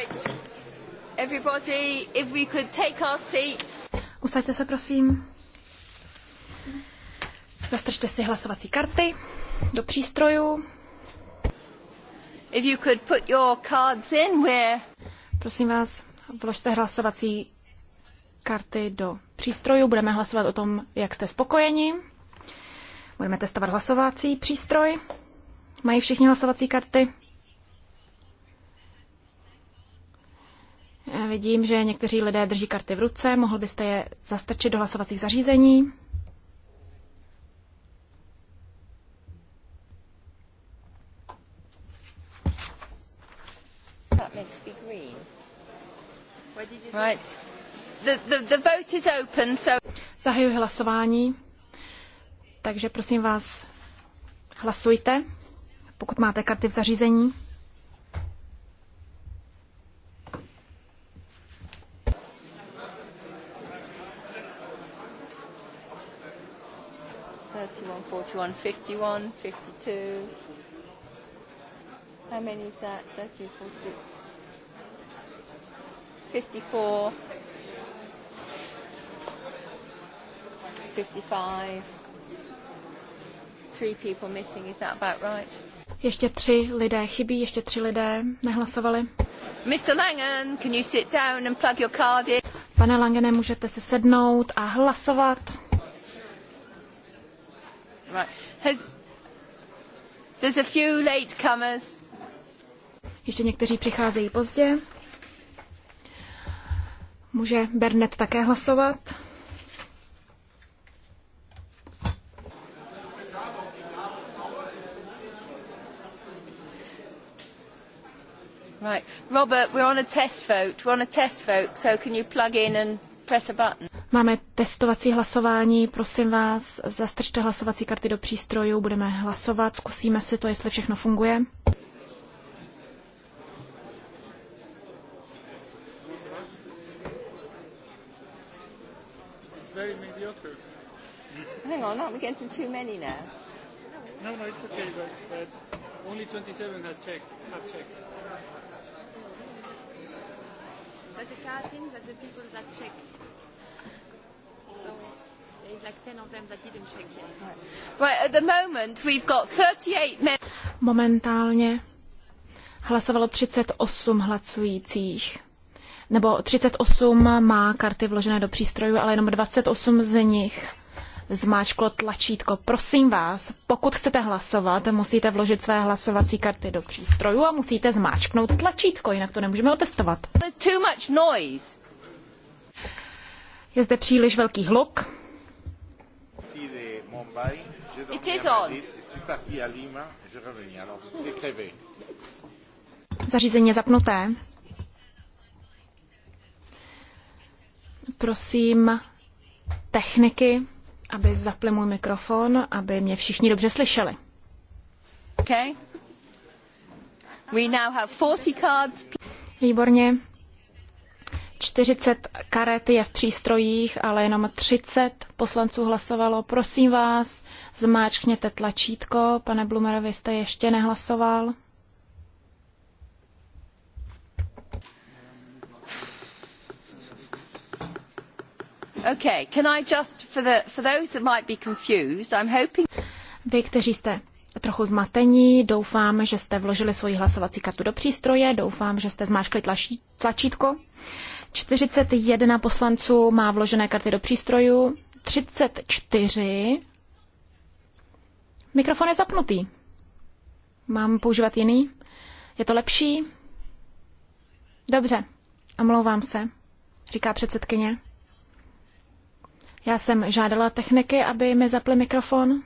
Right. Everybody, if we could take our seats. Usaďte se, prosím. Zastrčte si hlasovací karty do přístrojů. If you could put your cards in where... Prosím vás, vložte hlasovací karty do přístrojů. Budeme hlasovat o tom, jak jste spokojeni. Budeme testovat hlasovací přístroj. Mají všichni hlasovací karty? Vidím, že někteří lidé drží karty v ruce. Mohl byste je zastrčit do hlasovacích zařízení? Zahajuji hlasování, takže prosím vás, hlasujte, pokud máte karty v zařízení. 41, 51, 52. How many is that? 30, 40, 54, 55. Three people missing, is that about right? Ještě tři lidé chybí, ještě tři lidé nehlasovali. Mr. Langen, can you sit down and plug your card in? Pane Langene, můžete se sednout a hlasovat. Has, there's a few latecomers. Ještě někteří přicházejí pozdě. Může Bernet také hlasovat? Right. Robert, we're on a test vote. We're on a test vote, so can you plug in and press a button? Máme testovací hlasování, prosím vás, zastržte hlasovací karty do přístrojů, budeme hlasovat, zkusíme si to, jestli všechno funguje. Hang on, we getting too many now. No, no, it's okay, but, but only 27 has checked, have checked. That the cards in that the people that check. Momentálně hlasovalo 38 hlasujících. Nebo 38 má karty vložené do přístrojů, ale jenom 28 z nich zmáčklo tlačítko. Prosím vás, pokud chcete hlasovat, musíte vložit své hlasovací karty do přístrojů a musíte zmáčknout tlačítko, jinak to nemůžeme otestovat. There's too much noise. Je zde příliš velký hluk. Zařízení je zapnuté. Prosím techniky, aby zapli můj mikrofon, aby mě všichni dobře slyšeli. Okay. We now have 40 cards. Výborně. 40 karet je v přístrojích, ale jenom 30 poslanců hlasovalo. Prosím vás, zmáčkněte tlačítko. Pane Blumere, vy jste ještě nehlasoval. Okay, can I just, for, the, for those that might be confused, I'm hoping... Vy, kteří jste trochu zmatení. Doufám, že jste vložili svoji hlasovací kartu do přístroje. Doufám, že jste zmáčkli tlačítko. 41 poslanců má vložené karty do přístrojů, 34. Mikrofon je zapnutý. Mám používat jiný? Je to lepší? Dobře, omlouvám se, říká předsedkyně. Já jsem žádala techniky, aby mi zapli mikrofon.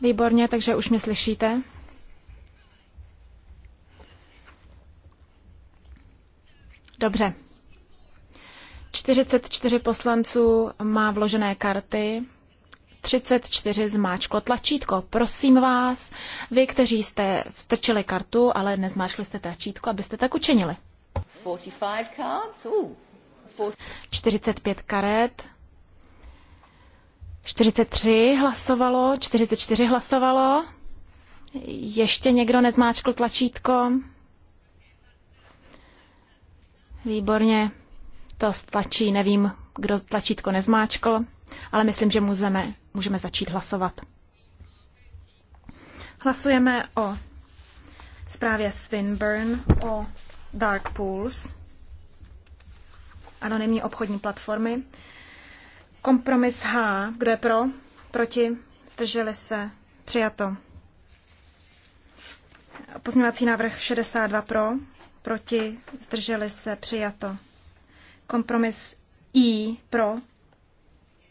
Výborně, takže už mě slyšíte. Dobře. 44 poslanců má vložené karty, 34 zmáčklo tlačítko. Prosím vás, vy, kteří jste strčili kartu, ale nezmáčkli jste tlačítko, abyste tak učinili. 45 karet, 43 hlasovalo, 44 hlasovalo, ještě někdo nezmáčkl tlačítko. Výborně, to stlačí, nevím, kdo tlačítko nezmáčkl, ale myslím, že můžeme, můžeme začít hlasovat. Hlasujeme o zprávě Swinburne o Dark Pools, anonymní obchodní platformy. Kompromis H, kdo je pro, proti, zdrželi se, přijato. Pozměňovací návrh 62 pro, proti, zdrželi se, přijato. Kompromis I pro,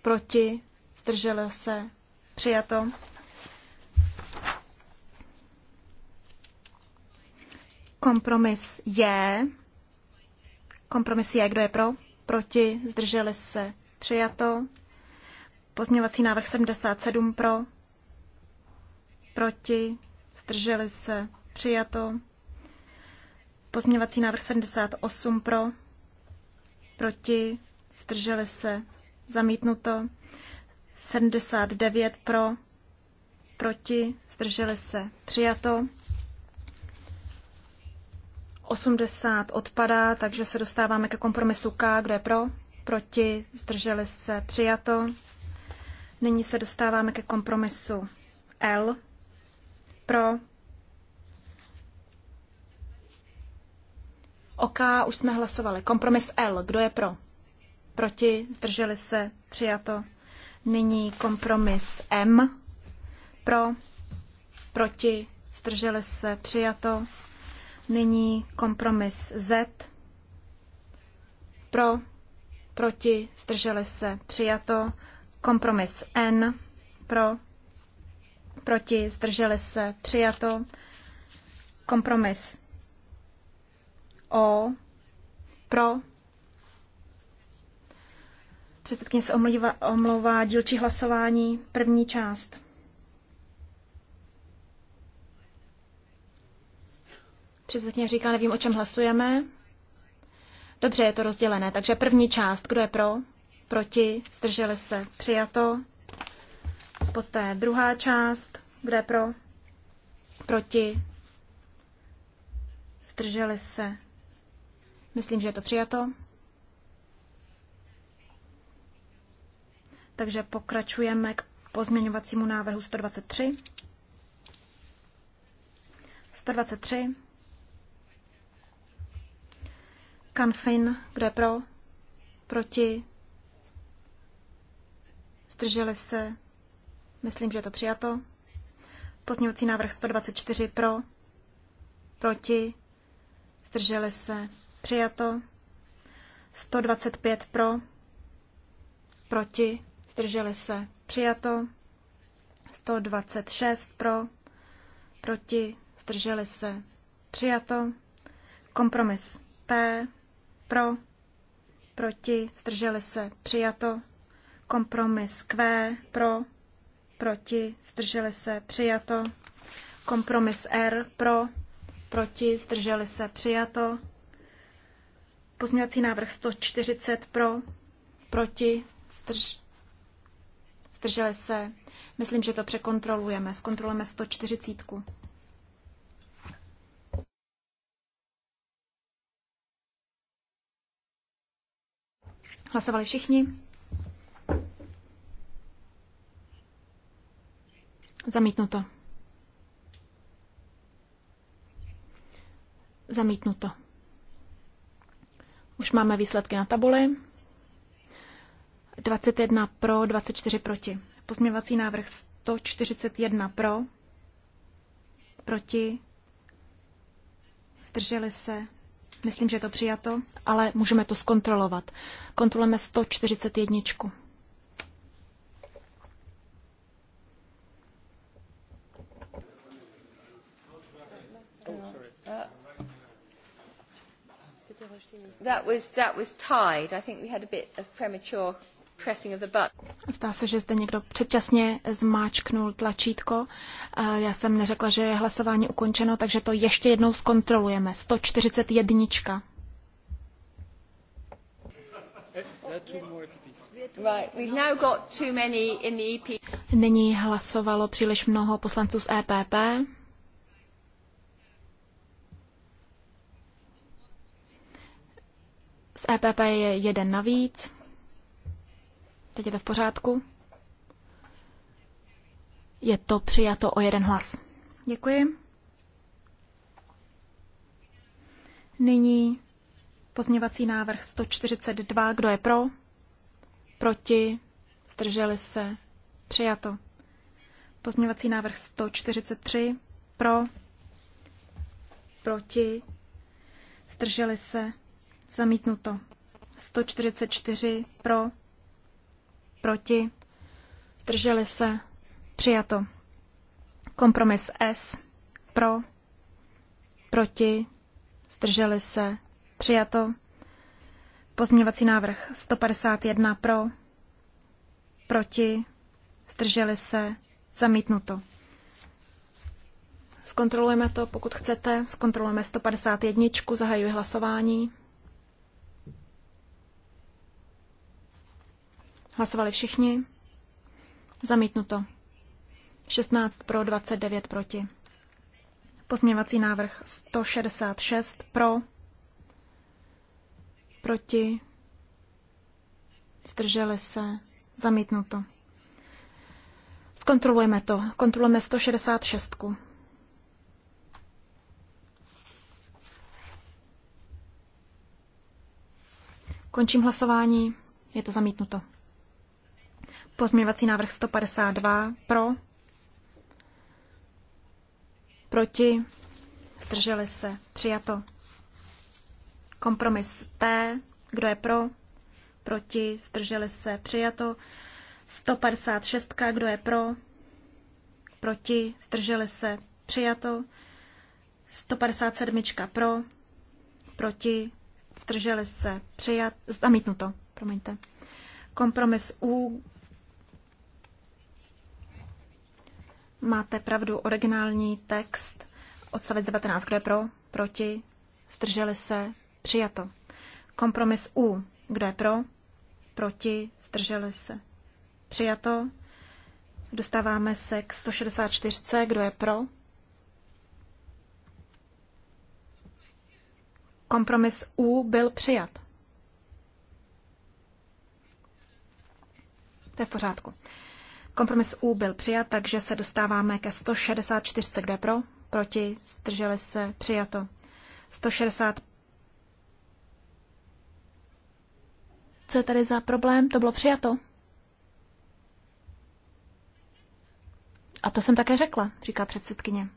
proti, zdrželi se, přijato. Kompromis je, kompromis je, kdo je pro, proti, zdrželi se, přijato. Pozměňovací návrh 77 pro, proti, zdrželi se, přijato. Pozměňovací návrh 78 pro, proti, zdrželi se, zamítnuto. 79 pro, proti, zdrželi se, přijato. 80 odpadá, takže se dostáváme ke kompromisu K, kde je pro, proti, zdrželi se, přijato. Nyní se dostáváme ke kompromisu L, pro, OK, už jsme hlasovali. Kompromis L. Kdo je pro? Proti? Zdrželi se? Přijato. Nyní kompromis M. Pro? Proti? Zdrželi se? Přijato. Nyní kompromis Z. Pro? Proti? Zdrželi se? Přijato. Kompromis N. Pro? Proti? Zdrželi se? Přijato. Kompromis O pro. Předsedkyně se omlouvá, omlouvá dílčí hlasování, první část. Předsedkyně říká, nevím, o čem hlasujeme. Dobře, je to rozdělené. Takže první část, kdo je pro, proti, zdrželi se, přijato. Poté druhá část, kdo je pro, proti, zdrželi se, Myslím, že je to přijato. Takže pokračujeme k pozměňovacímu návrhu 123. 123. Kanfin, kde pro? Proti? Zdrželi se? Myslím, že je to přijato. Pozměňovací návrh 124 pro? Proti? Zdrželi se? Přijato. 125 pro. Proti. Zdrželi se. Přijato. 126 pro. Proti. Zdrželi se. Přijato. Kompromis P. Pro. Proti. Zdrželi se. Přijato. Kompromis Q. Pro. Proti. Zdrželi se. Přijato. Kompromis R. Pro. Proti. Zdrželi se. Přijato. Pozměňovací návrh 140 pro, proti, strž, strželi se. Myslím, že to překontrolujeme. Zkontrolujeme 140. Hlasovali všichni? Zamítnuto. Zamítnuto. Už máme výsledky na tabuli. 21 pro, 24 proti. Pozměvací návrh 141 pro, proti, zdrželi se. Myslím, že je to přijato, ale můžeme to zkontrolovat. Kontrolujeme 141. That was, that was tied. I think we had a bit of premature pressing of the button. Zdá se, že zde někdo předčasně zmáčknul tlačítko. Eh, já jsem neřekla, že je hlasování ukončeno, takže to ještě jednou zkontrolujeme. 141. E Nyní hlasovalo příliš mnoho poslanců z EPP. EPP je jeden navíc. Teď je to v pořádku. Je to přijato o jeden hlas. Děkuji. Nyní pozměvací návrh 142. Kdo je pro? Proti? Zdrželi se? Přijato. Pozměvací návrh 143. Pro? Proti? Zdrželi se? Zamítnuto. 144 pro, proti, zdrželi se, přijato. Kompromis S pro, proti, zdrželi se, přijato. Pozměňovací návrh 151 pro, proti, zdrželi se, zamítnuto. Zkontrolujeme to, pokud chcete. Zkontrolujeme 151, zahajuji hlasování. Hlasovali všichni. Zamítnuto. 16 pro, 29 proti. Pozměvací návrh 166 pro, proti, zdrželi se, zamítnuto. Zkontrolujeme to. Kontrolujeme 166. Končím hlasování. Je to zamítnuto. Pozměňovací návrh 152 pro, proti, zdrželi se, přijato. Kompromis T, kdo je pro, proti, zdrželi se, přijato. 156, kdo je pro, proti, zdrželi se, přijato. 157 pro, proti, zdrželi se, přijat, zamítnuto, promiňte. Kompromis U, Máte pravdu, originální text, odstavec 19, kdo je pro, proti, zdrželi se, přijato. Kompromis U, kdo je pro, proti, zdrželi se, přijato. Dostáváme se k 164, kdo je pro. Kompromis U byl přijat. To je v pořádku. Kompromis U byl přijat, takže se dostáváme ke 164, kde pro, proti, zdrželi se, přijato. 160. Co je tady za problém? To bylo přijato. A to jsem také řekla, říká předsedkyně.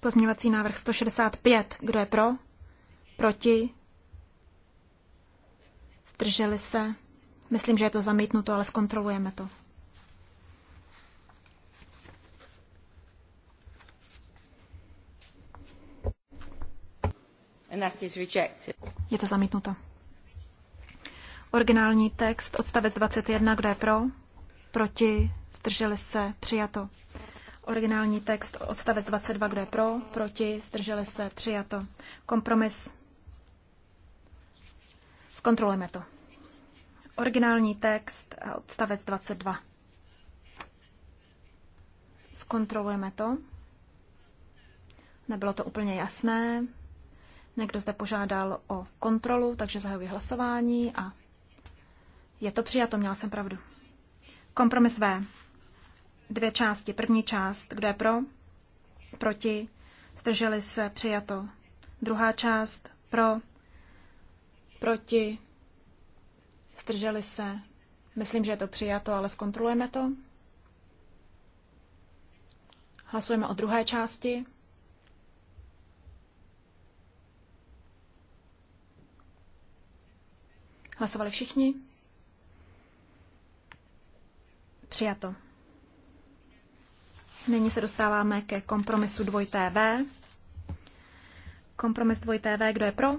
Pozměňovací návrh 165. Kdo je pro? Proti? Zdrželi se? Myslím, že je to zamítnuto, ale zkontrolujeme to. Je to zamítnuto. Originální text, odstavec 21, kdo je pro? Proti, zdrželi se, přijato. Originální text, odstavec 22, kdo je pro? Proti, zdrželi se, přijato. Kompromis. Zkontrolujeme to. Originální text, odstavec 22. Zkontrolujeme to. Nebylo to úplně jasné. Někdo zde požádal o kontrolu, takže zahajuji hlasování a je to přijato, měla jsem pravdu. Kompromis V. Dvě části. První část, kdo je pro, proti, zdrželi se, přijato. Druhá část, pro, proti, Zdrželi se? Myslím, že je to přijato, ale zkontrolujeme to. Hlasujeme o druhé části. Hlasovali všichni? Přijato. Nyní se dostáváme ke kompromisu 2TV. Kompromis 2TV, kdo je pro?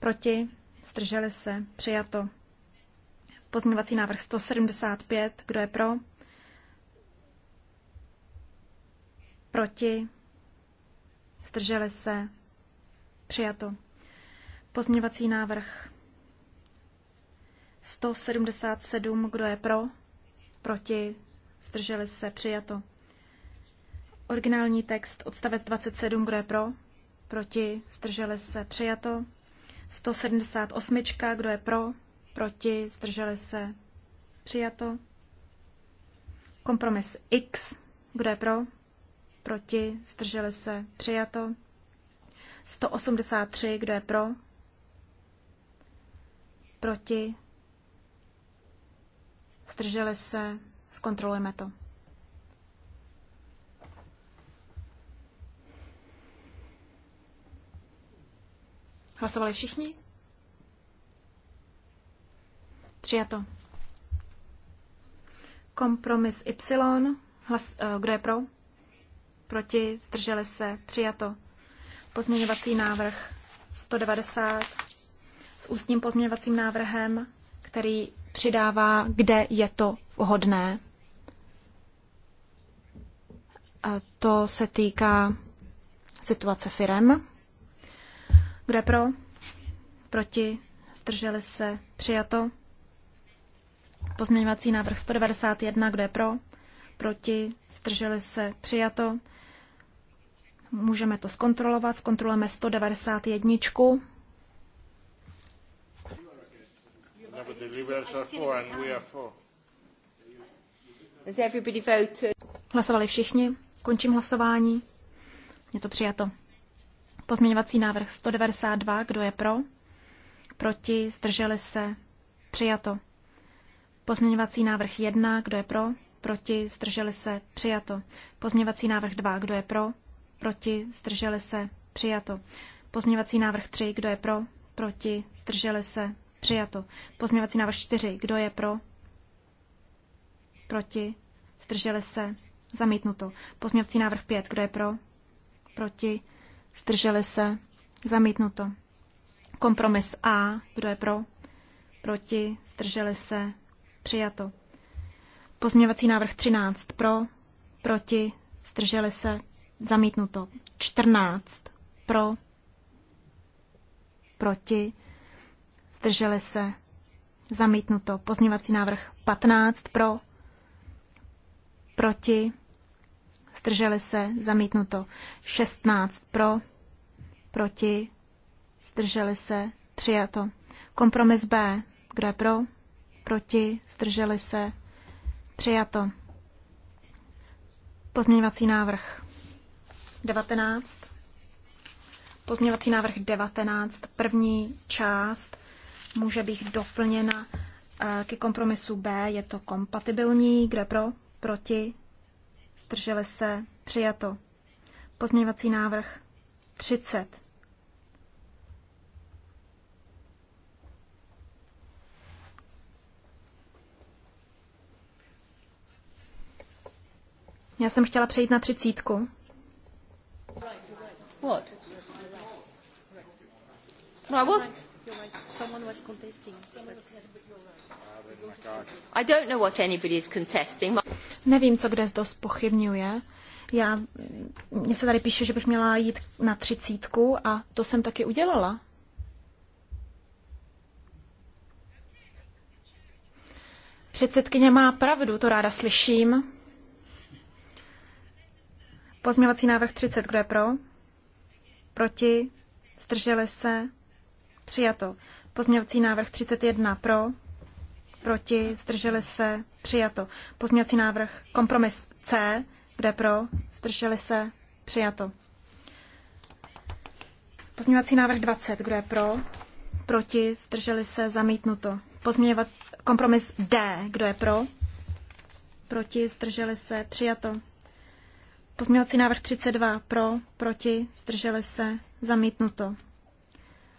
Proti? Zdrželi se? Přijato. Pozměňovací návrh 175. Kdo je pro? Proti? Zdrželi se? Přijato. Pozměňovací návrh 177. Kdo je pro? Proti? Zdrželi se? Přijato. Originální text odstavec 27. Kdo je pro? Proti? Zdrželi se? Přijato. 178. Kdo je pro? proti, zdrželi se, přijato. Kompromis X, kdo je pro, proti, zdrželi se, přijato. 183, kdo je pro, proti, zdrželi se, zkontrolujeme to. Hlasovali všichni? Přijato. Kompromis Y. Hlas, eh, kdo je pro? Proti? Zdrželi se? Přijato. Pozměňovací návrh 190 s ústním pozměňovacím návrhem, který přidává, kde je to vhodné. A to se týká situace firem. Kdo je pro? Proti? Zdrželi se? Přijato. Pozměňovací návrh 191, kdo je pro? Proti? Zdrželi se? Přijato? Můžeme to zkontrolovat. Zkontrolujeme 191. Hlasovali všichni. Končím hlasování. Je to přijato. Pozměňovací návrh 192. Kdo je pro? Proti? Zdrželi se? Přijato. Pozměňovací návrh 1, kdo je pro? Proti, zdrželi se, přijato. Pozměňovací návrh 2, kdo je pro? Proti, zdrželi se, přijato. Pozměňovací návrh 3, kdo je pro? Proti, zdrželi se, přijato. Pozměňovací návrh 4, kdo je pro? Proti, zdrželi se, zamítnuto. Pozměňovací návrh 5, kdo je pro? Proti, zdrželi se, zamítnuto. Kompromis A, kdo je pro? Proti, zdrželi se, Přijato. Pozměňovací návrh 13 pro, proti, zdrželi se, zamítnuto. 14 pro, proti, zdrželi se, zamítnuto. Pozměňovací návrh 15 pro, proti, zdrželi se, zamítnuto. 16 pro, proti, zdrželi se, přijato. Kompromis B, kdo je pro, proti, zdrželi se, přijato. Pozměňovací návrh 19. Pozměňovací návrh 19, první část může být doplněna eh, ke kompromisu B, je to kompatibilní, kde pro, proti, zdrželi se, přijato. Pozměňovací návrh 30. Já jsem chtěla přejít na třicítku. What? No, I was... Nevím, co kde zdo spochybňuje. Já, mně se tady píše, že bych měla jít na třicítku a to jsem taky udělala. Předsedkyně má pravdu, to ráda slyším. Pozměvací návrh 30, kdo je pro? Proti? Zdrželi se? Přijato. Pozměvací návrh 31 pro? Proti? Zdrželi se? Přijato. Pozměvací návrh kompromis C, kde pro? Zdrželi se? Přijato. Pozměňovací návrh 20. Kdo je pro? Proti? Zdrželi se? Zamítnuto. Pozměňovat kompromis D. Kdo je pro? Proti? Zdrželi se? Přijato. Pozměňovací návrh 32 pro, proti, zdrželi se, zamítnuto.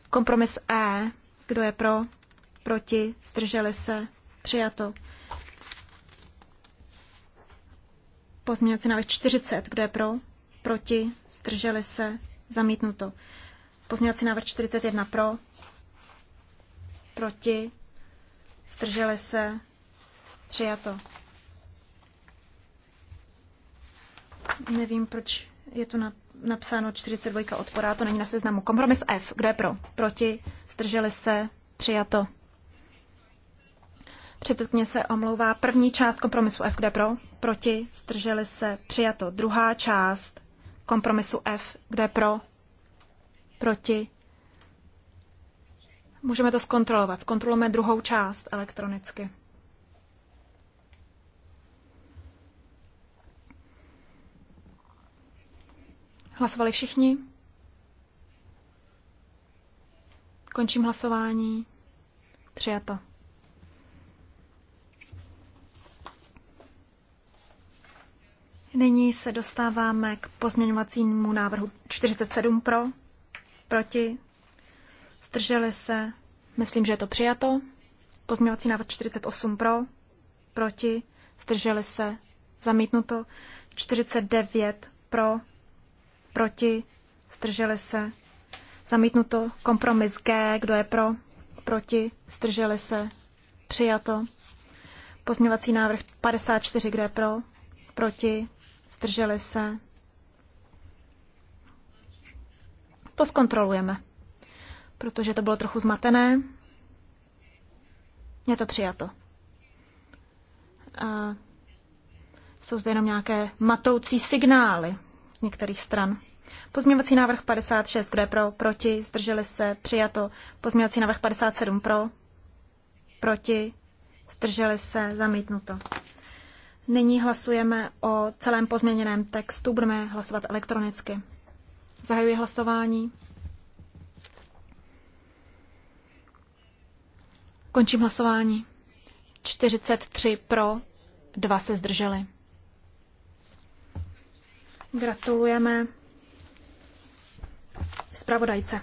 Kompromis E, kdo je pro, proti, zdrželi se, přijato. Pozměňovací návrh 40, kdo je pro, proti, zdrželi se, zamítnuto. Pozměňovací návrh 41 pro, proti, zdrželi se, přijato. Nevím, proč je tu napsáno 42 odporá, to není na seznamu. Kompromis F. Kdo je pro? Proti? Zdrželi se? Přijato. Předtokně se omlouvá první část kompromisu F, je pro, proti, zdrželi se, přijato. Druhá část kompromisu F, je pro, proti. Můžeme to zkontrolovat. Zkontrolujeme druhou část elektronicky. Hlasovali všichni? Končím hlasování. Přijato. Nyní se dostáváme k pozměňovacímu návrhu 47 pro, proti, zdrželi se, myslím, že je to přijato. Pozměňovací návrh 48 pro, proti, zdrželi se, zamítnuto, 49 pro, proti, zdrželi se, zamítnuto. Kompromis G, kdo je pro, proti, zdrželi se, přijato. Pozměňovací návrh 54, kdo je pro, proti, zdrželi se. To zkontrolujeme, protože to bylo trochu zmatené. Je to přijato. A jsou zde jenom nějaké matoucí signály některých stran. Pozměňovací návrh 56, kdo je pro, proti, zdrželi se, přijato. Pozměňovací návrh 57 pro, proti, zdrželi se, zamítnuto. Nyní hlasujeme o celém pozměněném textu, budeme hlasovat elektronicky. Zahajuji hlasování. Končím hlasování. 43 pro, 2 se zdrželi. Gratulujeme zpravodajce.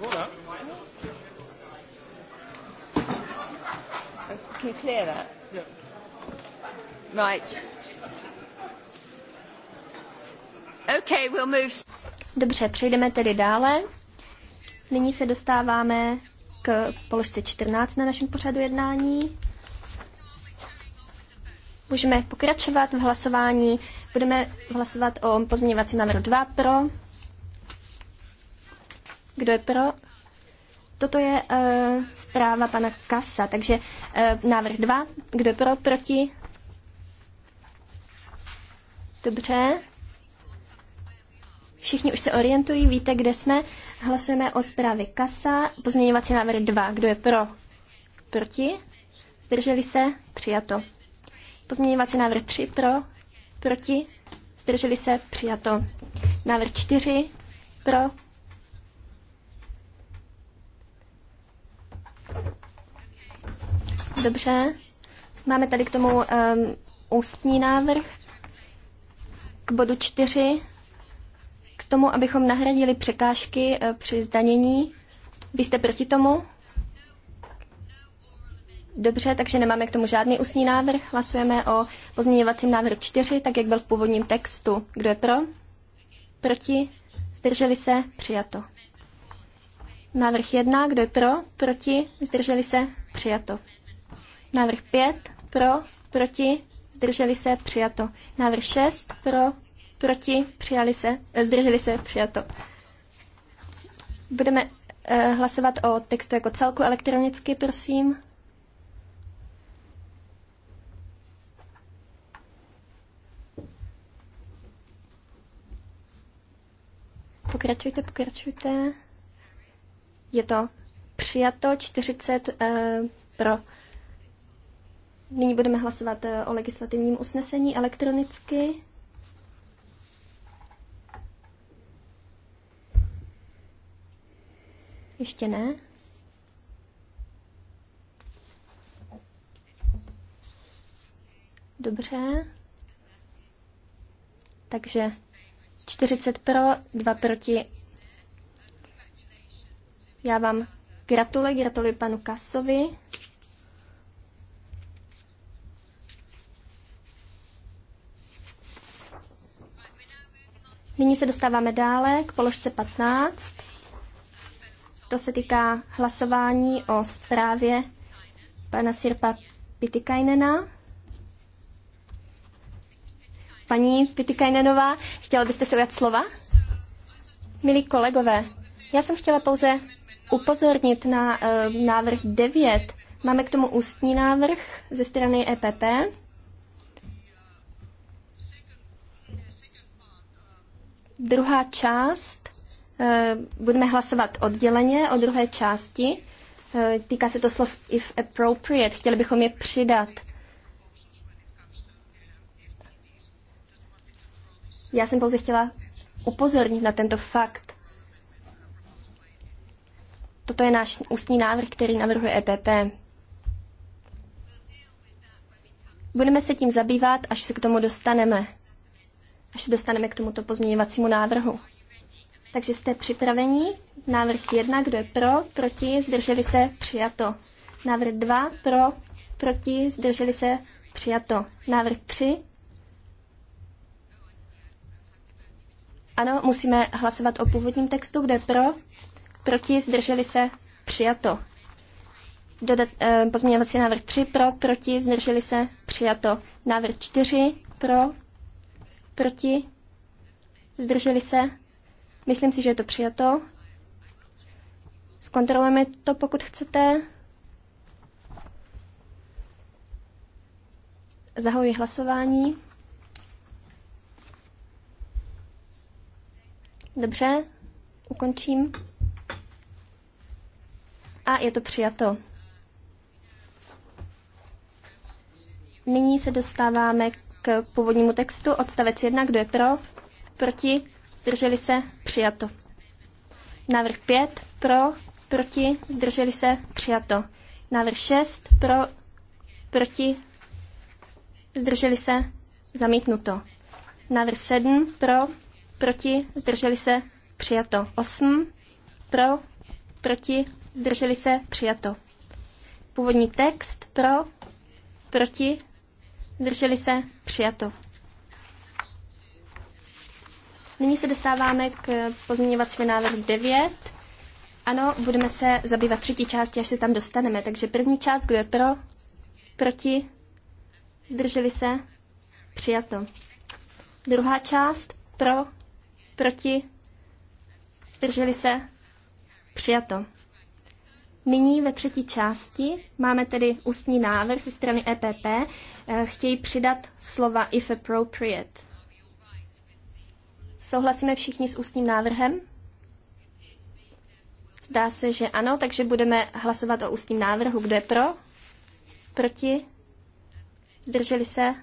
Voilà. Can you clear that? Yeah. Right. Okay, we'll move. Dobře, přejdeme tedy dále. Nyní se dostáváme k položce 14 na našem pořadu jednání. Můžeme pokračovat v hlasování. Budeme hlasovat o pozměňovacím návrhu 2 pro. Kdo je pro? Toto je uh, zpráva pana Kasa, takže uh, návrh 2. Kdo je pro? Proti? Dobře. Všichni už se orientují, víte, kde jsme. Hlasujeme o zprávě Kasa. Pozměňovací návrh 2. Kdo je pro? Proti? Zdrželi se? Přijato. Pozměňovací návrh 3. Pro? Proti? Zdrželi se? Přijato. Návrh 4. Pro? Dobře. Máme tady k tomu um, ústní návrh k bodu 4 tomu, abychom nahradili překážky eh, při zdanění. Vy jste proti tomu? Dobře, takže nemáme k tomu žádný ústní návrh. Hlasujeme o pozměňovacím návrhu 4, tak jak byl v původním textu. Kdo je pro? Proti? Zdrželi se? Přijato. Návrh 1. Kdo je pro? Proti? Zdrželi se? Přijato. Návrh 5. Pro? Proti? Zdrželi se? Přijato. Návrh 6. Pro? proti, přijali se, eh, zdrželi se, přijato. Budeme eh, hlasovat o textu jako celku elektronicky, prosím. Pokračujte, pokračujte. Je to přijato 40 uh, eh, pro. Nyní budeme hlasovat o legislativním usnesení elektronicky. Ještě ne? Dobře. Takže 40 pro, 2 proti. Já vám gratuluji, gratuluji panu Kasovi. Nyní se dostáváme dále k položce 15. To se týká hlasování o zprávě pana Sirpa Pitikainena. Paní Pitikainenová, chtěla byste se ujat slova? Milí kolegové, já jsem chtěla pouze upozornit na uh, návrh 9. Máme k tomu ústní návrh ze strany EPP. Druhá část Eh, budeme hlasovat odděleně o druhé části. Eh, týká se to slov if appropriate. Chtěli bychom je přidat. Já jsem pouze chtěla upozornit na tento fakt. Toto je náš ústní návrh, který navrhuje EPP. Budeme se tím zabývat, až se k tomu dostaneme. Až se dostaneme k tomuto pozměňovacímu návrhu. Takže jste připraveni? Návrh 1, kdo je pro, proti, zdrželi se, přijato. Návrh 2, pro, proti, zdrželi se, přijato. Návrh 3. Ano, musíme hlasovat o původním textu, Kdo je pro, proti, zdrželi se, přijato. Dodat, eh, pozměňovací návrh 3 pro, proti, zdrželi se, přijato. Návrh 4 pro, proti, zdrželi se, Myslím si, že je to přijato. Zkontrolujeme to, pokud chcete. Zahoji hlasování. Dobře, ukončím. A je to přijato. Nyní se dostáváme k původnímu textu, odstavec 1, kdo je pro, proti, zdrželi se, přijato. Návrh 5 pro, proti, zdrželi se, přijato. Návrh 6 pro, proti, zdrželi se, zamítnuto. Návrh 7 pro, proti, zdrželi se, přijato. 8 pro, proti, zdrželi se, přijato. Původní text pro, proti, zdrželi se, přijato. Nyní se dostáváme k pozměňovacímu návrhu 9. Ano, budeme se zabývat třetí části, až se tam dostaneme. Takže první část, kdo je pro, proti, zdrželi se, přijato. Druhá část, pro, proti, zdrželi se, přijato. Nyní ve třetí části máme tedy ústní návrh ze strany EPP. Eh, chtějí přidat slova if appropriate. Souhlasíme všichni s ústním návrhem? Zdá se, že ano, takže budeme hlasovat o ústním návrhu. Kdo je pro? Proti? Zdrželi se?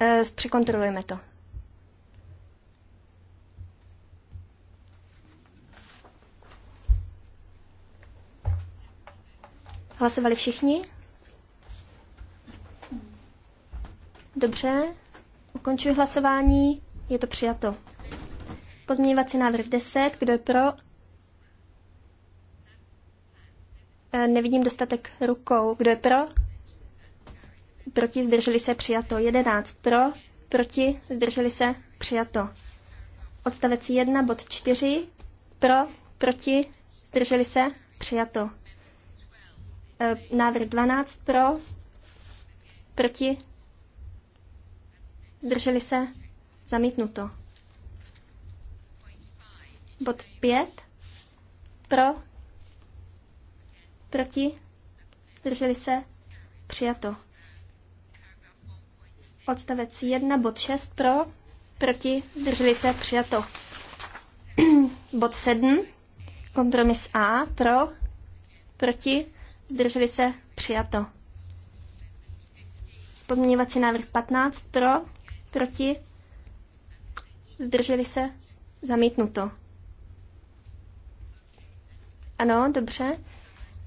E, překontrolujeme to. Hlasovali všichni? Dobře. Ukončuji hlasování. Je to přijato. Pozměňovací návrh 10. Kdo je pro? E, nevidím dostatek rukou. Kdo je pro? Proti zdrželi se přijato. 11 pro. Proti zdrželi se přijato. Odstavec 1 bod 4. Pro. Proti zdrželi se přijato. E, návrh 12 pro. Proti Zdrželi se? Zamítnuto. Bod 5. Pro. Proti. Zdrželi se? Přijato. Odstavec 1, bod 6 pro, proti, zdrželi se, přijato. bod 7, kompromis A pro, proti, zdrželi se, přijato. Pozměňovací návrh 15 pro, Proti? Zdrželi se? Zamítnuto. Ano, dobře.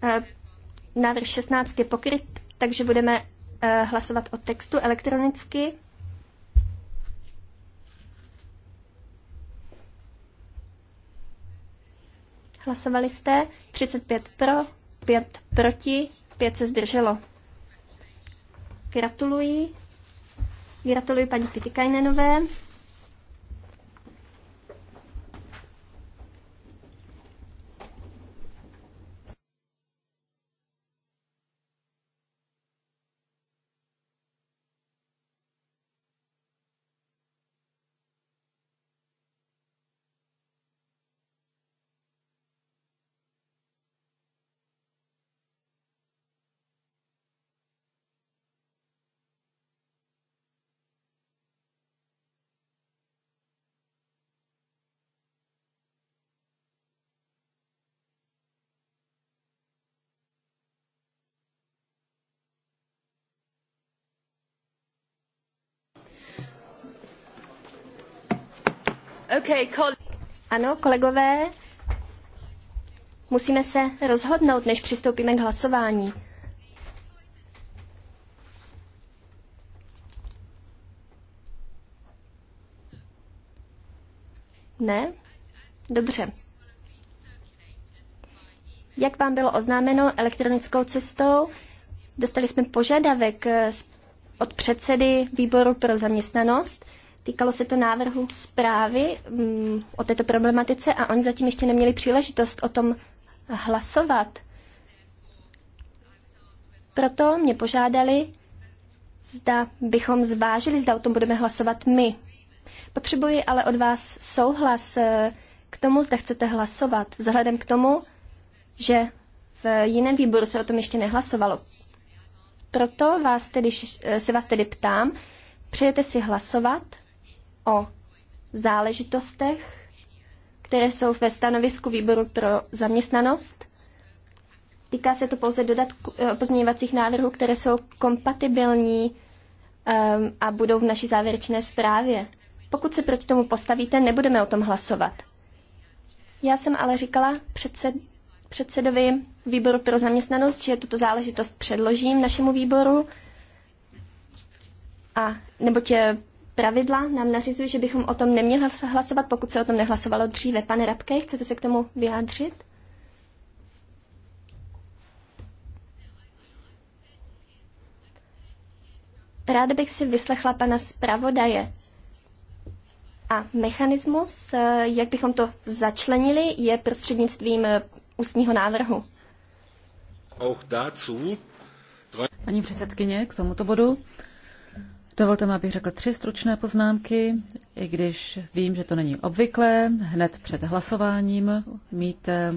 E, návrh 16 je pokryt, takže budeme e, hlasovat o textu elektronicky. Hlasovali jste 35 pro, 5 proti, 5 se zdrželo. Gratuluji. Gratuluji paní Pitikajnenové. ano, kolegové, musíme se rozhodnout, než přistoupíme k hlasování. Ne? Dobře. Jak vám bylo oznámeno elektronickou cestou, dostali jsme požadavek eh, od předsedy výboru pro zaměstnanost, Týkalo se to návrhu zprávy mm, o této problematice a oni zatím ještě neměli příležitost o tom hlasovat. Proto mě požádali, zda bychom zvážili, zda o tom budeme hlasovat my. Potřebuji ale od vás souhlas eh, k tomu, zda chcete hlasovat, vzhledem k tomu, že v jiném výboru se o tom ještě nehlasovalo. Proto vás tedy, eh, se vás tedy ptám, přejete si hlasovat o záležitostech, které jsou ve stanovisku výboru pro zaměstnanost. Týká se to pouze dodatku, eh, pozměňovacích návrhů, které jsou kompatibilní um, a budou v naší závěrečné zprávě. Pokud se proti tomu postavíte, nebudeme o tom hlasovat. Já jsem ale říkala předsed, předsedovi výboru pro zaměstnanost, že tuto záležitost předložím našemu výboru a nebo tě pravidla nám nařizují, že bychom o tom neměli hlasovat, pokud se o tom nehlasovalo dříve. Pane Rabke, chcete se k tomu vyjádřit? Ráda bych si vyslechla pana zpravodaje. A mechanismus, eh, jak bychom to začlenili, je prostřednictvím eh, ústního návrhu. Paní předsedkyně, k tomuto bodu Dovolte mi, abych řekl tři stručné poznámky, i když vím, že to není obvyklé hned před hlasováním mít eh,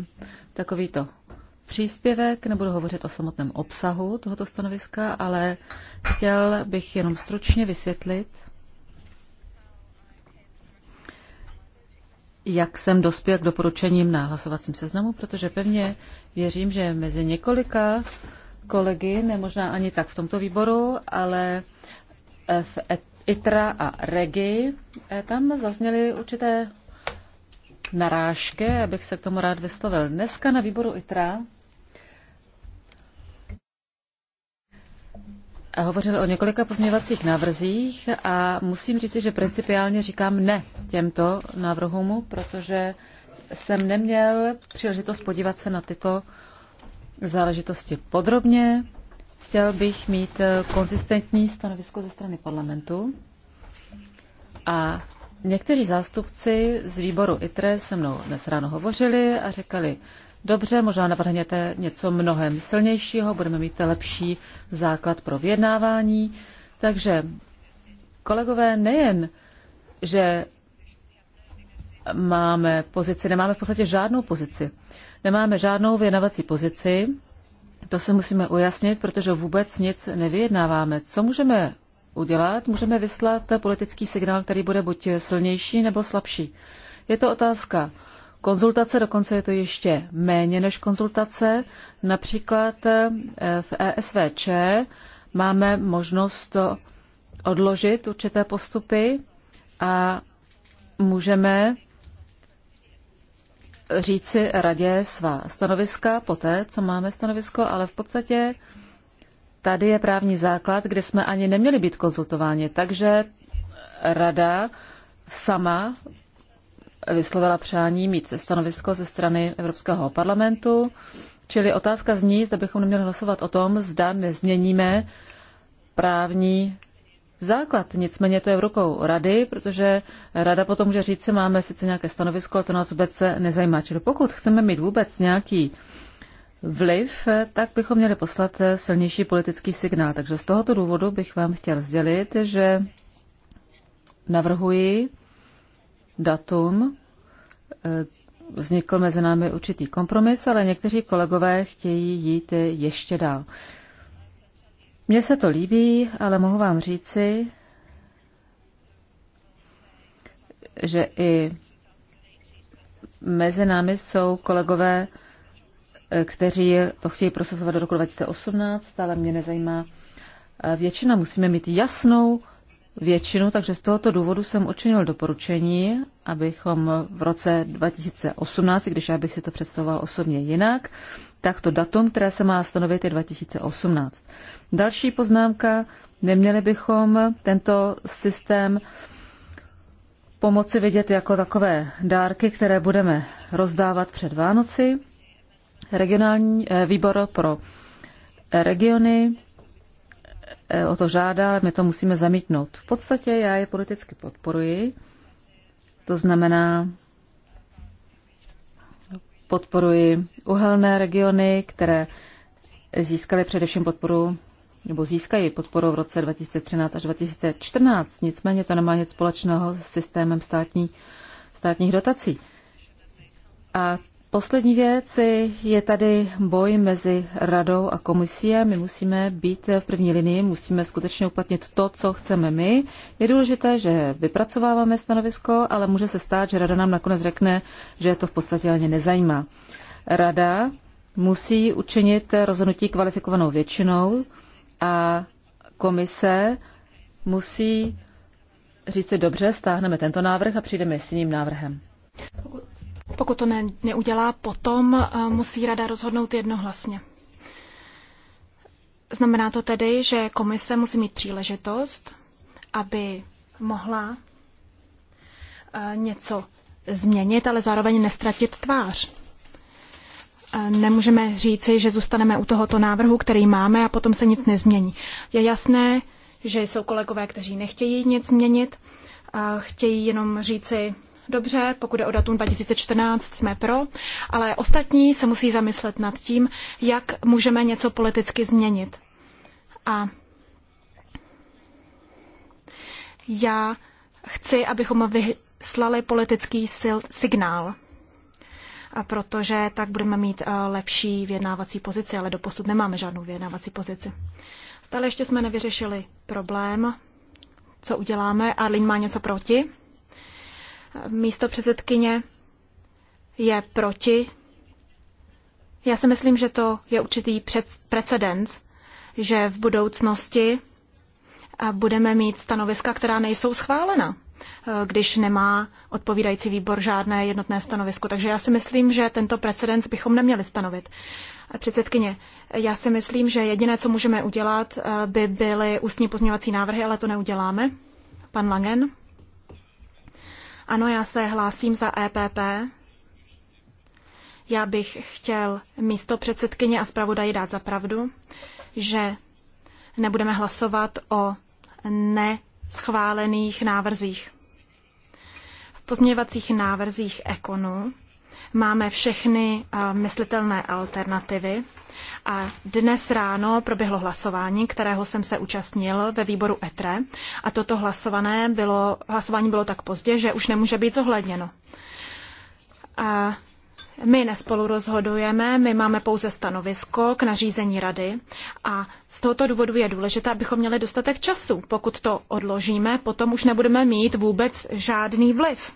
takovýto příspěvek, nebudu hovořit o samotném obsahu tohoto stanoviska, ale chtěl bych jenom stručně vysvětlit, jak jsem dospěl k doporučením na hlasovacím seznamu, protože pevně věřím, že mezi několika kolegy, ne možná ani tak v tomto výboru, ale v ITRA a REGI. Eh, tam zazněly určité narážky, abych se k tomu rád vyslovil. Dneska na výboru ITRA hovořili o několika pozměňovacích návrzích a musím říct, že principiálně říkám ne těmto návrhům, protože jsem neměl příležitost podívat se na tyto záležitosti podrobně. Chtěl bych mít eh, konzistentní stanovisko ze strany parlamentu a někteří zástupci z výboru ITRE se mnou dnes ráno hovořili a říkali, dobře, možná navrhněte něco mnohem silnějšího, budeme mít lepší základ pro vyjednávání. Takže kolegové, nejen, že máme pozici, nemáme v podstatě žádnou pozici. Nemáme žádnou vyjednavací pozici, to se musíme ujasnit, protože vůbec nic nevyjednáváme. Co můžeme udělat? Můžeme vyslat politický signál, který bude buď silnější nebo slabší. Je to otázka konzultace, dokonce je to ještě méně než konzultace. Například eh, v ESVČ máme možnost odložit určité postupy a můžeme říci radě svá stanoviska poté, co máme stanovisko, ale v podstatě tady je právní základ, kde jsme ani neměli být konzultováni. Takže rada sama vyslovila přání mít stanovisko ze strany Evropského parlamentu, čili otázka zní, zda bychom neměli hlasovat o tom, zda nezměníme právní základ. Nicméně to je v rukou rady, protože rada potom může říct, že máme sice nějaké stanovisko, ale to nás vůbec nezajímá. Čili pokud chceme mít vůbec nějaký vliv, tak bychom měli poslat silnější politický signál. Takže z tohoto důvodu bych vám chtěl sdělit, že navrhuji datum. Eh, vznikl mezi námi určitý kompromis, ale někteří kolegové chtějí jít ještě dál. Mně se to líbí, ale mohu vám říci, že i mezi námi jsou kolegové, eh, kteří to chtějí procesovat do roku 2018, ale mě nezajímá eh, většina. Musíme mít jasnou většinu, takže z tohoto důvodu jsem učinil doporučení, abychom v roce 2018, když já bych si to představoval osobně jinak, tak to datum, které se má stanovit, je 2018. Další poznámka, neměli bychom tento systém pomoci vidět jako takové dárky, které budeme rozdávat před Vánoci. Regionální eh, výbor pro regiony eh, o to žádá, ale my to musíme zamítnout. V podstatě já je politicky podporuji. To znamená, podporuji uhelné regiony, které získaly především podporu nebo získají podporu v roce 2013 až 2014. Nicméně to nemá nic společného s systémem státní, státních dotací. A Poslední věc je tady boj mezi radou a komisí a my musíme být v první linii, musíme skutečně uplatnit to, co chceme my. Je důležité, že vypracováváme stanovisko, ale může se stát, že rada nám nakonec řekne, že to v podstatě ani nezajímá. Rada musí učinit rozhodnutí kvalifikovanou většinou a komise musí říct, si, dobře, stáhneme tento návrh a přijdeme s jiným návrhem. Pokud... Pokud to ne, neudělá, potom eh, musí rada rozhodnout jednohlasně. Znamená to tedy, že komise musí mít příležitost, aby mohla eh, něco změnit, ale zároveň nestratit tvář. Eh, nemůžeme říci, že zůstaneme u tohoto návrhu, který máme a potom se nic nezmění. Je jasné, že jsou kolegové, kteří nechtějí nic změnit, a chtějí jenom říci, Dobře, pokud je o datum 2014, jsme pro, ale ostatní se musí zamyslet nad tím, jak můžeme něco politicky změnit. A já chci, abychom vyslali politický sil, signál, a protože tak budeme mít eh, lepší vyjednávací pozici, ale doposud nemáme žádnou vyjednávací pozici. Stále ještě jsme nevyřešili problém, co uděláme. Arlín má něco proti? místo předsedkyně je proti. Já si myslím, že to je určitý precedens, že v budoucnosti eh, budeme mít stanoviska, která nejsou schválena, eh, když nemá odpovídající výbor žádné jednotné stanovisko. Takže já si myslím, že tento precedens bychom neměli stanovit. Eh, předsedkyně, já si myslím, že jediné, co můžeme udělat, by byly ústní pozměňovací návrhy, ale to neuděláme. Pan Langen. Ano, já se hlásím za EPP. Já bych chtěl místo předsedkyně a zpravodaji dát za pravdu, že nebudeme hlasovat o neschválených návrzích. V pozměňovacích návrzích ekonu máme všechny eh, myslitelné alternativy a dnes ráno proběhlo hlasování, kterého jsem se účastnil ve výboru ETRE e. a toto hlasované bylo, hlasování bylo tak pozdě, že už nemůže být zohledněno. A my nespolu rozhodujeme, my máme pouze stanovisko k nařízení rady a z tohoto důvodu je důležité, abychom měli dostatek času. Pokud to odložíme, potom už nebudeme mít vůbec žádný vliv.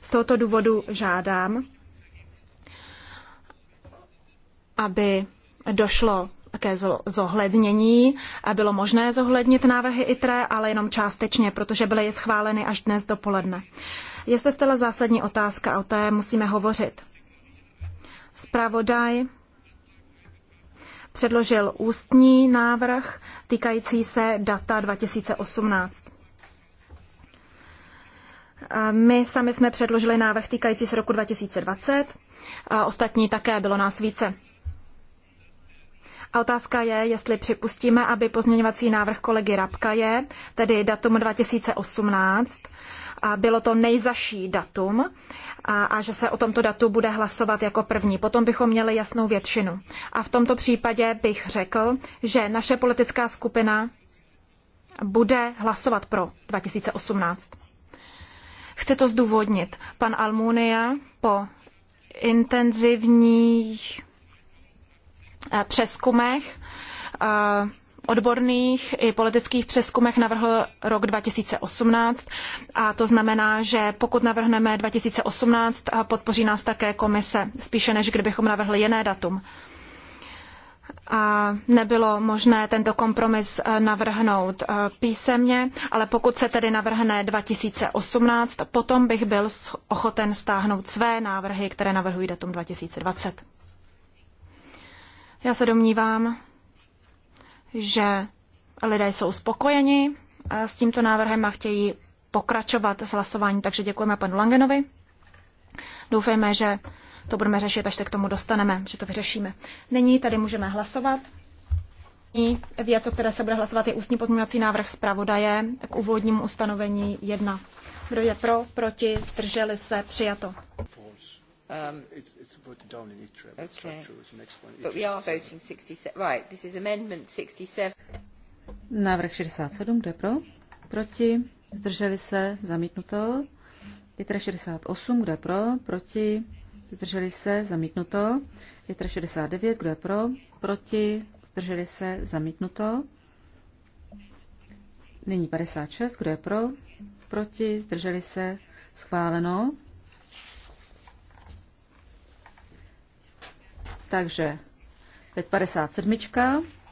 Z tohoto důvodu žádám, aby došlo ke zohlednění. Bylo možné zohlednit návrhy ITRE, ale jenom částečně, protože byly schváleny až dnes dopoledne. Je zde stala zásadní otázka a o té musíme hovořit. Zpravodaj předložil ústní návrh týkající se data 2018. My sami jsme předložili návrh týkající se roku 2020, a ostatní také bylo nás více. A otázka je, jestli připustíme, aby pozměňovací návrh kolegy Rabka je, tedy datum 2018, a bylo to nejzaší datum a, a že se o tomto datu bude hlasovat jako první. Potom bychom měli jasnou většinu. A v tomto případě bych řekl, že naše politická skupina bude hlasovat pro 2018. Chci to zdůvodnit. Pan Almunia po intenzivních Eh, přeskumech, eh, odborných i politických přeskumech navrhl rok 2018 a to znamená, že pokud navrhneme 2018, eh, podpoří nás také komise, spíše než kdybychom navrhli jiné datum. A nebylo možné tento kompromis navrhnout písemně, ale pokud se tedy navrhne 2018, potom bych byl ochoten stáhnout své návrhy, které navrhují datum 2020. Já se domnívám, že lidé jsou spokojeni eh, s tímto návrhem a chtějí pokračovat s hlasováním, takže děkujeme panu Langenovi. Doufejme, že to budeme řešit, až se k tomu dostaneme, že to vyřešíme. Nyní tady můžeme hlasovat. Věc, o které se bude hlasovat, je ústní pozměňovací návrh zpravodaje k úvodnímu ustanovení 1. Kdo je pro, proti, zdrželi se, přijato. Um, it's, it's voted down in each okay. structure. It's the next one. But we are voting 67. Right, this is amendment 67. Návrh 67, kdo je pro? Proti? Zdrželi se? Zamítnuto. Jitra 68, kdo je pro? Proti? Zdrželi se? Zamítnuto. Jitra 69, kdo je pro? Proti? Zdrželi se? Zamítnuto. Nyní 56, kdo je pro? Proti? Zdrželi se? Schváleno. Takže teď 57.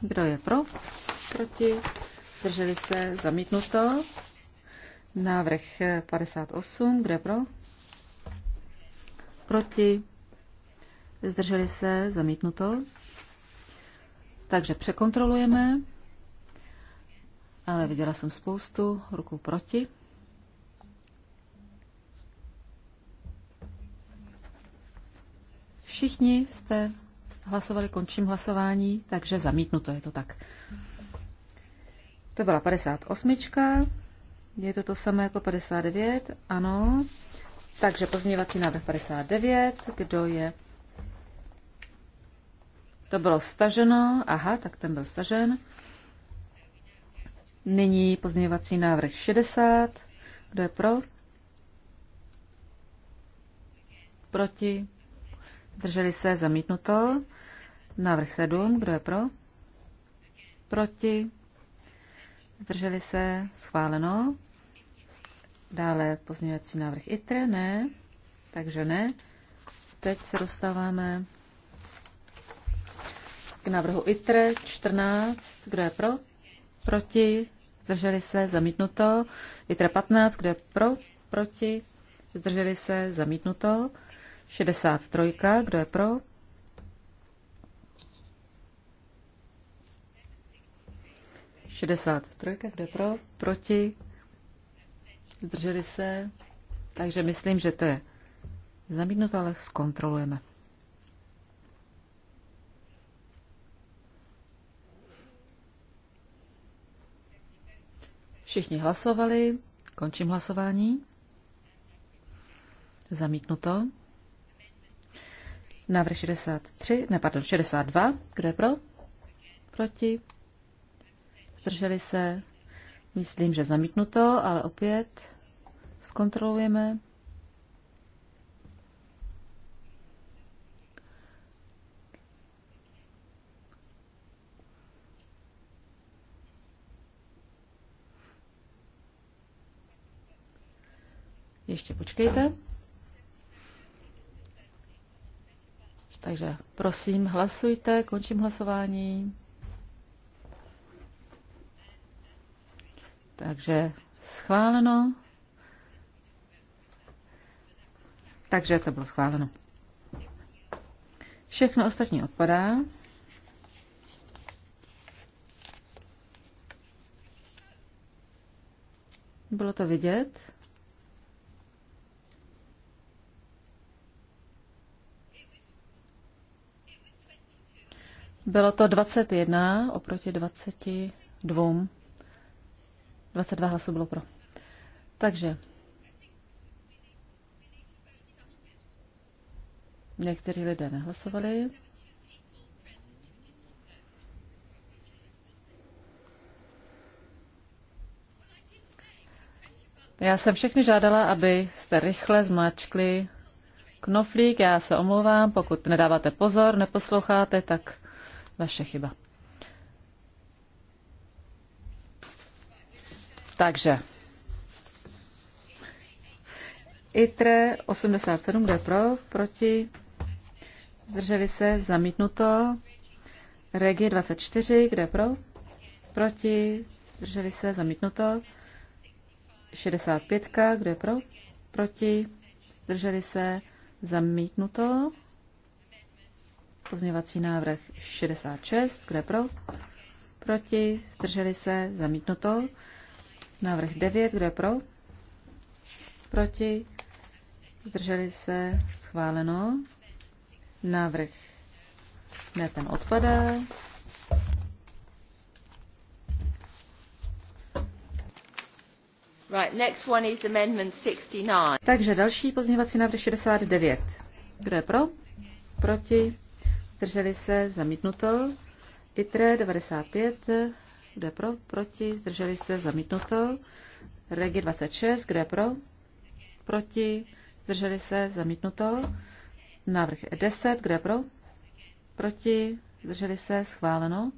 Kdo je pro? Proti? Drželi se? Zamítnuto. Návrh 58. Kdo je pro? Proti? Zdrželi se? Zamítnuto. Takže překontrolujeme. Ale viděla jsem spoustu rukou proti. Všichni jste hlasovali, končím hlasování, takže zamítnuto je to tak. To byla 58. Je to to samé jako 59, ano. Takže pozměňovací návrh 59, kdo je? To bylo staženo, aha, tak ten byl stažen. Nyní pozměňovací návrh 60, kdo je pro? Proti? Drželi se zamítnuto. Návrh 7. Kdo je pro? Proti? drželi se schváleno. Dále pozměňovací návrh ITRE, ne. Takže ne. Teď se dostáváme k návrhu ITRE 14. Kdo je pro? Proti? Zdrželi se zamítnuto. ITRE 15. Kdo je pro? Proti? Zdrželi se zamítnuto. 63. Kdo je pro? Šedesát trojka, kdo je pro? Proti? Zdrželi se? Takže myslím, že to je zamítnuto, ale zkontrolujeme. Všichni hlasovali. Končím hlasování. Zamítnuto. Návrh 63, ne, pardon, 62. Kdo je pro? Proti? Zdrželi se? Myslím, že zamítnuto, ale opět zkontrolujeme. Ještě počkejte. Takže prosím, hlasujte, končím hlasování. Takže schváleno. Takže to bylo schváleno. Všechno ostatní odpadá. Bylo to vidět. Bylo to 21 oproti 22. 22 hlasů bylo pro. Takže někteří lidé nehlasovali. Já jsem všechny žádala, aby jste rychle zmáčkli knoflík. Já se omlouvám, pokud nedáváte pozor, neposloucháte, tak vaše chyba. Takže ITRE 87, kde pro, proti, zdrželi se, zamítnuto. Regi 24, kde pro, proti, zdrželi se, zamítnuto. 65, kde pro, proti, zdrželi se, zamítnuto. Pozměňovací návrh 66. Kdo je pro? Proti? Zdrželi se? Zamítnuto. Návrh 9. Kdo je pro? Proti? Zdrželi se? Schváleno. Návrh ne, ten odpadá. Right, next one is amendment 69. Takže další pozměňovací návrh 69. Kdo je pro? Proti? zdrželi se, zamítnuto. ITRE 95, kdo je pro, proti, zdrželi se, zamítnuto. REGI 26, kdo je pro, proti, zdrželi se, zamítnuto. Návrh 10, kdo je pro, proti, zdrželi se, schváleno.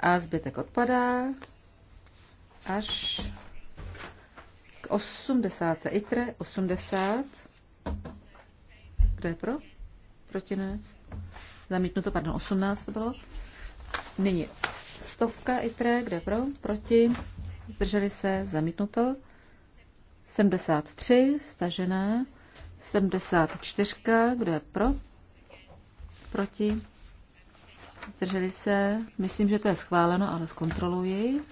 A zbytek odpadá až k 80. ITRE 80. Kdo je pro? Proti nás? Zamítnuto, pardon, 18 to bylo. Nyní stovka ITRE, kde pro, proti, zdrželi se, zamítnuto. 73, stažené. 74, kde pro, proti, zdrželi se. Myslím, že to je schváleno, ale zkontroluji.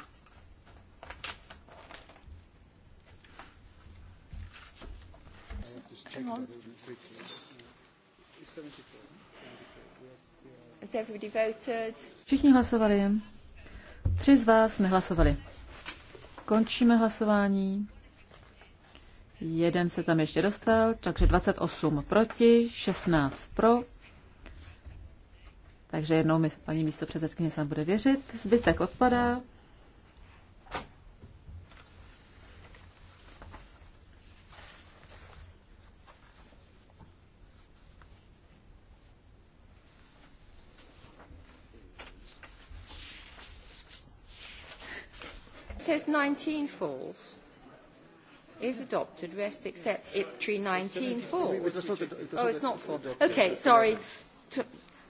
Všichni hlasovali. Tři z vás nehlasovali. Končíme hlasování. Jeden se tam ještě dostal, takže 28 proti, 16 pro. Takže jednou mi paní místo předsedkyně sám bude věřit. Zbytek odpadá. 19 falls. If adopted, rest except IPTRI 19 falls. Oh, it's not four. Okay, sorry.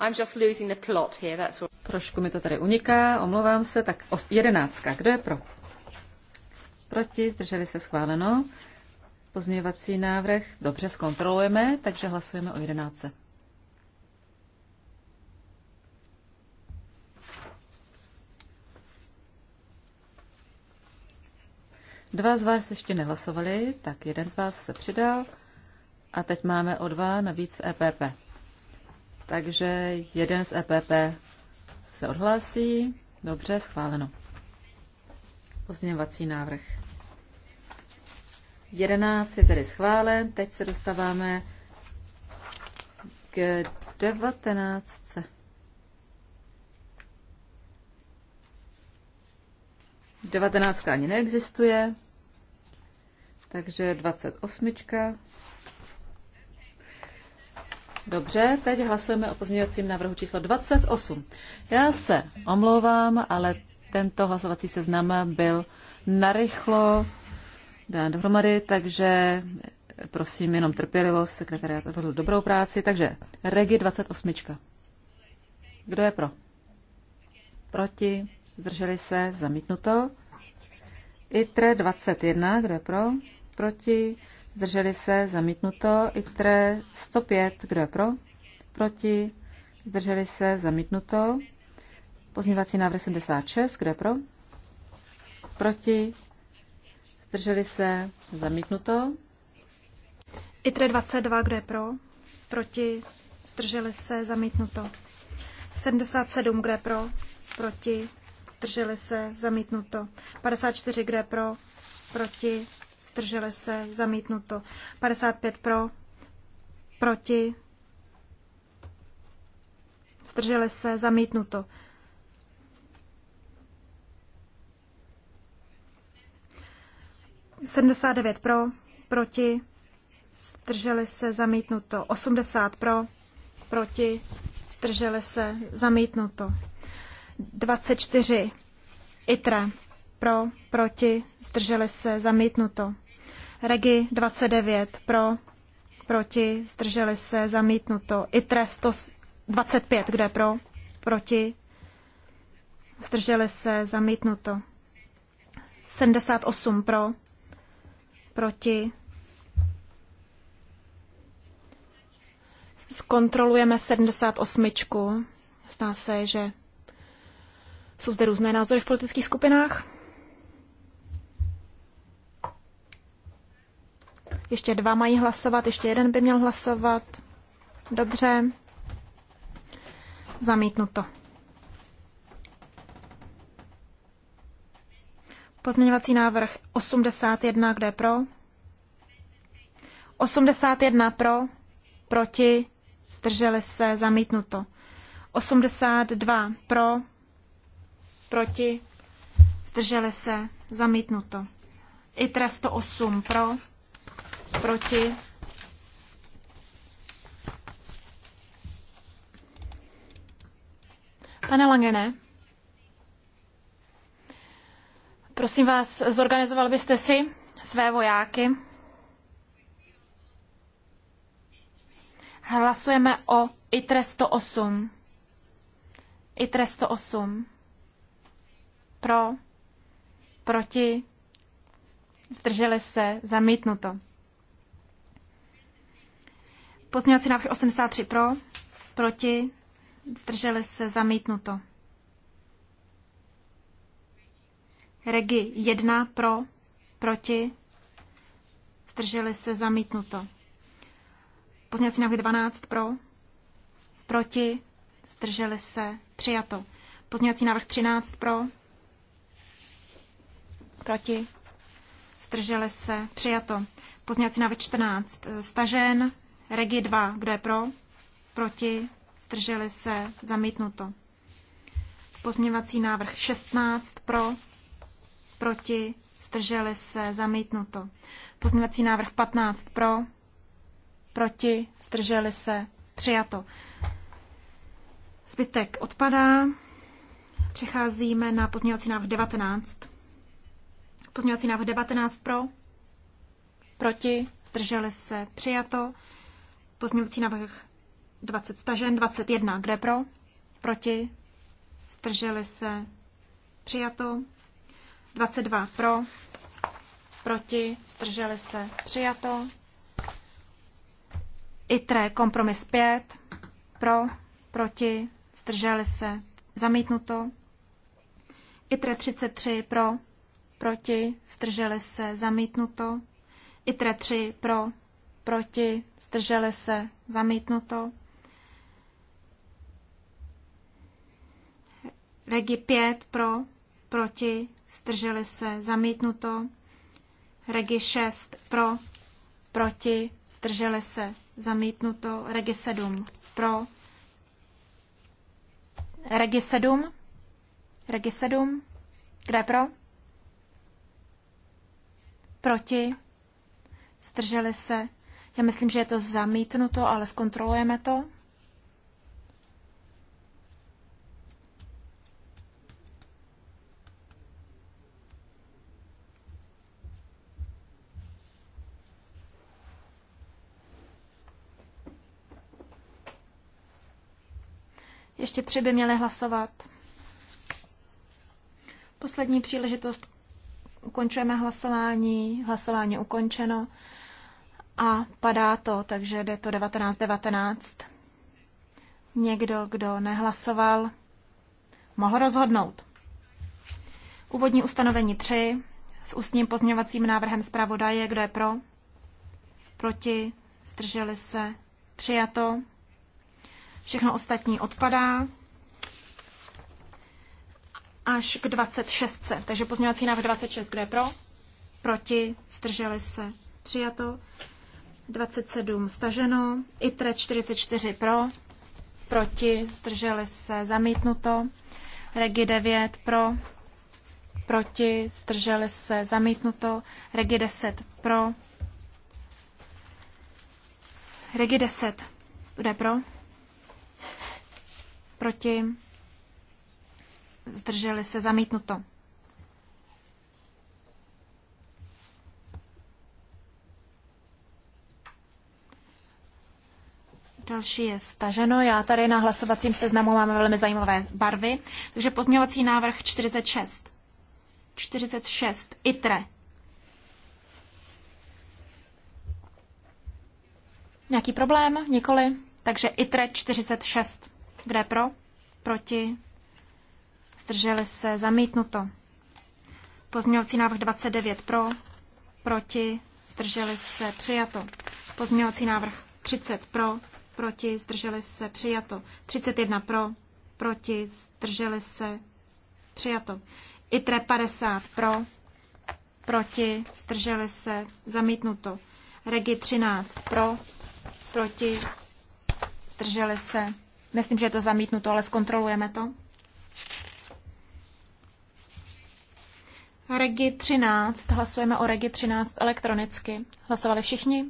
I'm just losing the plot here, that's all. Trošku mi to tady uniká, omlouvám se. Tak jedenáctka, kdo je pro? Proti, zdrželi se schváleno. Pozměvací návrh, dobře, zkontrolujeme, takže hlasujeme o jedenáctce. Dva z vás ještě nehlasovali, tak jeden z vás se přidal a teď máme o dva navíc v EPP. Takže jeden z EPP se odhlásí. Dobře, schváleno. Pozměňovací návrh. 11 je tedy schválen, teď se dostáváme k 19. 19 ani neexistuje, takže 28. Dobře, teď hlasujeme o pozměňovacím návrhu číslo 28. Já se omlouvám, ale tento hlasovací seznam byl narychlo dán dohromady, takže prosím jenom trpělivost, sekretariat odvedl dobrou práci. Takže Regi 28. Kdo je pro? Proti? zdrželi se, zamítnuto. ITRE 21, kdo je pro, proti, zdrželi se, zamítnuto. ITRE 105, kdo je pro, proti, zdrželi se, zamítnuto. Pozměňovací návrh 76, kdo je pro, proti, zdrželi se, zamítnuto. ITRE 22, kdo je pro, proti, zdrželi se, zamítnuto. 77, kdo je pro, proti, zdrželi se, zamítnuto. 54, kdo pro, proti, zdrželi se, zamítnuto. 55 pro, proti, zdrželi se, zamítnuto. Sedmdesát devět pro, proti, zdrželi se, zamítnuto. 80 pro, proti, zdrželi se, zamítnuto. 24. ITRE. Pro, proti, zdrželi se, zamítnuto. REGI 29. Pro, proti, zdrželi se, zamítnuto. ITRE 125. Kde pro, proti, zdrželi se, zamítnuto. 78 pro, proti. Zkontrolujeme 78. Zdá se, že jsou zde různé názory v politických skupinách? Ještě dva mají hlasovat, ještě jeden by měl hlasovat. Dobře. Zamítnuto. Pozměňovací návrh 81, kde je pro? 81 pro, proti, zdrželi se, zamítnuto. 82 pro, proti, zdrželi se, zamítnuto. ITRA 108 pro, proti, Pane Langene, prosím vás, zorganizoval byste si své vojáky. Hlasujeme o ITRE 108. ITRE 108 pro, proti, zdrželi se, zamítnuto. Pozměňovací návrh 83 pro, proti, zdrželi se, zamítnuto. Regi 1 pro, proti, zdrželi se, zamítnuto. Pozměňovací návrh 12 pro, proti, zdrželi se, přijato. Pozměňovací návrh 13 pro, Proti? Zdrželi se. Přijato. Pozměňovací návrh 14. Stažen. Regi 2. Kdo je pro? Proti? Zdrželi se. Zamítnuto. Pozměňovací návrh 16. Pro? Proti? Zdrželi se. Zamítnuto. Pozměňovací návrh 15. Pro? Proti? Zdrželi se. Přijato. Zbytek odpadá. Přecházíme na pozměňovací návrh 19. Pozměňovací návrh 19 pro, proti, zdrželi se, přijato. Pozměňovací návrh 20 stažen, 21 kde pro, proti, zdrželi se, přijato. 22 pro, proti, zdrželi se, přijato. ITRE kompromis 5, pro, proti, zdrželi se, zamítnuto. ITRE 33 pro, proti, zdrželi se, zamítnuto. ITRE 3 pro, proti, zdrželi se, zamítnuto. Regi 5 pro, proti, zdrželi se, zamítnuto. Regi 6 pro, proti, zdrželi se, zamítnuto. Regi 7 pro, Regi 7, Regi 7, kde pro? Proti? Zdrželi se? Já myslím, že je to zamítnuto, ale zkontrolujeme to. Ještě tři by měly hlasovat. Poslední příležitost Ukončujeme hlasování, hlasování ukončeno a padá to, takže jde to 19.19. 19. Někdo, kdo nehlasoval, mohl rozhodnout. Úvodní ustanovení 3 s ústním pozměňovacím návrhem zpravodaje, kdo je pro, proti, zdrželi se, přijato. Všechno ostatní odpadá až k 26. Takže pozměňovací návrh 26, kdo je pro? Proti, zdrželi se, přijato. 27 staženo, ITRE 44 pro, proti, zdrželi se, zamítnuto. Regi 9 pro, proti, zdrželi se, zamítnuto. Regi 10 pro, Regi 10 je pro, proti, zdrželi se, zamítnuto. Další je staženo. Já tady na hlasovacím seznamu máme velmi zajímavé barvy. Takže pozměňovací návrh 46. 46. ITRE. Nějaký problém? Nikoli. Takže ITRE 46. Kde pro? Proti? zdrželi se, zamítnuto. Pozměňovací návrh 29 pro, proti, zdrželi se, přijato. Pozměňovací návrh 30 pro, proti, zdrželi se, přijato. 31 pro, proti, zdrželi se, přijato. ITRE 50 pro, proti, zdrželi se, zamítnuto. REGI 13 pro, proti, zdrželi se. Myslím, že je to zamítnuto, ale zkontrolujeme to. Regi 13, hlasujeme o Regi 13 elektronicky. Hlasovali všichni?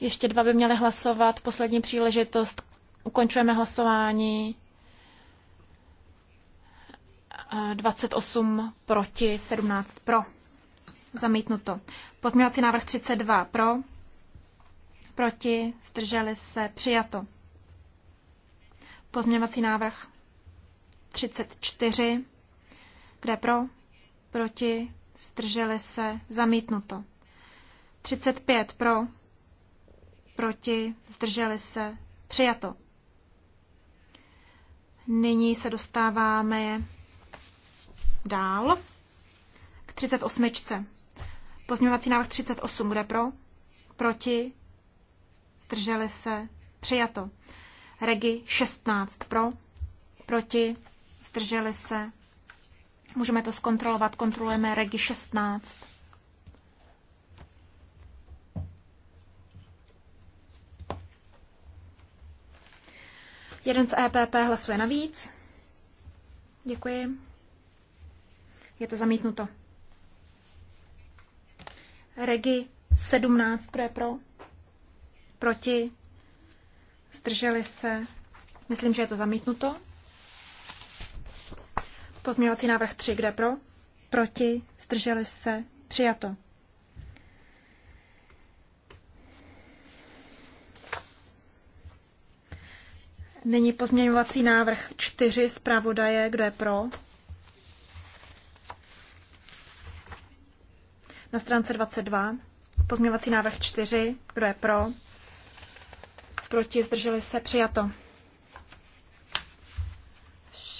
Ještě dva by měli hlasovat, poslední příležitost, ukončujeme hlasování. 28 proti, 17 pro. Zamítnuto. Pozměňovací návrh 32 pro, proti, zdrželi se, přijato. Pozměňovací návrh 34, kde pro, proti, zdrželi se, zamítnuto. 35 pro, proti, zdrželi se, přijato. Nyní se dostáváme dál k 38. Pozměňovací návrh 38 bude pro, proti, zdrželi se, přijato. Regi 16 pro, proti, zdrželi se, Můžeme to zkontrolovat, kontrolujeme regi 16. Jeden z EPP hlasuje navíc. Děkuji. Je to zamítnuto. Regi 17, kdo je pro? Proti? Zdrželi se? Myslím, že je to zamítnuto. Pozměňovací návrh 3, kde pro? Proti, zdrželi se, přijato. Nyní pozměňovací návrh 4 zpravodaje, kde je pro? Na stránce 22. Pozměňovací návrh 4, kdo je pro? Proti, zdrželi se, přijato.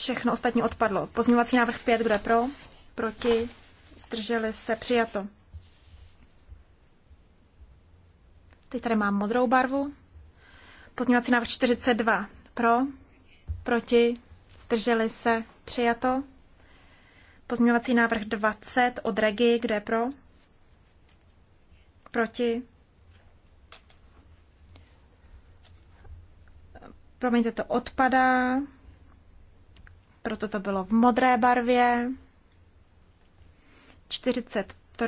Všechno ostatní odpadlo. Pozměňovací návrh 5, kdo je pro? Proti? Zdrželi se? Přijato. Teď tady mám modrou barvu. Pozměňovací návrh 42. Pro? Proti? Zdrželi se? Přijato. Pozměňovací návrh 20 od Regi, kde je pro? Proti? Promiňte, to odpadá proto to bylo v modré barvě. 43,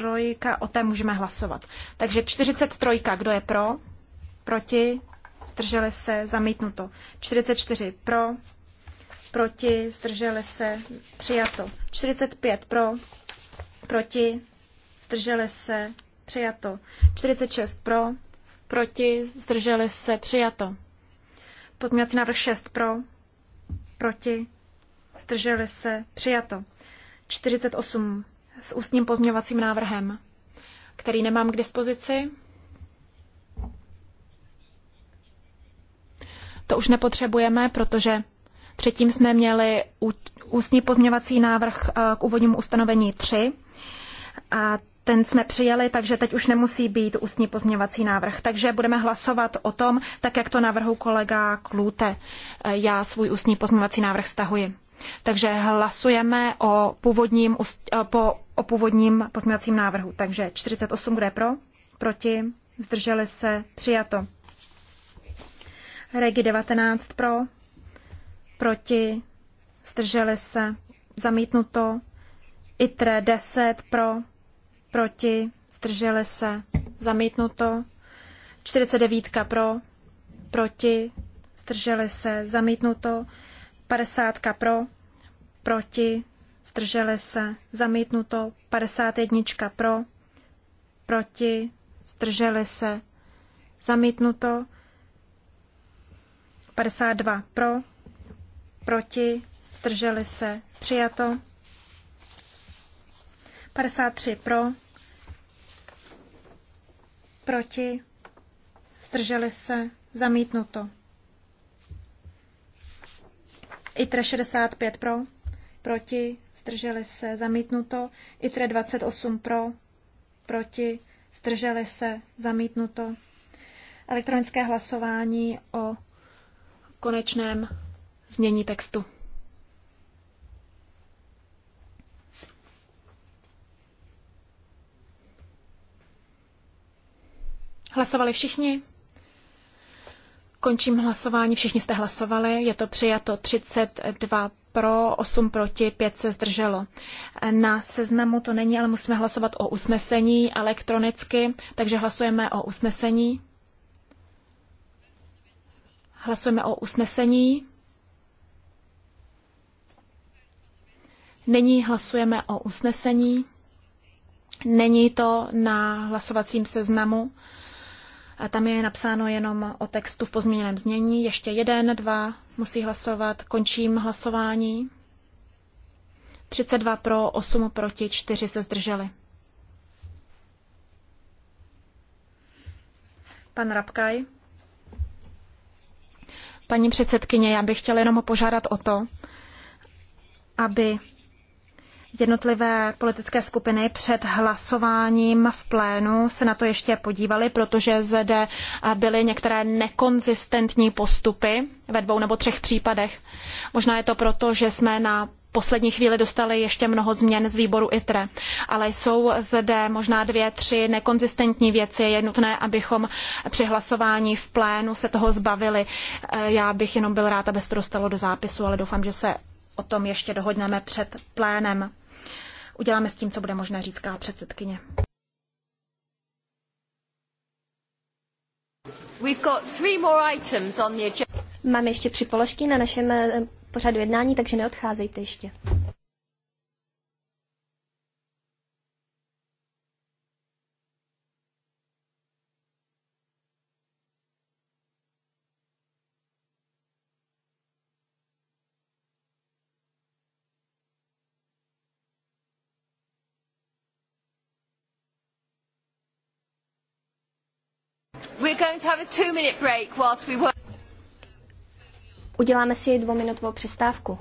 o té můžeme hlasovat. Takže 43, kdo je pro? Proti? Zdrželi se? Zamítnuto. 44 pro? Proti? Zdrželi se? Přijato. 45 pro? Proti? Zdrželi se? Přijato. 46 pro? Proti? Zdrželi se? Přijato. Pozměňovací návrh 6 pro? Proti? Zdrželi se? Přijato. 48 s ústním pozměňovacím návrhem, který nemám k dispozici. To už nepotřebujeme, protože předtím jsme měli ústní pozměňovací návrh eh, k úvodnímu ustanovení 3. A ten jsme přijeli, takže teď už nemusí být ústní pozměňovací návrh. Takže budeme hlasovat o tom, tak jak to navrhu kolega Klute. Eh, já svůj ústní pozměňovací návrh stahuji. Takže hlasujeme o původním, eh, po, o původním pozměňovacím návrhu. Takže 48, kde je pro? Proti? Zdrželi se? Přijato. Regi 19 pro? Proti? Zdrželi se? Zamítnuto. ITRE 10 pro? Proti? Zdrželi se? Zamítnuto. 49 pro? Proti? Zdrželi se? Zamítnuto. 50 pro, proti, zdrželi se, zamítnuto 51 pro, proti, zdrželi se, zamítnuto 52 pro, proti, zdrželi se, přijato 53 pro, proti, zdrželi se, zamítnuto. ITRE 65 pro, proti, zdrželi se, zamítnuto. ITRE 28 pro, proti, zdrželi se, zamítnuto. Elektronické hlasování o konečném znění textu. Hlasovali všichni? Končím hlasování, všichni jste hlasovali, je to přijato 32 pro, 8 proti, 5 se zdrželo. Na seznamu to není, ale musíme hlasovat o usnesení elektronicky, takže hlasujeme o usnesení. Hlasujeme o usnesení. Nyní hlasujeme o usnesení. Není to na hlasovacím seznamu. A tam je napsáno jenom o textu v pozměněném znění. Ještě jeden, dva musí hlasovat. Končím hlasování. 32 pro, 8 proti, 4 se zdrželi. Pan Rabkaj. Paní předsedkyně, já bych chtěla jenom požádat o to, aby Jednotlivé politické skupiny před hlasováním v plénu se na to ještě podívali, protože zde eh, byly některé nekonzistentní postupy ve dvou nebo třech případech. Možná je to proto, že jsme na poslední chvíli dostali ještě mnoho změn z výboru ITRE, ale jsou zde možná dvě, tři nekonzistentní věci. Je nutné, abychom při hlasování v plénu se toho zbavili. Eh, já bych jenom byl rád, aby se to dostalo do zápisu, ale doufám, že se o tom ještě dohodneme před plénem uděláme s tím, co bude možné, říká předsedkyně. Máme ještě tři položky na našem eh, pořadu jednání, takže neodcházejte ještě. Uděláme si dvouminutovou přestávku.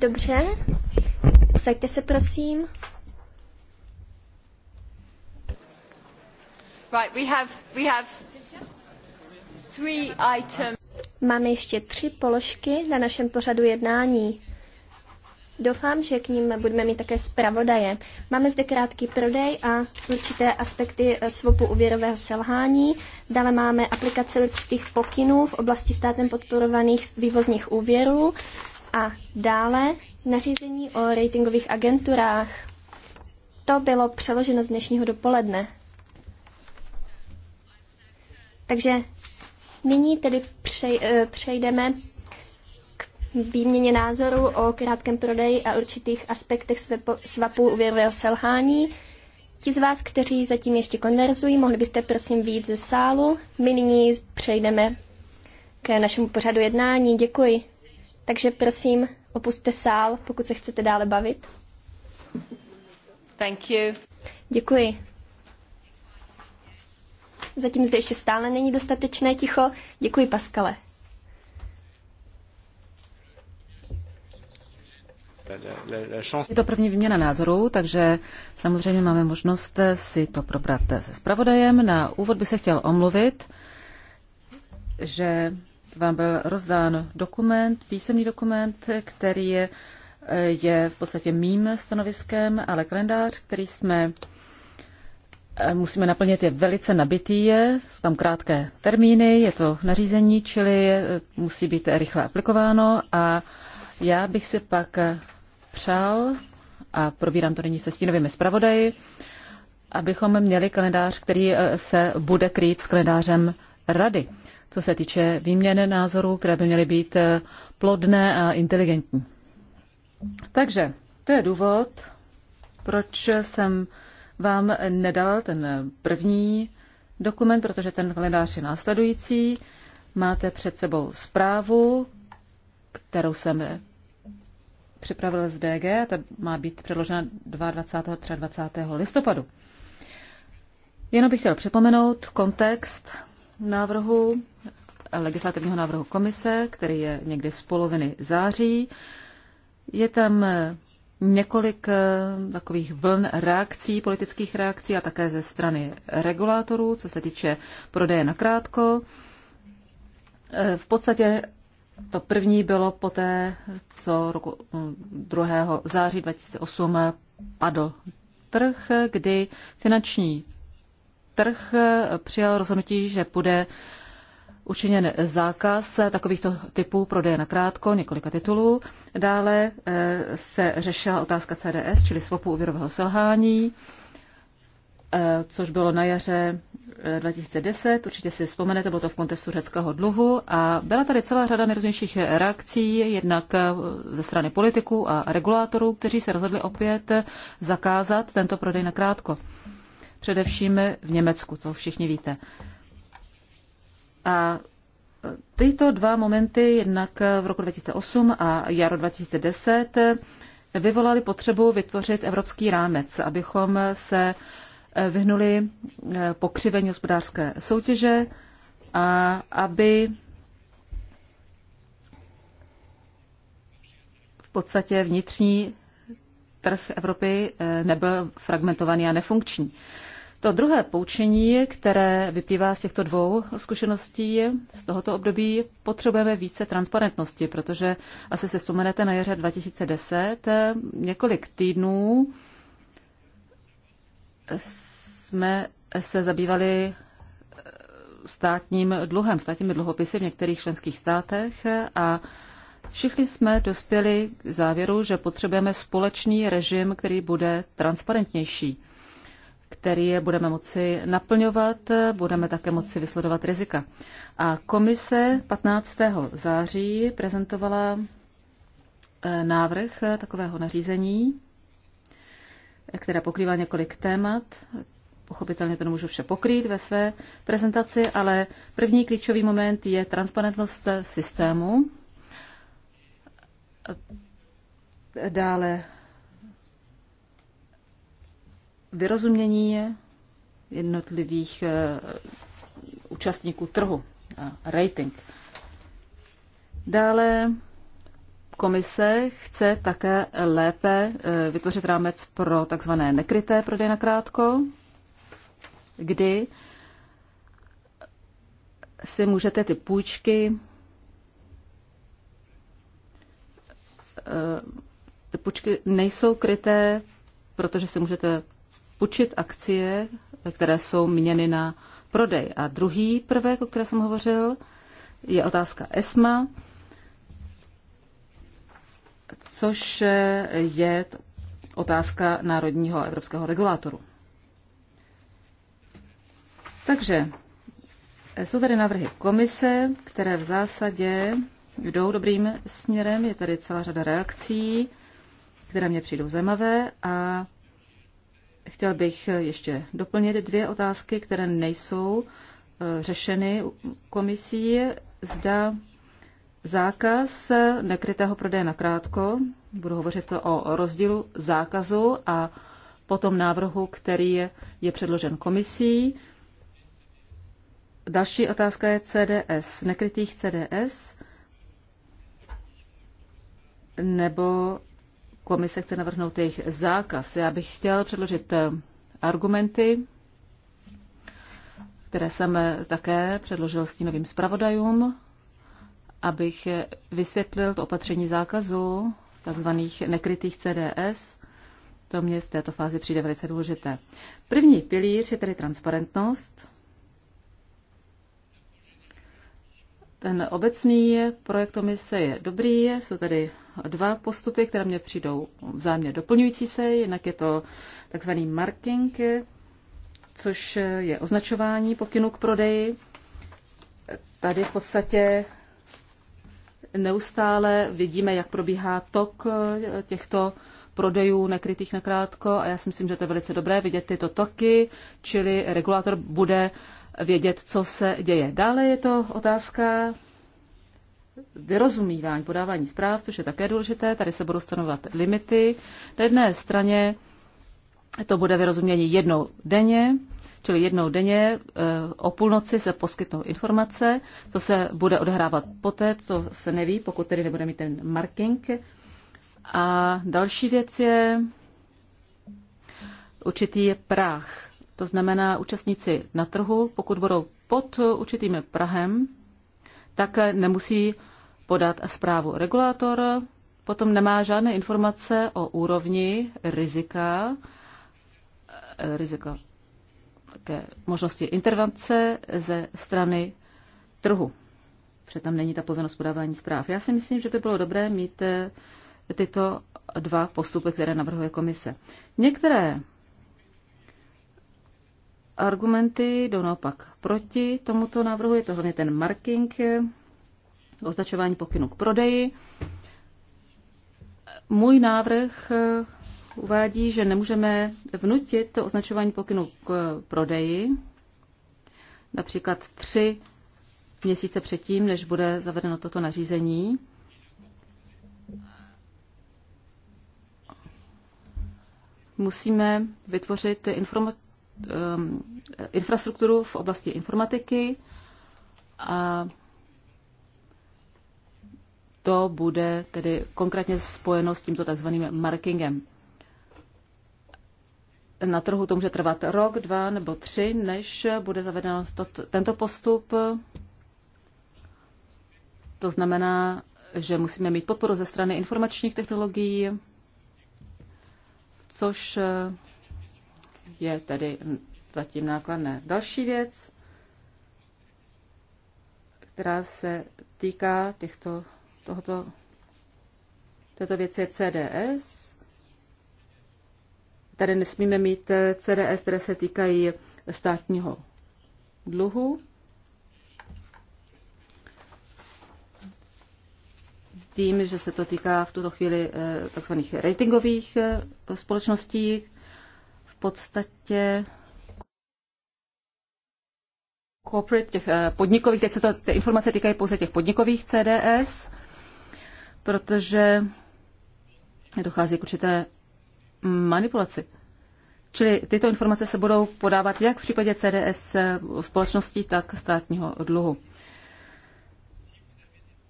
Dobře, usaďte se prosím. Right, we have, we have three items. Máme ještě tři položky na našem pořadu jednání. Doufám, že k ním budeme mít také zpravodaje. Máme zde krátký prodej a určité aspekty eh, svopu úvěrového selhání. Dále máme aplikace určitých pokynů v oblasti státem podporovaných vývozních úvěrů a dále nařízení o ratingových agenturách. To bylo přeloženo z dnešního dopoledne. Takže nyní tedy eh, přejdeme výměně názorů o krátkém prodeji a určitých aspektech svapů úvěrového selhání. Ti z vás, kteří zatím ještě konverzují, mohli byste prosím víc ze sálu. My nyní přejdeme k našemu pořadu jednání. Děkuji. Takže prosím, opuste sál, pokud se chcete dále bavit. Thank you. Děkuji. Zatím zde ještě stále není dostatečné ticho. Děkuji, Paskale. Je to první výměna názorů, takže samozřejmě máme možnost si to probrat se zpravodajem. Na úvod by se chtěl omluvit, že vám byl rozdán dokument, písemný dokument, který je, je v podstatě mým stanoviskem, ale kalendář, který jsme musíme naplnit, je velice nabitý, jsou tam krátké termíny, je to nařízení, čili musí být rychle aplikováno a já bych si pak přál, a probírám to nyní se stínovými zpravodaji, abychom měli kalendář, který e, se bude krýt s kalendářem rady, co se týče výměny názorů, které by měly být e, plodné a inteligentní. Takže to je důvod, proč jsem vám nedal ten první dokument, protože ten kalendář je následující. Máte před sebou zprávu, kterou jsem připravil z DG ta má být předložena 22. 23. listopadu. Jenom bych chtěl připomenout kontext návrhu, legislativního návrhu komise, který je někdy z poloviny září. Je tam eh, několik eh, takových vln reakcí, politických reakcí a také ze strany regulátorů, co se týče prodeje na krátko. Eh, v podstatě to první bylo poté, co roku 2. Mm, září 2008 padl trh, kdy finanční trh přijal rozhodnutí, že bude učiněn zákaz takovýchto typů prodeje na krátko, několika titulů. Dále eh, se řešila otázka CDS, čili svopu úvěrového selhání. Eh, což bylo na jaře 2010, eh, určitě si vzpomenete, bylo to v kontextu řeckého dluhu a byla tady celá řada nejrůznějších reakcí, jednak eh, ze strany politiků a regulátorů, kteří se rozhodli opět zakázat tento prodej na krátko. Především v Německu, to všichni víte. A tyto dva momenty, jednak v roku 2008 a jaro 2010, vyvolali potřebu vytvořit evropský rámec, abychom se Eh, vyhnuli eh, pokřivení hospodářské soutěže a aby v podstatě vnitřní trh Evropy eh, nebyl fragmentovaný a nefunkční. To druhé poučení, které vyplývá z těchto dvou zkušeností z tohoto období, potřebujeme více transparentnosti, protože asi se vzpomenete na jaře 2010, několik týdnů jsme se zabývali eh, státním dluhem, státními dluhopisy v některých členských státech a všichni jsme dospěli k závěru, že potřebujeme společný režim, který bude transparentnější, který je budeme moci naplňovat, budeme také moci vysledovat rizika. A komise 15. září prezentovala eh, návrh eh, takového nařízení, která pokrývá několik témat. Pochopitelně to nemůžu vše pokrýt ve své prezentaci, ale první klíčový moment je transparentnost systému. Dále vyrozumění jednotlivých eh, účastníků trhu, rating. Dále Komise chce také lépe eh, vytvořit rámec pro takzvané nekryté prodeje na krátko, kdy si můžete ty půjčky eh, ty půjčky nejsou kryté, protože si můžete půjčit akcie, které jsou měny na prodej. A druhý prvek, o které jsem hovořil, je otázka ESMA což je otázka národního a evropského regulátoru. Takže jsou tady návrhy komise, které v zásadě jdou dobrým směrem. Je tady celá řada reakcí, které mě přijdou zajímavé a chtěl bych ještě doplnit dvě otázky, které nejsou eh, řešeny komisí. Zda Zákaz nekrytého prodeje na krátko, budu hovořit o rozdílu zákazu a potom návrhu, který je, je předložen komisí. Další otázka je CDS, nekrytých CDS, nebo komise chce navrhnout jejich zákaz. Já bych chtěl předložit eh, argumenty, které jsem eh, také předložil stínovým zpravodajům abych vysvětlil to opatření zákazu tzv. nekrytých CDS. To mě v této fázi přijde velice důležité. První pilíř je tedy transparentnost. Ten obecný projekt komise je dobrý, jsou tady dva postupy, které mě přijdou vzájemně doplňující se, jednak je to takzvaný marking, což je označování pokynu k prodeji. Tady v podstatě neustále vidíme, jak probíhá tok eh, těchto prodejů nekrytých nakrátko a já si myslím, že to je velice dobré vidět tyto toky, čili regulátor bude vědět, co se děje. Dále je to otázka vyrozumívání, podávání zpráv, což je také důležité. Tady se budou stanovat limity. Na jedné straně to bude vyrozumění jednou denně, čili jednou denně eh, o půlnoci se poskytnou informace, co se bude odehrávat poté, co se neví, pokud tedy nebude mít ten marking. A další věc je určitý je práh. To znamená, účastníci na trhu, pokud budou pod určitým prahem, tak nemusí podat zprávu. Regulátor potom nemá žádné informace o úrovni rizika, eh, rizika ke možnosti intervence ze strany trhu. Protože tam není ta povinnost podávání zpráv. Já si myslím, že by bylo dobré mít eh, tyto dva postupy, které navrhuje komise. Některé argumenty jdou naopak proti tomuto návrhu. Je to hlavně ten marking, eh, označování pokynu k prodeji. Můj návrh eh, uvádí, že nemůžeme vnutit to označování pokynu k prodeji, například tři měsíce předtím, než bude zavedeno toto nařízení. Musíme vytvořit informa- ehm, infrastrukturu v oblasti informatiky a to bude tedy konkrétně spojeno s tímto takzvaným markingem na trhu to může trvat rok, dva nebo tři, než bude zaveden tento postup. To znamená, že musíme mít podporu ze strany informačních technologií, což je tedy zatím nákladné. Další věc, která se týká těchto, tohoto, této věci je CDS tady nesmíme mít eh, CDS, které se týkají státního dluhu. Vím, že se to týká v tuto chvíli eh, tzv. ratingových eh, společností. V podstatě corporate, těch podnikových, teď se to, ty informace týkají pouze těch podnikových CDS, protože dochází k určité manipulaci. Čili tyto informace se budou podávat jak v případě CDS společnosti, tak státního dluhu.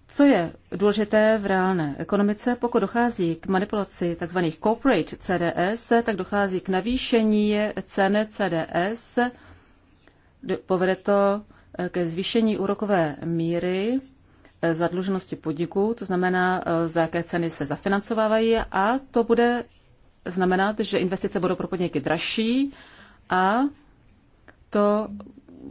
Co je důležité v reálné ekonomice? Pokud dochází k manipulaci tzv. corporate CDS, tak dochází k navýšení ceny CDS. Povede to ke zvýšení úrokové míry zadluženosti podniků, to znamená, za jaké ceny se zafinancovávají a to bude znamenat, že investice budou pro podniky dražší a to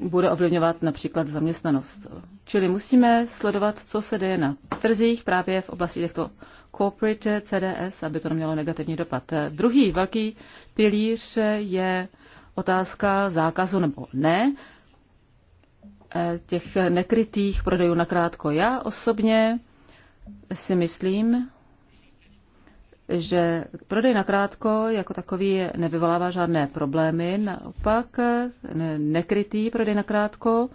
bude ovlivňovat například zaměstnanost. Čili musíme sledovat, co se děje na trzích právě v oblasti těchto corporate CDS, aby to nemělo negativní dopad. Druhý velký pilíř je otázka zákazu nebo ne eh, těch nekrytých prodejů nakrátko. Já osobně si myslím, že prodej na krátko jako takový nevyvolává žádné problémy, naopak nekrytý prodej na krátko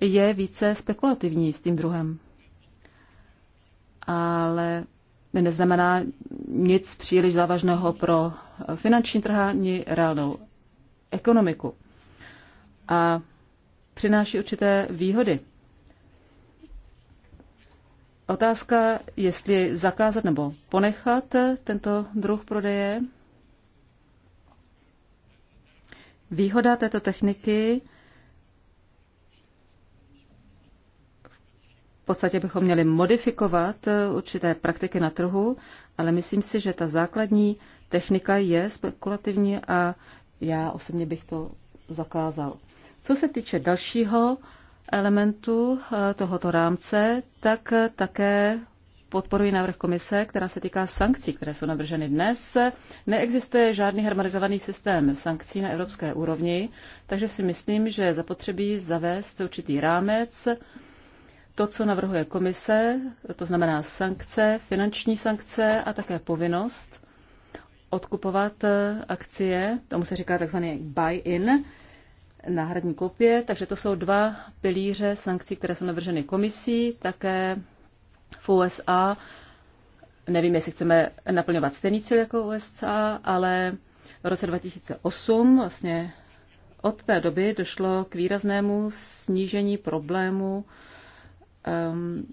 je více spekulativní s tím druhem. Ale neznamená nic příliš závažného pro finanční trh ani reálnou ekonomiku. A přináší určité výhody Otázka, jestli zakázat nebo ponechat tento druh prodeje. Výhoda této techniky v podstatě bychom měli modifikovat určité praktiky na trhu, ale myslím si, že ta základní technika je spekulativní a já osobně bych to zakázal. Co se týče dalšího Elementu eh, tohoto rámce, tak eh, také podporuji návrh komise, která se týká sankcí, které jsou navrženy dnes. Neexistuje žádný harmonizovaný systém sankcí na evropské úrovni, takže si myslím, že zapotřebí zavést určitý rámec. To, co navrhuje komise, to znamená sankce, finanční sankce a také povinnost odkupovat eh, akcie, tomu se říká takzvaný buy-in, náhradní kopie, takže to jsou dva pilíře sankcí, které jsou navrženy komisí, také v USA. Nevím, jestli chceme naplňovat stejný cíl jako USA, ale v roce 2008 vlastně od té doby došlo k výraznému snížení problému um,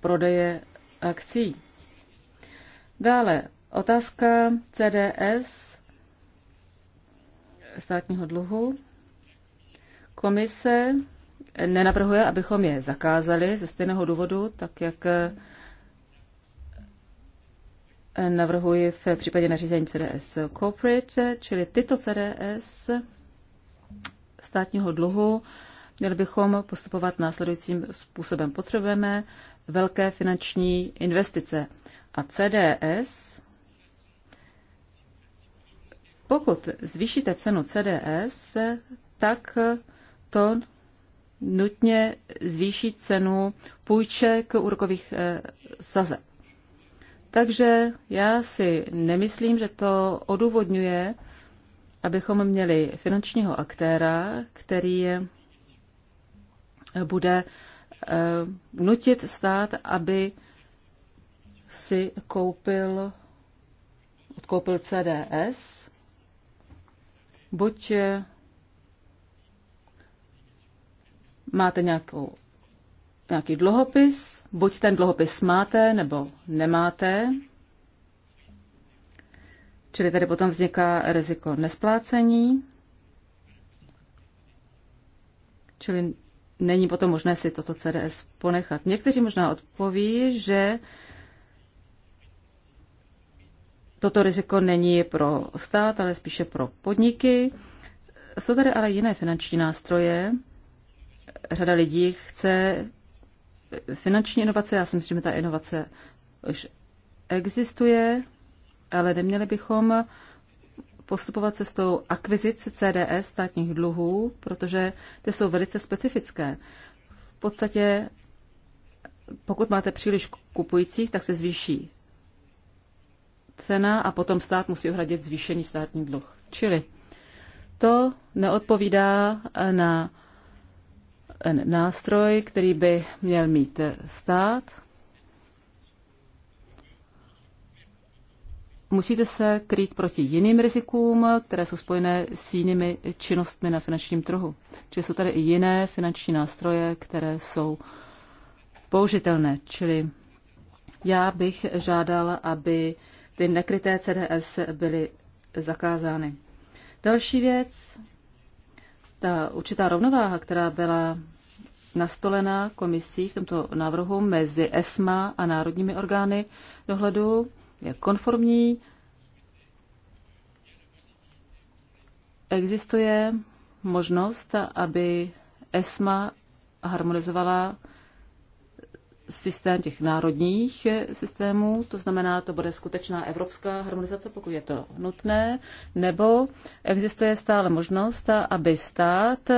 prodeje akcí. Dále otázka CDS státního dluhu. Komise nenavrhuje, abychom je zakázali ze stejného důvodu, tak jak eh, navrhuji v případě nařízení CDS Corporate, čili tyto CDS státního dluhu měli bychom postupovat následujícím způsobem. Potřebujeme velké finanční investice a CDS pokud zvýšíte cenu CDS, tak to nutně zvýší cenu půjček úrokových eh, sazeb. Takže já si nemyslím, že to odůvodňuje, abychom měli finančního aktéra, který eh, bude eh, nutit stát, aby si koupil, odkoupil CDS buď eh, máte nějakou, nějaký dluhopis, buď ten dluhopis máte nebo nemáte, čili tady potom vzniká riziko nesplácení, čili není potom možné si toto CDS ponechat. Někteří možná odpoví, že toto riziko není pro stát, ale spíše pro podniky. Jsou tady ale jiné finanční nástroje. Řada lidí chce finanční inovace. Já si myslím, že ta inovace už existuje, ale neměli bychom postupovat cestou akvizic CDS státních dluhů, protože ty jsou velice specifické. V podstatě, pokud máte příliš kupujících, tak se zvýší cena a potom stát musí uhradit zvýšení státní dluh. Čili to neodpovídá eh, na eh, nástroj, který by měl mít eh, stát. Musíte se krýt proti jiným rizikům, které jsou spojené s jinými činnostmi na finančním trhu. Čili jsou tady i jiné finanční nástroje, které jsou použitelné. Čili já bych žádala, aby ty nekryté CDS byly zakázány. Další věc, ta určitá rovnováha, která byla nastolená komisí v tomto návrhu mezi ESMA a národními orgány dohledu, je konformní. Existuje možnost, aby ESMA harmonizovala systém těch národních systémů, to znamená, to bude skutečná evropská harmonizace, pokud je to nutné, nebo existuje stále možnost, aby stát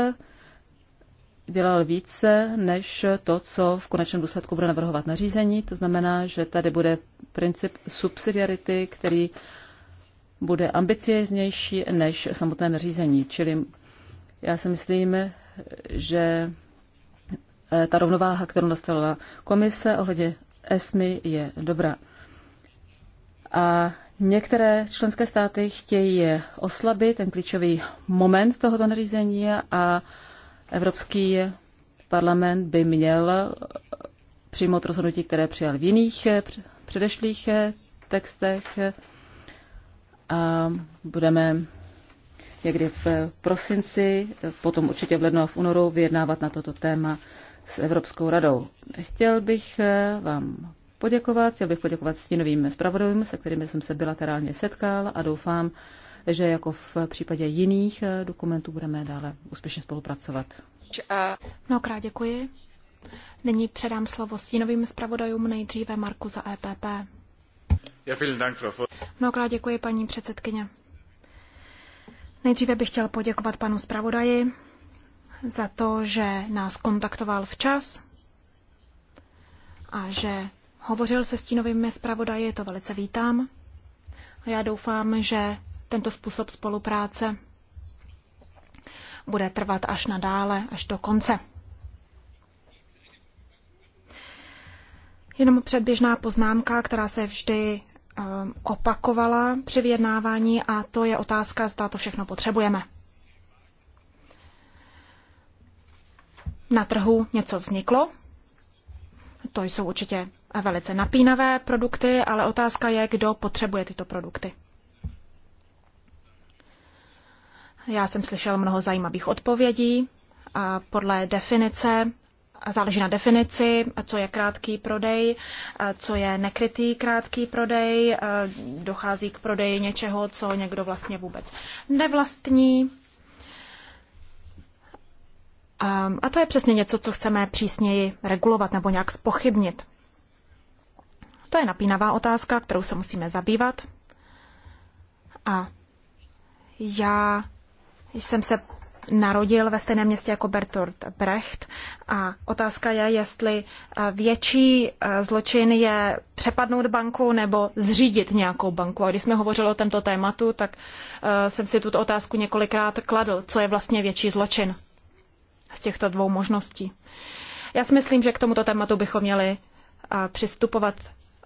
dělal více než to, co v konečném důsledku bude navrhovat nařízení. To znamená, že tady bude princip subsidiarity, který bude ambicioznější než samotné nařízení. Čili já si myslím, že Eh, ta rovnováha, kterou nastavila komise ohledně ESMI, je dobrá. A některé členské státy chtějí oslabit ten klíčový moment tohoto nařízení a Evropský parlament by měl eh, přijmout rozhodnutí, které přijal v jiných eh, předešlých textech. A budeme někdy v prosinci, potom určitě v lednu a v únoru vyjednávat na toto téma s Evropskou radou. Chtěl bych eh, vám poděkovat, chtěl bych poděkovat stínovým zpravodajům, se kterými jsem se bilaterálně setkal a doufám, že jako v případě jiných eh, dokumentů budeme dále úspěšně spolupracovat. Mnohokrát děkuji. Nyní předám slovo stínovým zpravodajům nejdříve Marku za EPP. Mnohokrát děkuji, paní předsedkyně. Nejdříve bych chtěl poděkovat panu zpravodaji za to, že nás kontaktoval včas a že hovořil se stínovými zpravodaji, to velice vítám. A já doufám, že tento způsob spolupráce bude trvat až nadále, až do konce. Jenom předběžná poznámka, která se vždy eh, opakovala při vyjednávání a to je otázka, zda to všechno potřebujeme. na trhu něco vzniklo. To jsou určitě velice napínavé produkty, ale otázka je, kdo potřebuje tyto produkty. Já jsem slyšel mnoho zajímavých odpovědí. A podle definice, a záleží na definici, co je krátký prodej, co je nekrytý krátký prodej, dochází k prodeji něčeho, co někdo vlastně vůbec nevlastní Ehm, a to je přesně něco, co chceme přísněji regulovat nebo nějak spochybnit. To je napínavá otázka, kterou se musíme zabývat. A já jsem se narodil ve stejném městě jako Bertolt Brecht a otázka je, jestli eh, větší eh, zločin je přepadnout banku nebo zřídit nějakou banku. A když jsme hovořili o tomto tématu, tak eh, jsem si tuto otázku několikrát kladl, co je vlastně větší zločin z těchto dvou možností. Já si myslím, že k tomuto tématu bychom měli přistupovat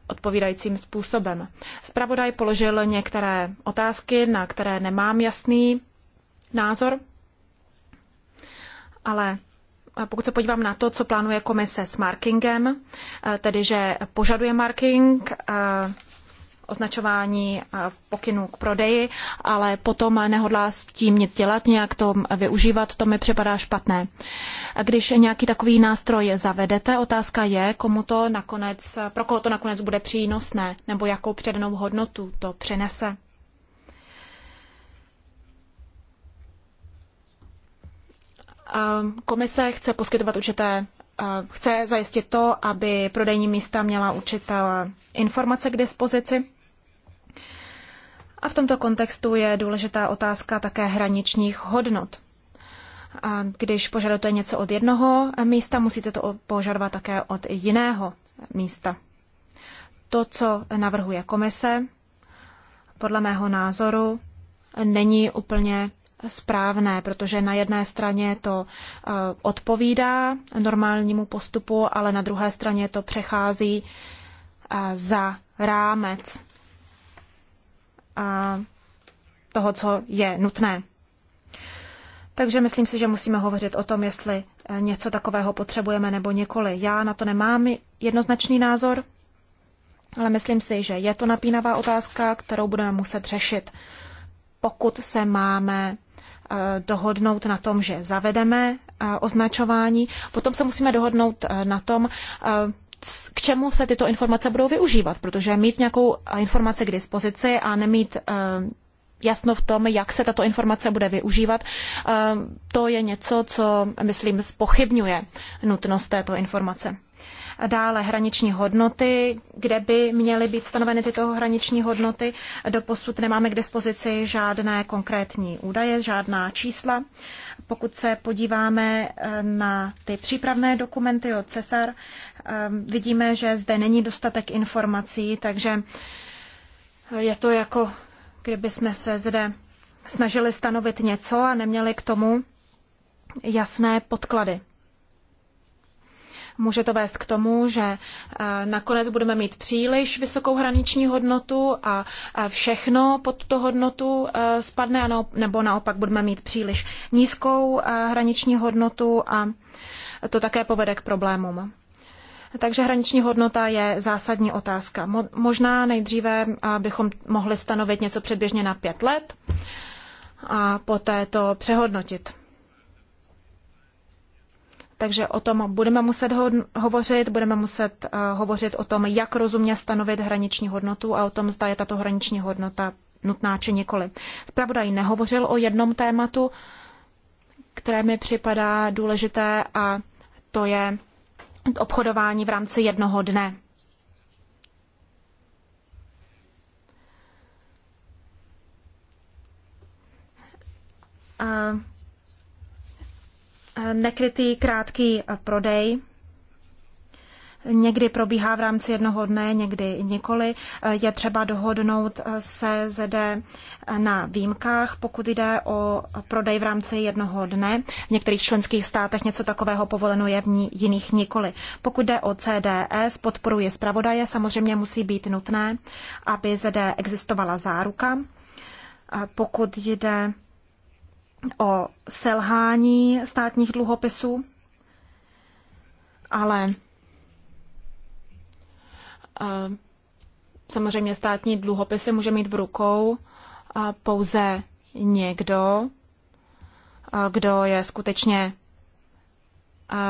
odpovídajícím způsobem. Spravodaj položil některé otázky, na které nemám jasný názor, ale pokud se podívám na to, co plánuje komise s markingem, tedy že požaduje marking, označování pokynů k prodeji, ale potom nehodlá s tím nic dělat, nějak to využívat, to mi připadá špatné. Když nějaký takový nástroj zavedete, otázka je, komu to nakonec, pro koho to nakonec bude přínosné, nebo jakou předanou hodnotu to přinese. Komise chce poskytovat určité chce zajistit to, aby prodejní místa měla určité informace k dispozici. A v tomto kontextu je důležitá otázka také hraničních hodnot. A když požadujete něco od jednoho místa, musíte to požadovat také od jiného místa. To, co navrhuje komise, podle mého názoru není úplně správné, protože na jedné straně to e, odpovídá normálnímu postupu, ale na druhé straně to přechází e, za rámec a toho, co je nutné. Takže myslím si, že musíme hovořit o tom, jestli eh, něco takového potřebujeme nebo nikoli. Já na to nemám jednoznačný názor, ale myslím si, že je to napínavá otázka, kterou budeme muset řešit. Pokud se máme eh, dohodnout na tom, že zavedeme eh, označování. Potom se musíme dohodnout na tom, k čemu se tyto informace budou využívat, protože mít nějakou eh, informaci k dispozici a nemít eh, jasno v tom, jak se tato informace bude využívat, eh, to je něco, co, myslím, spochybňuje nutnost této informace. Dále hraniční hodnoty, kde by měly být stanoveny tyto hraniční hodnoty. Doposud nemáme k dispozici žádné konkrétní údaje, žádná čísla. Pokud se podíváme eh, na ty přípravné dokumenty od Cesar, eh, vidíme, že zde není dostatek informací, takže je to jako, kdyby jsme se zde snažili stanovit něco a neměli k tomu jasné podklady. Může to vést k tomu, že eh, nakonec budeme mít příliš vysokou hraniční hodnotu a všechno pod tu hodnotu eh, spadne, nebo naopak budeme mít příliš nízkou eh, hraniční hodnotu a to také povede k problémům. Takže hraniční hodnota je zásadní otázka. možná nejdříve bychom mohli stanovit něco předběžně na pět let a poté to přehodnotit. Takže o tom budeme muset ho- hovořit, budeme muset uh, hovořit o tom, jak rozumně stanovit hraniční hodnotu a o tom, zda je tato hraniční hodnota nutná či nikoli. Spravodaj nehovořil o jednom tématu, které mi připadá důležité a to je obchodování v rámci jednoho dne. Uh, nekrytý krátký eh, prodej. Někdy probíhá v rámci jednoho dne, někdy nikoli. Eh, je třeba dohodnout eh, se zde na výjimkách, pokud jde o prodej v rámci jednoho dne. V některých členských státech něco takového povoleno je, v ní jiných nikoli. Pokud jde o CDS, podporuje zpravodaje, samozřejmě musí být nutné, aby zde existovala záruka. Pokud jde o selhání státních dluhopisů, ale eh, samozřejmě státní dluhopisy může mít v rukou eh, pouze někdo, eh, kdo je skutečně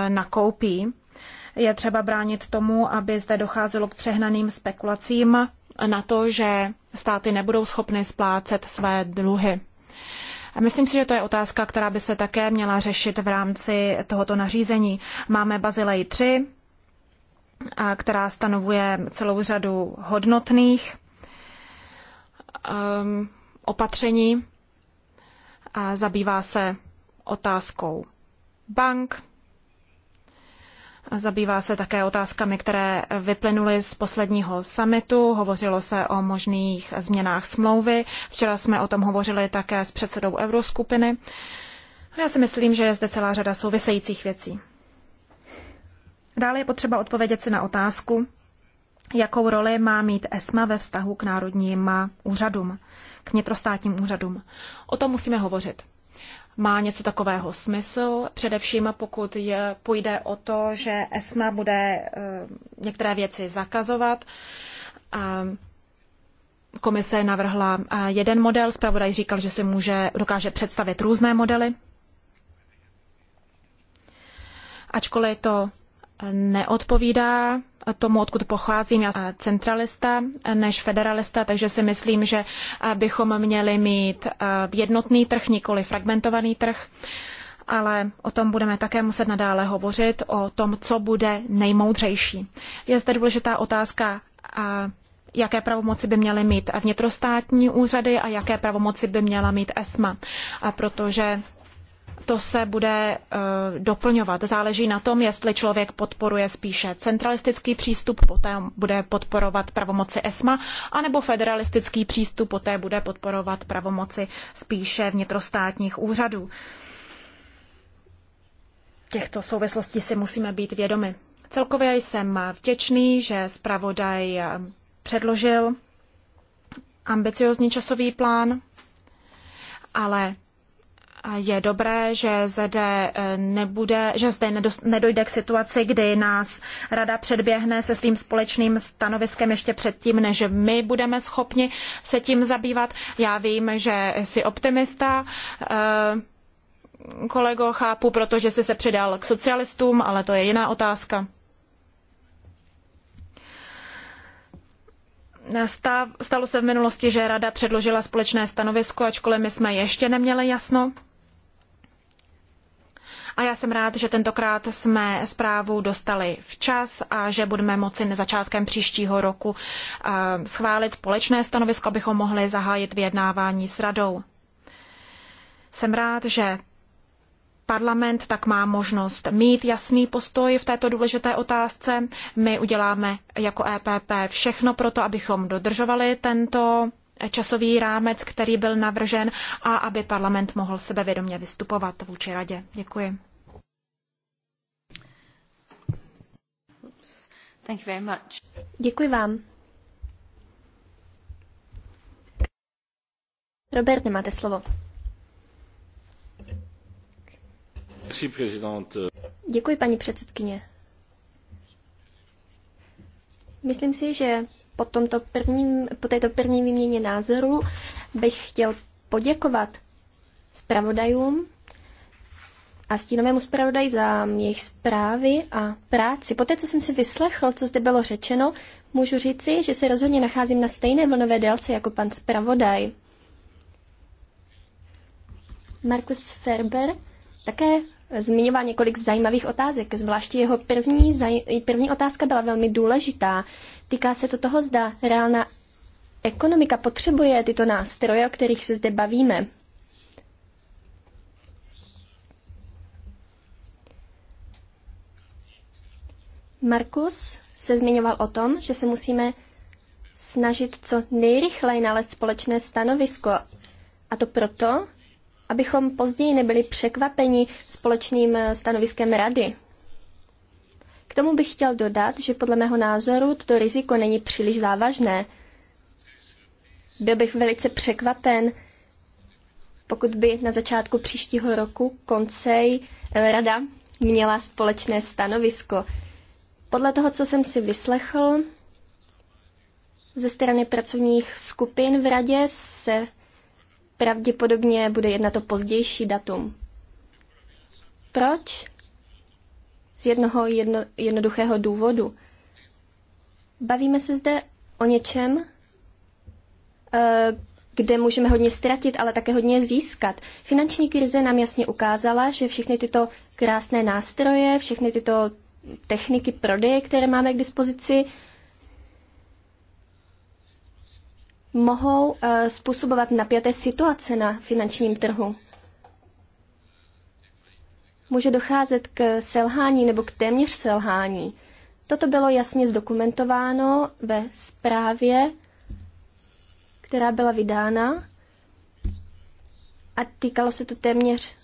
nakoupí. Je třeba bránit tomu, aby zde docházelo k přehnaným spekulacím na to, že státy nebudou schopny splácet své dluhy. Myslím si, že to je otázka, která by se také měla řešit v rámci tohoto nařízení. Máme Bazilej 3, která stanovuje celou řadu hodnotných um, opatření a zabývá se otázkou bank, Zabývá se také otázkami, které vyplynuly z posledního summitu. Hovořilo se o možných změnách smlouvy. Včera jsme o tom hovořili také s předsedou Euroskupiny. Já si myslím, že je zde celá řada souvisejících věcí. Dále je potřeba odpovědět si na otázku, jakou roli má mít ESMA ve vztahu k národním úřadům, k vnitrostátním úřadům. O tom musíme hovořit má něco takového smysl, především pokud je, půjde o to, že ESMA bude eh, některé věci zakazovat. Komise navrhla eh, jeden model, zpravodaj říkal, že si může, dokáže představit různé modely. Ačkoliv to neodpovídá tomu, odkud pocházím. Já jsem centralista než federalista, takže si myslím, že bychom měli mít eh, jednotný trh, nikoli fragmentovaný trh. Ale o tom budeme také muset nadále hovořit, o tom, co bude nejmoudřejší. Je zde důležitá otázka, jaké pravomoci by měly mít vnitrostátní úřady a jaké pravomoci by měla mít ESMA, a protože to se bude eh, doplňovat. Záleží na tom, jestli člověk podporuje spíše centralistický přístup, poté bude podporovat pravomoci ESMA, anebo federalistický přístup, poté bude podporovat pravomoci spíše vnitrostátních úřadů. Těchto souvislostí si musíme být vědomi. Celkově jsem vděčný, že zpravodaj eh, předložil ambiciozní časový plán, ale je dobré, že zde, eh, nebude, že zde nedojde k situaci, kdy nás rada předběhne se svým společným stanoviskem ještě předtím, než my budeme schopni se tím zabývat. Já vím, že jsi optimista, eh, kolego, chápu, protože jsi se přidal k socialistům, ale to je jiná otázka. Stalo se v minulosti, že Rada předložila společné stanovisko, ačkoliv my jsme ještě neměli jasno. A já jsem rád, že tentokrát jsme zprávu dostali včas a že budeme moci začátkem příštího roku eh, schválit společné stanovisko, abychom mohli zahájit vyjednávání s radou. Jsem rád, že parlament tak má možnost mít jasný postoj v této důležité otázce. My uděláme jako EPP všechno pro to, abychom dodržovali tento časový rámec, který byl navržen a aby parlament mohl sebevědomě vystupovat vůči radě. Děkuji. Thank you very much. Děkuji vám. Robert, máte slovo. Děkuji, paní předsedkyně. Myslím si, že po, tomto prvním, po této první výměně názoru bych chtěl poděkovat zpravodajům a stínovému zpravodaji za jejich zprávy a práci. Poté, co jsem si vyslechl, co zde bylo řečeno, můžu říci, že se rozhodně nacházím na stejné vlnové délce jako pan zpravodaj. Markus Ferber také zmiňoval několik zajímavých otázek, zvláště jeho první, první otázka byla velmi důležitá. Týká se to toho, zda reálná ekonomika potřebuje tyto nástroje, o kterých se zde bavíme. Markus se zmiňoval o tom, že se musíme snažit co nejrychleji nalézt společné stanovisko. A to proto, abychom později nebyli překvapeni společným stanoviskem rady. K tomu bych chtěl dodat, že podle mého názoru toto riziko není příliš závažné. Byl bych velice překvapen, pokud by na začátku příštího roku koncej eh, rada měla společné stanovisko. Podle toho, co jsem si vyslechl ze strany pracovních skupin v radě, se pravděpodobně bude jednat o pozdější datum. Proč? z jednoho jedno, jednoduchého důvodu. Bavíme se zde o něčem, eh, kde můžeme hodně ztratit, ale také hodně získat. Finanční krize nám jasně ukázala, že všechny tyto krásné nástroje, všechny tyto techniky prodeje, které máme k dispozici, mohou eh, způsobovat napjaté situace na finančním trhu může docházet k selhání nebo k téměř selhání. Toto bylo jasně zdokumentováno ve zprávě, která byla vydána a týkalo se to téměř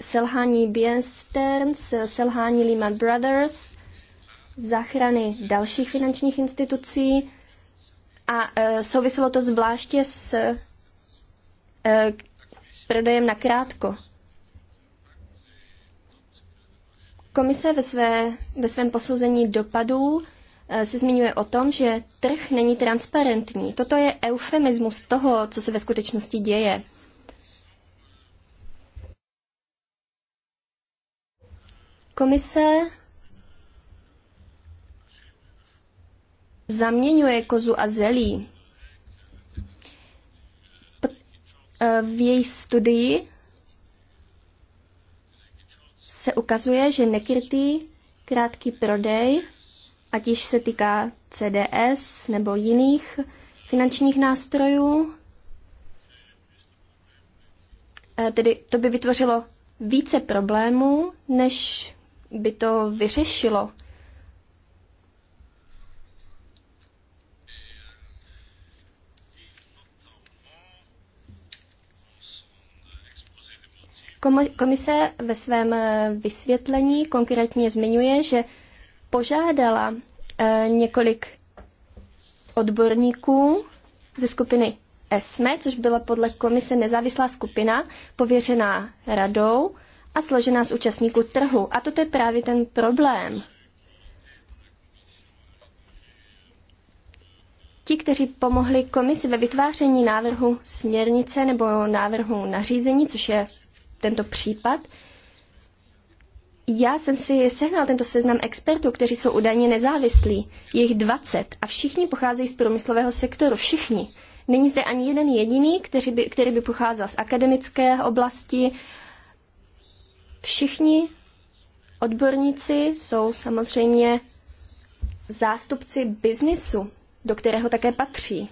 selhání Bien Stearns, selhání Lehman Brothers, záchrany dalších finančních institucí a e, souviselo to zvláště s e, prodejem na krátko. Komise ve, své, ve svém posouzení dopadů eh, se zmiňuje o tom, že trh není transparentní. Toto je eufemismus toho, co se ve skutečnosti děje. Komise zaměňuje kozu a zelí. Eh, v její studii se ukazuje, že nekrytý krátký prodej, ať již se týká CDS nebo jiných finančních nástrojů, eh, tedy to by vytvořilo více problémů, než by to vyřešilo. Komise ve svém eh, vysvětlení konkrétně zmiňuje, že požádala eh, několik odborníků ze skupiny ESME, což byla podle komise nezávislá skupina pověřená radou a složená z účastníků trhu. A toto je právě ten problém. Ti, kteří pomohli komisi ve vytváření návrhu směrnice nebo návrhu nařízení, což je tento případ. Já jsem si sehnal tento seznam expertů, kteří jsou údajně nezávislí. Je jich 20 a všichni pocházejí z průmyslového sektoru. Všichni. Není zde ani jeden jediný, který by, který by pocházel z akademické oblasti. Všichni odborníci jsou samozřejmě zástupci biznisu, do kterého také patří.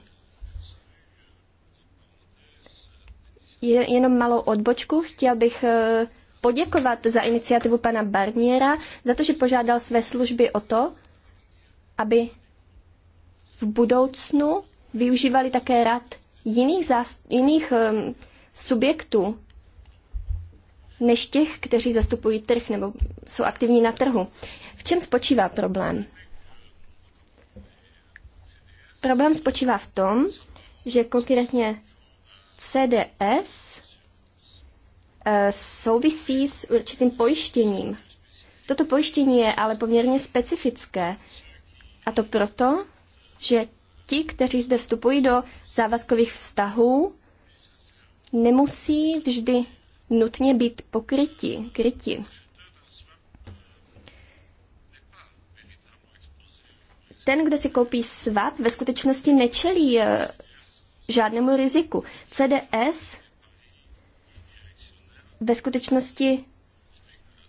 jenom malou odbočku. Chtěl bych eh, poděkovat za iniciativu pana Barniera, za to, že požádal své služby o to, aby v budoucnu využívali také rad jiných, jiných um, subjektů, než těch, kteří zastupují trh nebo jsou aktivní na trhu. V čem spočívá problém? Problém spočívá v tom, že konkrétně CDS eh, souvisí s určitým pojištěním. Toto pojištění je ale poměrně specifické. A to proto, že ti, kteří zde vstupují do závazkových vztahů, nemusí vždy nutně být pokryti, kryti. Ten, kdo si koupí svap, ve skutečnosti nečelí eh, žádnému riziku. CDS ve skutečnosti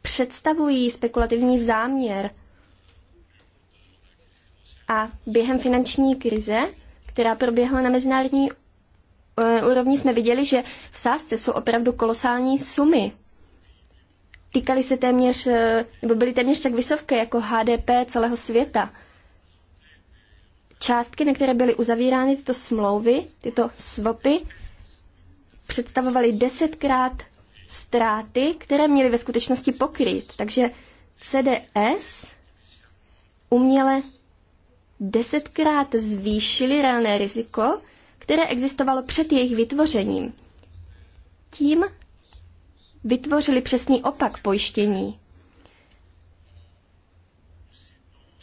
představují spekulativní záměr a během finanční krize, která proběhla na mezinárodní eh, úrovni, jsme viděli, že v sázce jsou opravdu kolosální sumy. Týkaly se téměř, eh, nebo byly téměř tak vysoké jako HDP celého světa částky, na které byly uzavírány tyto smlouvy, tyto svopy, představovaly desetkrát ztráty, které měly ve skutečnosti pokryt. Takže CDS uměle desetkrát zvýšili reálné riziko, které existovalo před jejich vytvořením. Tím vytvořili přesný opak pojištění.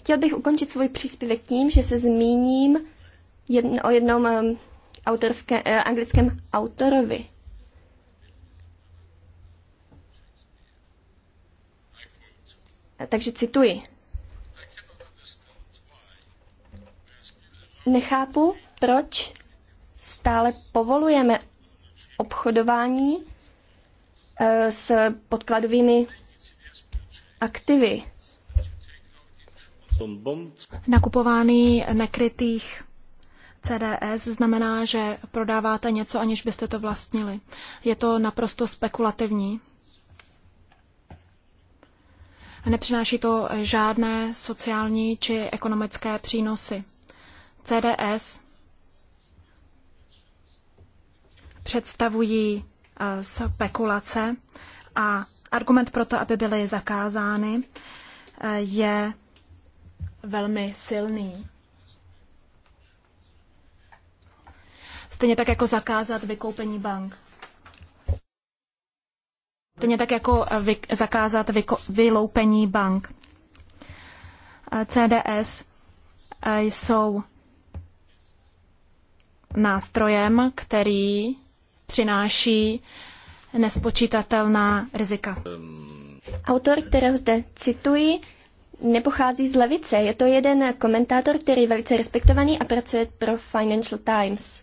Chtěl bych ukončit svůj příspěvek tím, že se zmíním jedn, o jednom um, autorské, uh, anglickém autorovi. Eh, takže cituji. Nechápu, proč stále povolujeme obchodování uh, s podkladovými aktivy. Nakupování nekrytých CDS znamená, že prodáváte něco, aniž byste to vlastnili. Je to naprosto spekulativní. Nepřináší to žádné sociální či ekonomické přínosy. CDS představují eh, spekulace a argument pro to, aby byly zakázány, eh, je velmi silný. Stejně tak jako zakázat vykoupení bank. Stejně tak jako eh, vy, zakázat vyko, vyloupení bank. Eh, CDS eh, jsou nástrojem, který přináší nespočítatelná rizika. Autor, kterého zde cituji, nepochází z levice. Je to jeden komentátor, který je velice respektovaný a pracuje pro Financial Times.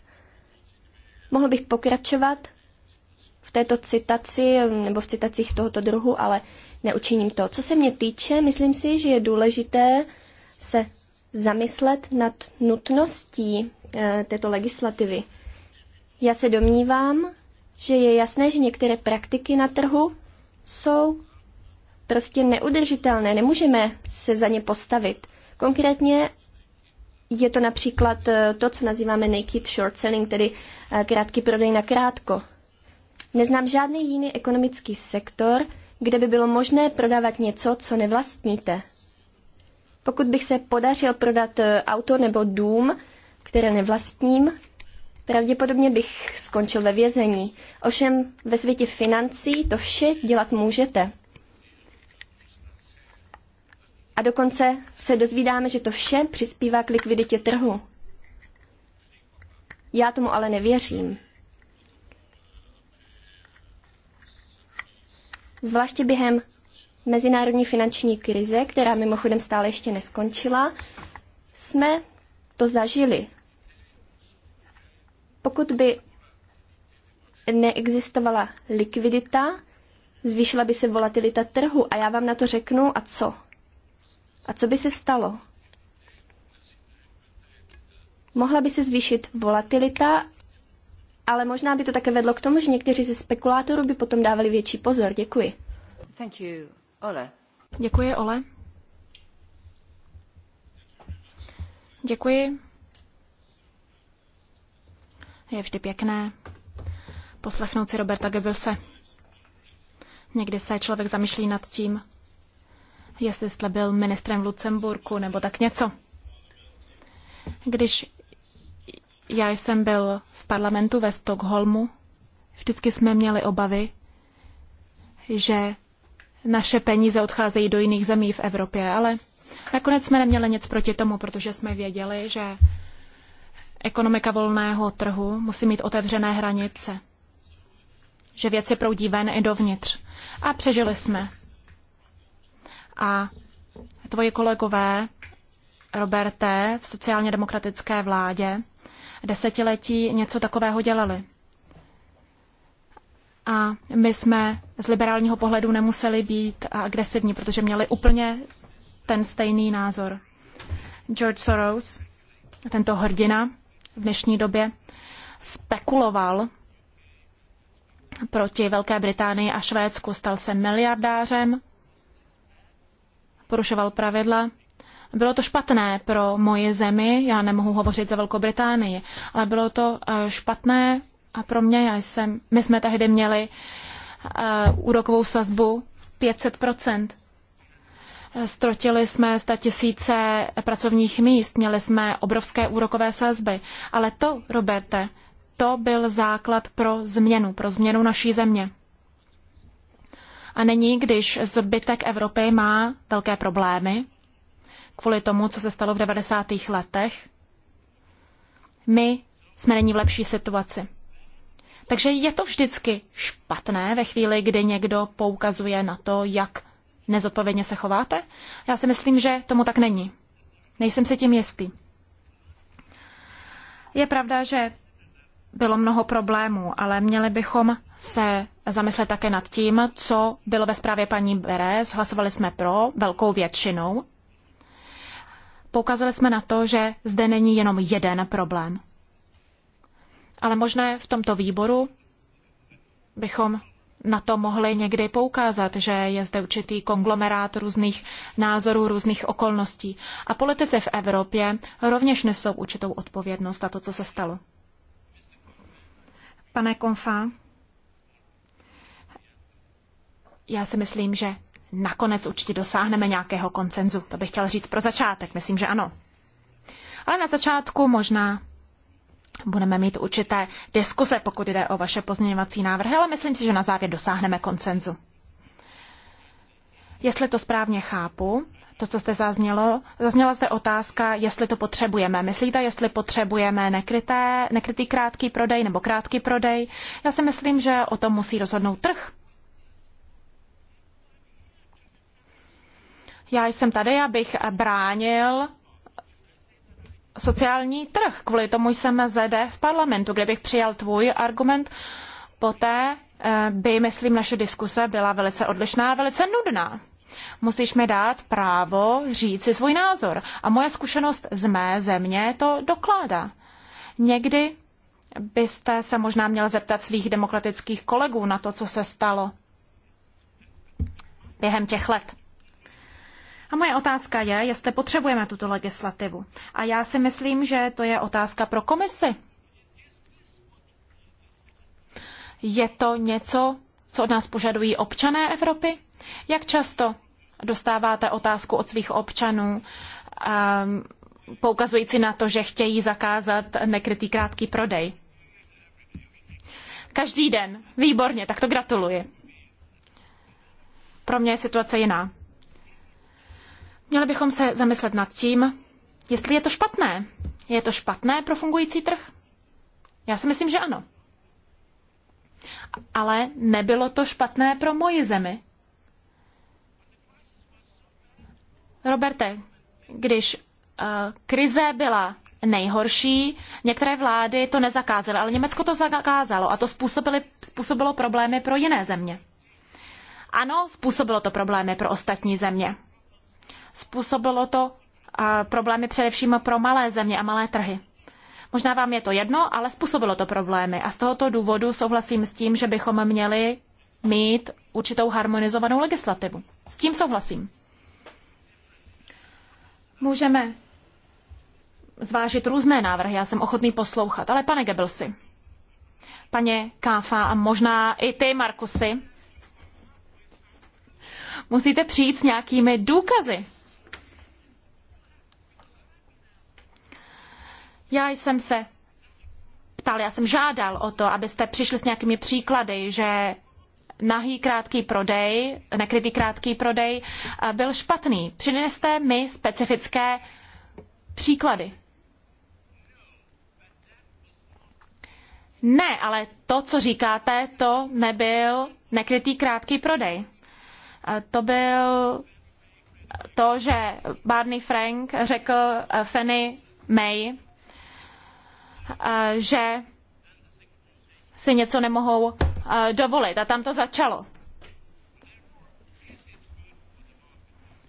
Mohl bych pokračovat v této citaci nebo v citacích tohoto druhu, ale neučiním to. Co se mě týče, myslím si, že je důležité se zamyslet nad nutností eh, této legislativy. Já se domnívám, že je jasné, že některé praktiky na trhu jsou prostě neudržitelné, nemůžeme se za ně postavit. Konkrétně je to například eh, to, co nazýváme naked short selling, tedy eh, krátký prodej na krátko. Neznám žádný jiný ekonomický sektor, kde by bylo možné prodávat něco, co nevlastníte. Pokud bych se podařil prodat eh, auto nebo dům, které nevlastním, pravděpodobně bych skončil ve vězení. Ovšem ve světě financí to vše dělat můžete. A dokonce se dozvídáme, že to vše přispívá k likviditě trhu. Já tomu ale nevěřím. Zvláště během mezinárodní finanční krize, která mimochodem stále ještě neskončila, jsme to zažili. Pokud by neexistovala likvidita, zvýšila by se volatilita trhu a já vám na to řeknu a co. A co by se stalo? Mohla by se zvýšit volatilita, ale možná by to také vedlo k tomu, že někteří ze spekulátorů by potom dávali větší pozor. Děkuji. Thank you. Ole. Děkuji, Ole. Děkuji. Je vždy pěkné poslechnout si Roberta Goebbelse. Někdy se člověk zamýšlí nad tím, jestli jste byl ministrem v Lucemburku nebo tak něco. Když já jsem byl v parlamentu ve Stockholmu, vždycky jsme měli obavy, že naše peníze odcházejí do jiných zemí v Evropě, ale nakonec jsme neměli nic proti tomu, protože jsme věděli, že ekonomika volného trhu musí mít otevřené hranice, že věci proudí ven i dovnitř. A přežili jsme a tvoji kolegové Roberte v sociálně demokratické vládě desetiletí něco takového dělali. A my jsme z liberálního pohledu nemuseli být agresivní, protože měli úplně ten stejný názor. George Soros, tento hrdina v dnešní době, spekuloval proti Velké Británii a Švédsku. Stal se miliardářem porušoval pravidla. Bylo to špatné pro moje zemi, já nemohu hovořit za Velkou Británii, ale bylo to eh, špatné a pro mě, já jsem, my jsme tehdy měli eh, úrokovou sazbu 500%. Strotili eh, jsme sta tisíce pracovních míst, měli jsme obrovské úrokové sazby. Ale to, Roberte, to byl základ pro změnu, pro změnu naší země. A není, když zbytek Evropy má velké problémy kvůli tomu, co se stalo v 90. letech, my jsme není v lepší situaci. Takže je to vždycky špatné ve chvíli, kdy někdo poukazuje na to, jak nezodpovědně se chováte? Já si myslím, že tomu tak není. Nejsem si tím jistý. Je pravda, že bylo mnoho problémů, ale měli bychom se zamyslet také nad tím, co bylo ve zprávě paní Beres. Hlasovali jsme pro velkou většinou. Poukazali jsme na to, že zde není jenom jeden problém. Ale možné v tomto výboru bychom na to mohli někdy poukázat, že je zde určitý konglomerát různých názorů, různých okolností. A politici v Evropě rovněž nesou určitou odpovědnost za to, co se stalo. Pane Konfa, Já si myslím, že nakonec určitě dosáhneme nějakého koncenzu. To bych chtěl říct pro začátek, myslím, že ano. Ale na začátku možná budeme mít určité diskuse, pokud jde o vaše pozměňovací návrhy, ale myslím si, že na závěr dosáhneme koncenzu. Jestli to správně chápu, to, co jste zaznělo, zazněla zde otázka, jestli to potřebujeme. Myslíte, jestli potřebujeme nekryté, nekrytý krátký prodej nebo krátký prodej? Já si myslím, že o tom musí rozhodnout trh. Já jsem tady, abych bránil sociální trh. Kvůli tomu jsem zde v parlamentu, kde bych přijal tvůj argument. Poté eh, by, myslím, naše diskuse byla velice odlišná a velice nudná. Musíš mi dát právo říct si svůj názor. A moje zkušenost z mé země to dokládá. Někdy byste se možná měl zeptat svých demokratických kolegů na to, co se stalo během těch let. A moje otázka je, jestli potřebujeme tuto legislativu. A já si myslím, že to je otázka pro komisi. Je to něco, co od nás požadují občané Evropy? Jak často dostáváte otázku od svých občanů, um, poukazující na to, že chtějí zakázat nekrytý krátký prodej? Každý den. Výborně, tak to gratuluji. Pro mě je situace jiná. Měli bychom se zamyslet nad tím, jestli je to špatné. Je to špatné pro fungující trh? Já si myslím, že ano. Ale nebylo to špatné pro moji zemi. Roberte, když uh, krize byla nejhorší. Některé vlády to nezakázaly, ale Německo to zakázalo a to způsobilo problémy pro jiné země. Ano, způsobilo to problémy pro ostatní země. Způsobilo to problémy především pro malé země a malé trhy. Možná vám je to jedno, ale způsobilo to problémy. A z tohoto důvodu souhlasím s tím, že bychom měli mít určitou harmonizovanou legislativu. S tím souhlasím. Můžeme zvážit různé návrhy, já jsem ochotný poslouchat. Ale pane Gebelsi, paně Káfa a možná i ty, Markusy, musíte přijít s nějakými důkazy. Já jsem se ptal, já jsem žádal o to, abyste přišli s nějakými příklady, že nahý krátký prodej, nekrytý krátký prodej eh, byl špatný. Přineste mi specifické příklady. Ne, ale to, co říkáte, to nebyl nekrytý krátký prodej. Eh, to byl to, že Barney Frank řekl eh, Fanny May, že si něco nemohou dovolit. A tam to začalo.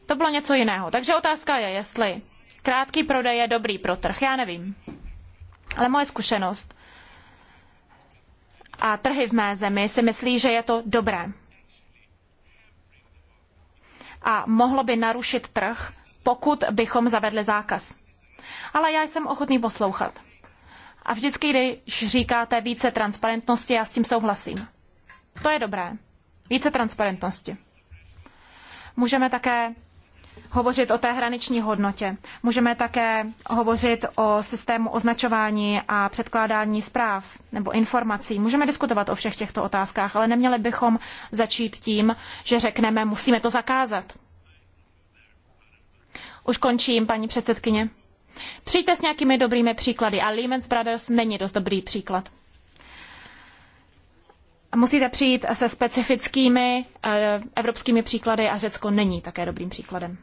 To bylo něco jiného. Takže otázka je, jestli krátký prodej je dobrý pro trh. Já nevím. Ale moje zkušenost a trhy v mé zemi si myslí, že je to dobré. A mohlo by narušit trh, pokud bychom zavedli zákaz. Ale já jsem ochotný poslouchat. A vždycky, když říkáte více transparentnosti, já s tím souhlasím. To je dobré. Více transparentnosti. Můžeme také hovořit o té hraniční hodnotě. Můžeme také hovořit o systému označování a předkládání zpráv nebo informací. Můžeme diskutovat o všech těchto otázkách, ale neměli bychom začít tím, že řekneme, musíme to zakázat. Už končím, paní předsedkyně. Přijďte s nějakými dobrými příklady a Lehman Brothers není dost dobrý příklad. Musíte přijít se specifickými eh, evropskými příklady a Řecko není také dobrým příkladem.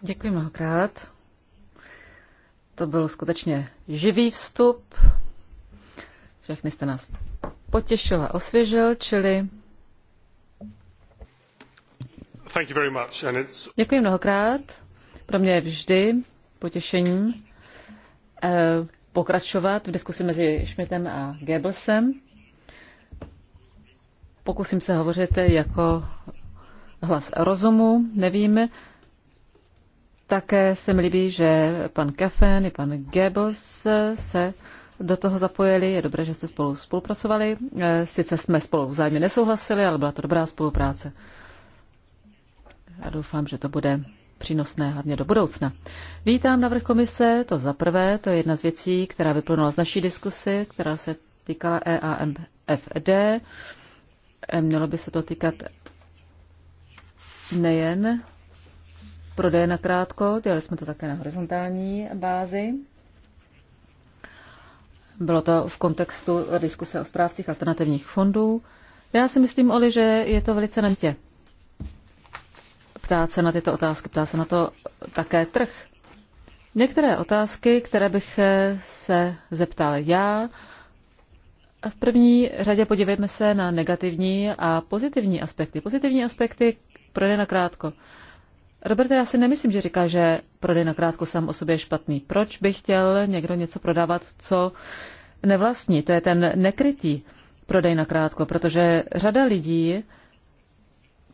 Děkuji mnohokrát. To byl skutečně živý vstup. Všechny jste nás potěšil a osvěžil, čili Děkuji mnohokrát. Pro mě je vždy potěšením eh, pokračovat v diskusi mezi Schmidtem a Goebbelsem. Pokusím se hovořit jako hlas rozumu, nevím. Také se mi líbí, že pan Kafen i pan Goebbels se do toho zapojili. Je dobré, že jste spolu spolupracovali. Eh, sice jsme spolu vzájemně nesouhlasili, ale byla to dobrá spolupráce a doufám, že to bude přínosné hlavně do budoucna. Vítám návrh komise, to za prvé, to je jedna z věcí, která vyplnula z naší diskusy, která se týkala EAMFD. E, mělo by se to týkat nejen prodeje na krátko, dělali jsme to také na horizontální bázi. Bylo to v kontextu diskuse o správcích alternativních fondů. Já si myslím, Oli, že je to velice na ptát se na tyto otázky, ptá se na to také trh. Některé otázky, které bych eh, se zeptal já, v první řadě podívejme se na negativní a pozitivní aspekty. Pozitivní aspekty prodej na krátko. Roberte, já si nemyslím, že říká, že prodej na krátko sám o sobě je špatný. Proč by chtěl někdo něco prodávat, co nevlastní? To je ten nekrytý prodej na krátko, protože řada lidí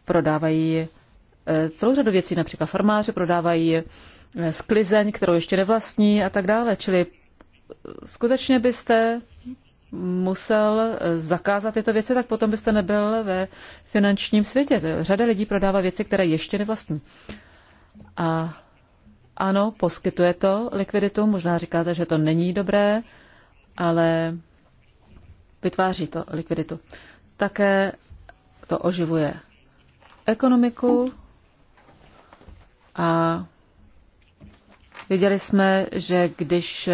prodávají celou řadu věcí, například farmáři prodávají eh, sklizeň, kterou ještě nevlastní a tak dále. Čili eh, skutečně byste musel eh, zakázat tyto věci, tak potom byste nebyl ve finančním světě. Řada lidí prodává věci, které ještě nevlastní. A ano, poskytuje to likviditu, možná říkáte, že to není dobré, ale vytváří to likviditu. Také to oživuje ekonomiku, a věděli jsme, že když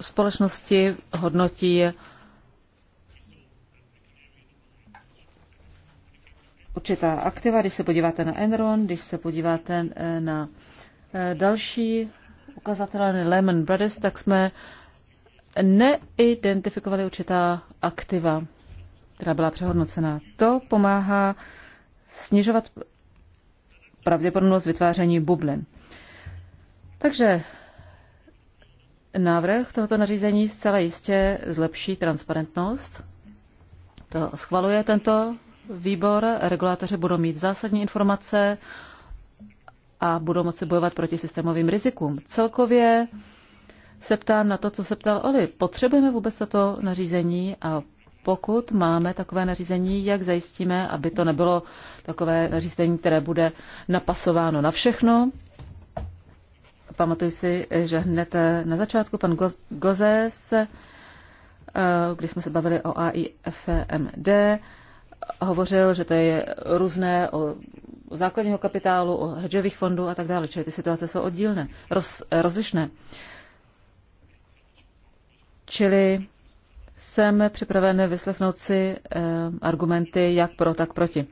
společnosti hodnotí určitá aktiva, když se podíváte na Enron, když se podíváte eh, na eh, další ukazatele Lehman Brothers, tak jsme neidentifikovali určitá aktiva, která byla přehodnocená. To pomáhá snižovat pravděpodobnost vytváření bublin. Takže návrh tohoto nařízení zcela jistě zlepší transparentnost. To schvaluje tento výbor. Regulátoři budou mít zásadní informace a budou moci bojovat proti systémovým rizikům. Celkově se ptám na to, co se ptal Oli. Potřebujeme vůbec toto nařízení a pokud máme takové nařízení, jak zajistíme, aby to nebylo takové nařízení, které bude napasováno na všechno. Pamatuji si, že hned na začátku pan Gozes, eh, když jsme se bavili o AIFMD, hovořil, že to je různé o základního kapitálu, o hedžových fondů a tak dále, čili ty situace jsou oddílné, roz, rozlišné. Čili jsem připraven vyslechnout si eh, argumenty jak pro, tak proti.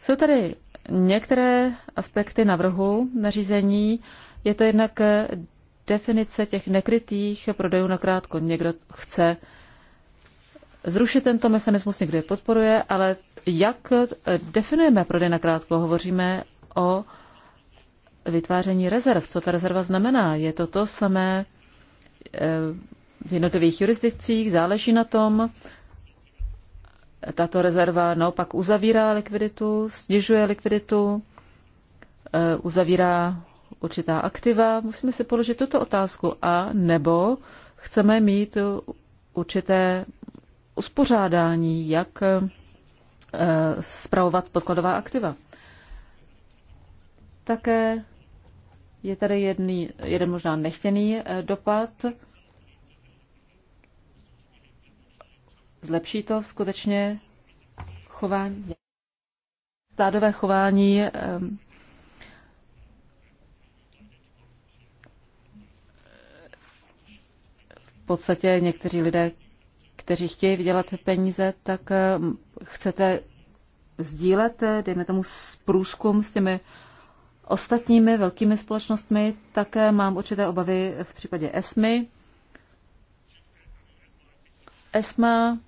Jsou tady některé aspekty navrhu nařízení. Je to jednak eh, definice těch nekrytých prodejů na krátko. Někdo chce zrušit tento mechanismus, někdo je podporuje, ale jak eh, definujeme prodej na krátko? Hovoříme o vytváření rezerv. Co ta rezerva znamená? Je to to samé v jednotlivých jurisdikcích, záleží na tom. Tato rezerva naopak uzavírá likviditu, snižuje likviditu, eh, uzavírá určitá aktiva. Musíme si položit tuto otázku. A nebo chceme mít určité uspořádání, jak zpravovat eh, podkladová aktiva. Také je tady jedný, jeden možná nechtěný eh, dopad. Zlepší to skutečně chování, stádové chování ehm, v podstatě někteří lidé, kteří chtějí vydělat peníze, tak ehm, chcete sdílet, eh, dejme tomu, s průzkum s těmi ostatními velkými společnostmi. Také mám určité obavy v případě ESMY. ESMA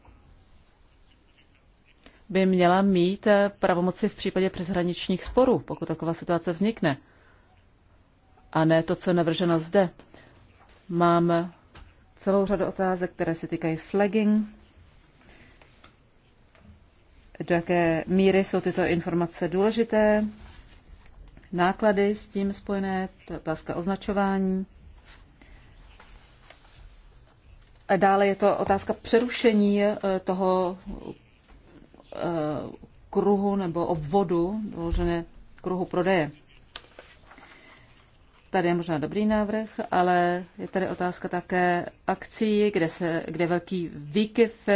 by měla mít eh, pravomoci v případě přeshraničních sporů, pokud taková situace vznikne. A ne to, co je navrženo zde. Mám celou řadu otázek, které se týkají flagging. Do jaké míry jsou tyto informace důležité? Náklady s tím spojené, to je otázka označování. A dále je to otázka přerušení eh, toho kruhu nebo obvodu doložené kruhu prodeje. Tady je možná dobrý návrh, ale je tady otázka také akcí, kde, se, kde je velký výkyv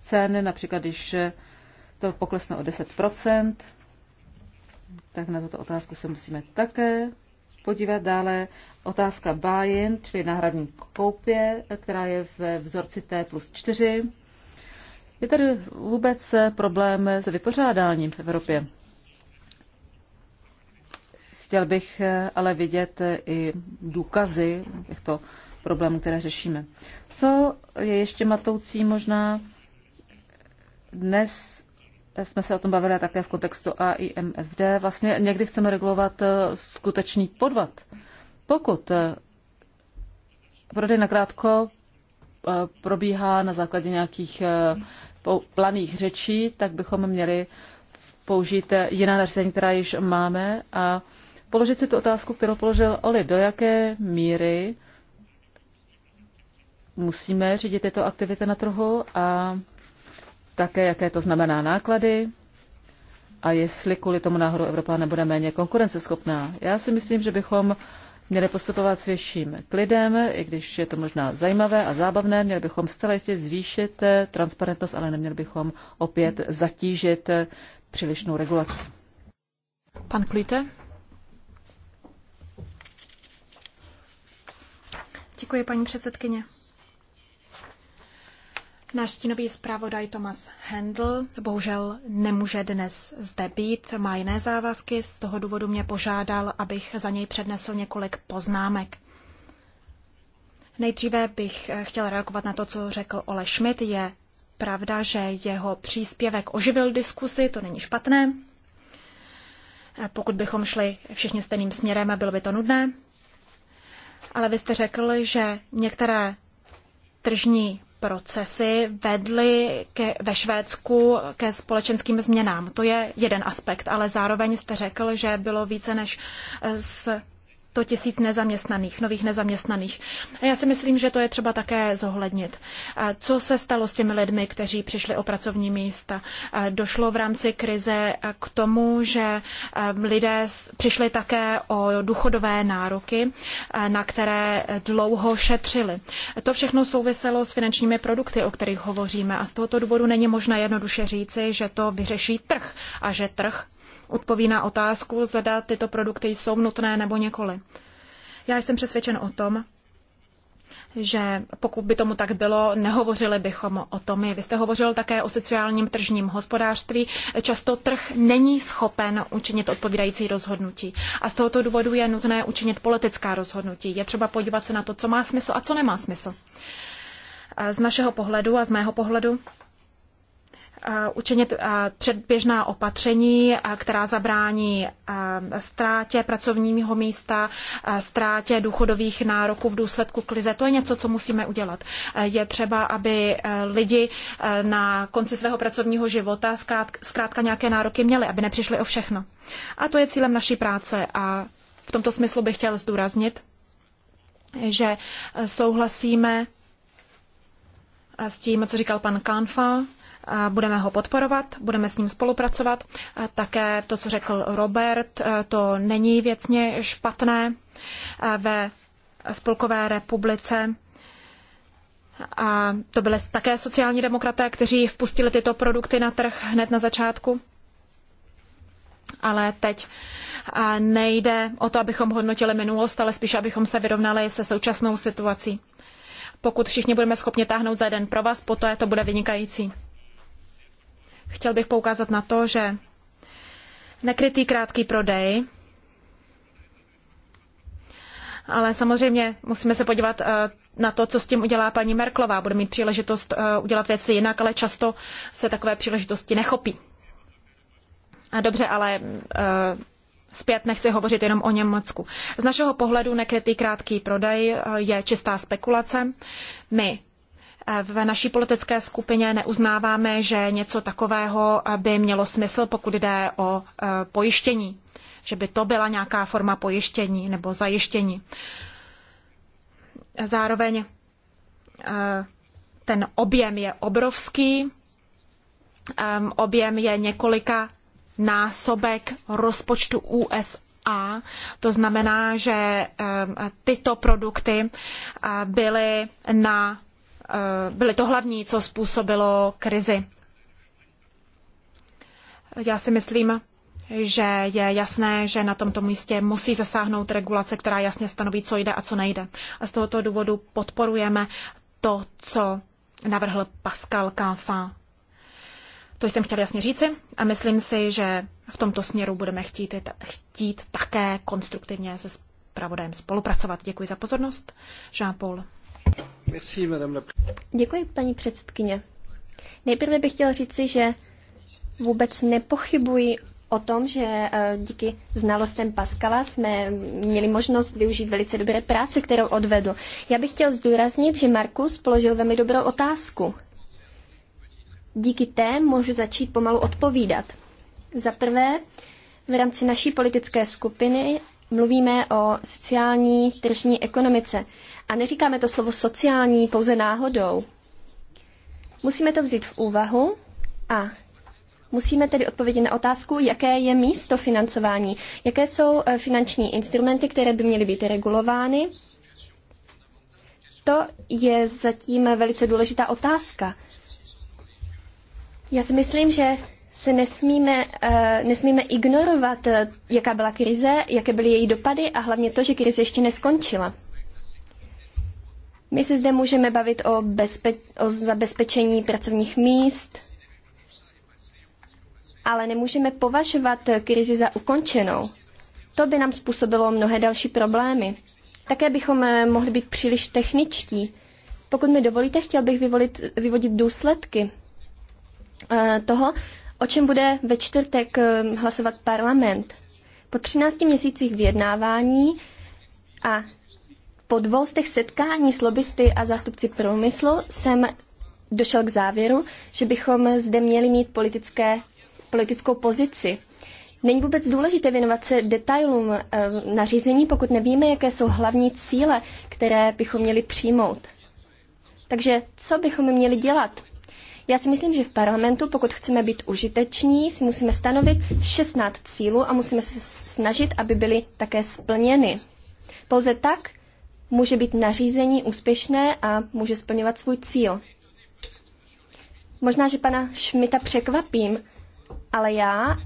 cen, například když to poklesne o 10%, tak na tuto otázku se musíme také podívat dále. Otázka buy-in, čili náhradní koupě, která je v vzorci T plus 4. Je tady vůbec problém s vypořádáním v Evropě. Chtěl bych ale vidět i důkazy těchto problémů, které řešíme. Co je ještě matoucí možná? Dnes jsme se o tom bavili také v kontextu AIMFD. Vlastně někdy chceme regulovat skutečný podvat. Pokud prodej nakrátko eh, probíhá na základě nějakých eh, planých řečí, tak bychom měli použít jiná nařízení, která již máme a položit si tu otázku, kterou položil Oli, do jaké míry musíme řídit tyto aktivity na trhu a také, jaké to znamená náklady a jestli kvůli tomu náhodou Evropa nebude méně konkurenceschopná. Já si myslím, že bychom měli postupovat s větším klidem, i když je to možná zajímavé a zábavné, měli bychom zcela jistě zvýšit eh, transparentnost, ale neměli bychom opět zatížit eh, přílišnou regulaci. Pan Klíte? Děkuji, paní předsedkyně. Náš stínový zpravodaj Thomas Handel bohužel nemůže dnes zde být, má jiné závazky, z toho důvodu mě požádal, abych za něj přednesl několik poznámek. Nejdříve bych chtěl reagovat na to, co řekl Ole Schmidt. Je pravda, že jeho příspěvek oživil diskusi, to není špatné. Pokud bychom šli všichni stejným směrem, bylo by to nudné. Ale vy jste řekl, že některé tržní procesy vedly ke, ve Švédsku ke společenským změnám. To je jeden aspekt, ale zároveň jste řekl, že bylo více než eh, s 100 tisíc nezaměstnaných, nových nezaměstnaných. A já si myslím, že to je třeba také zohlednit. Co se stalo s těmi lidmi, kteří přišli o pracovní místa? Došlo v rámci krize k tomu, že lidé přišli také o důchodové nároky, na které dlouho šetřili. To všechno souviselo s finančními produkty, o kterých hovoříme a z tohoto důvodu není možné jednoduše říci, že to vyřeší trh a že trh odpoví na otázku, zda tyto produkty jsou nutné nebo nikoli. Já jsem přesvědčen o tom, že pokud by tomu tak bylo, nehovořili bychom o tom. Vy jste hovořil také o sociálním tržním hospodářství. Často trh není schopen učinit odpovídající rozhodnutí. A z tohoto důvodu je nutné učinit politická rozhodnutí. Je třeba podívat se na to, co má smysl a co nemá smysl. Z našeho pohledu a z mého pohledu učinit předběžná opatření, která zabrání ztrátě pracovního místa, ztrátě důchodových nároků v důsledku krize. To je něco, co musíme udělat. Je třeba, aby lidi na konci svého pracovního života zkrátka nějaké nároky měli, aby nepřišli o všechno. A to je cílem naší práce a v tomto smyslu bych chtěl zdůraznit, že souhlasíme s tím, co říkal pan Kanfa, budeme ho podporovat, budeme s ním spolupracovat. Také to, co řekl Robert, e, to není věcně špatné. E, ve Spolkové republice a to byly také sociální demokraté, kteří vpustili tyto produkty na trh hned na začátku. Ale teď nejde o to, abychom hodnotili minulost, ale spíše, abychom se vyrovnali se současnou situací. Pokud všichni budeme schopni táhnout za jeden provaz, poté to bude vynikající. Chtěl bych poukázat na to, že nekrytý krátký prodej, ale samozřejmě musíme se podívat eh, na to, co s tím udělá paní Merklová. Bude mít příležitost eh, udělat věci jinak, ale často se takové příležitosti nechopí. A dobře, ale eh, zpět nechci hovořit jenom o Německu. Z našeho pohledu nekrytý krátký prodej je čistá spekulace. My v naší politické skupině neuznáváme, že něco takového by mělo smysl, pokud jde o e, pojištění, že by to byla nějaká forma pojištění nebo zajištění. Zároveň e, ten objem je obrovský, e, objem je několika násobek rozpočtu USA. To znamená, že tyto produkty byly na Eh, byly to hlavní, co způsobilo krizi. Já si myslím, že je jasné, že na tomto místě musí zasáhnout regulace, která jasně stanoví, co jde a co nejde. A z tohoto důvodu podporujeme to, co navrhl Pascal Canfin. To jsem chtěl jasně říci a myslím si, že v tomto směru budeme chtít, chtít také konstruktivně se spravodajem spolupracovat. Děkuji za pozornost. Jean-Paul. Děkuji, paní předsedkyně. Nejprve bych chtěl říci, že vůbec nepochybuji o tom, že eh, díky znalostem Pascala jsme měli možnost využít velice dobré práce, kterou odvedl. Já bych chtěl zdůraznit, že Markus položil velmi dobrou otázku. Díky té můžu začít pomalu odpovídat. Za prvé, v rámci naší politické skupiny mluvíme o sociální tržní ekonomice. A neříkáme to slovo sociální pouze náhodou. Musíme to vzít v úvahu a musíme tedy odpovědět na otázku, jaké je místo financování, jaké jsou eh, finanční instrumenty, které by měly být regulovány. To je zatím velice důležitá otázka. Já si myslím, že se nesmíme, eh, nesmíme ignorovat, eh, jaká byla krize, jaké byly její dopady a hlavně to, že krize ještě neskončila. My se zde můžeme bavit o, bezpe- o zabezpečení pracovních míst, ale nemůžeme považovat krizi za ukončenou. To by nám způsobilo mnohé další problémy. Také bychom eh, mohli být příliš techničtí. Pokud mi dovolíte, chtěl bych vyvolit, vyvodit důsledky eh, toho, o čem bude ve čtvrtek eh, hlasovat parlament. Po 13 měsících vyjednávání a po dvou z těch setkání s lobbysty a zástupci průmyslu jsem došel k závěru, že bychom zde měli mít politické, politickou pozici. Není vůbec důležité věnovat se detailům e, nařízení, pokud nevíme, jaké jsou hlavní cíle, které bychom měli přijmout. Takže co bychom měli dělat? Já si myslím, že v parlamentu, pokud chceme být užiteční, si musíme stanovit 16 cílů a musíme se snažit, aby byly také splněny. Pouze tak může být nařízení úspěšné a může splňovat svůj cíl. Možná, že pana Šmita překvapím, ale já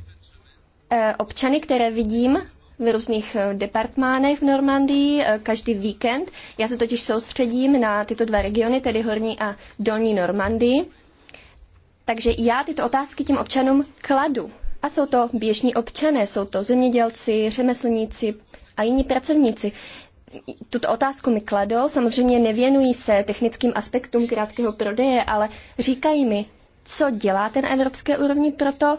eh, občany, které vidím v různých eh, departmánech v Normandii eh, každý víkend, já se totiž soustředím na tyto dva regiony, tedy Horní a Dolní Normandii, takže já tyto otázky těm občanům kladu. A jsou to běžní občané, jsou to zemědělci, řemeslníci a jiní pracovníci tuto otázku mi kladou. Samozřejmě nevěnují se technickým aspektům krátkého prodeje, ale říkají mi, co děláte na evropské úrovni proto,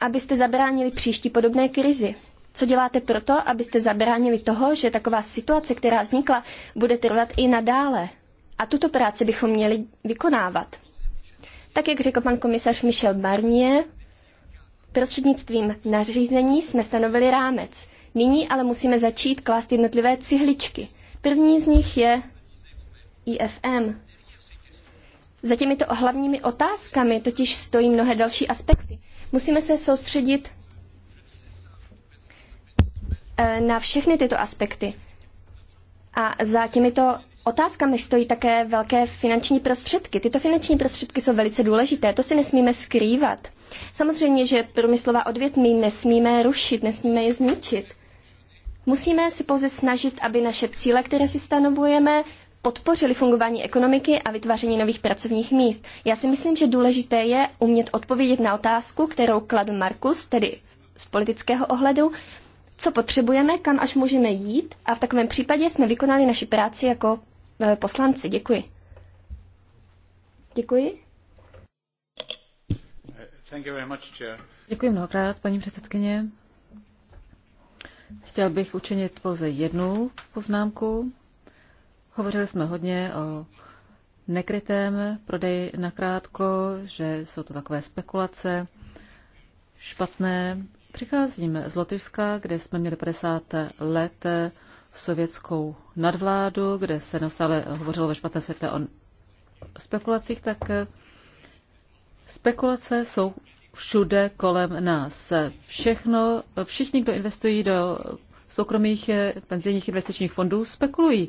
abyste zabránili příští podobné krizi. Co děláte proto, abyste zabránili toho, že taková situace, která vznikla, bude trvat i nadále? A tuto práci bychom měli vykonávat. Tak, jak řekl pan komisař Michel Barnier, prostřednictvím nařízení jsme stanovili rámec. Nyní ale musíme začít klást jednotlivé cihličky. První z nich je IFM. Za těmito hlavními otázkami totiž stojí mnohé další aspekty. Musíme se soustředit eh, na všechny tyto aspekty. A za těmito otázkami stojí také velké finanční prostředky. Tyto finanční prostředky jsou velice důležité, to si nesmíme skrývat. Samozřejmě, že průmyslová odvětví nesmíme rušit, nesmíme je zničit. Musíme si pouze snažit, aby naše cíle, které si stanovujeme, podpořili fungování ekonomiky a vytváření nových pracovních míst. Já si myslím, že důležité je umět odpovědět na otázku, kterou kladl Markus, tedy z politického ohledu, co potřebujeme, kam až můžeme jít a v takovém případě jsme vykonali naši práci jako e, poslanci. Děkuji. Děkuji. Děkuji mnohokrát, paní předsedkyně. Chtěl bych učinit pouze jednu poznámku. Hovořili jsme hodně o nekrytém prodeji nakrátko, že jsou to takové spekulace špatné. Přicházím z Lotyšska, kde jsme měli 50 let sovětskou nadvládu, kde se neustále hovořilo ve špatné světle o spekulacích, tak spekulace jsou všude kolem nás. Všechno, všichni, kdo investují do soukromých eh, penzijních investičních fondů, spekulují.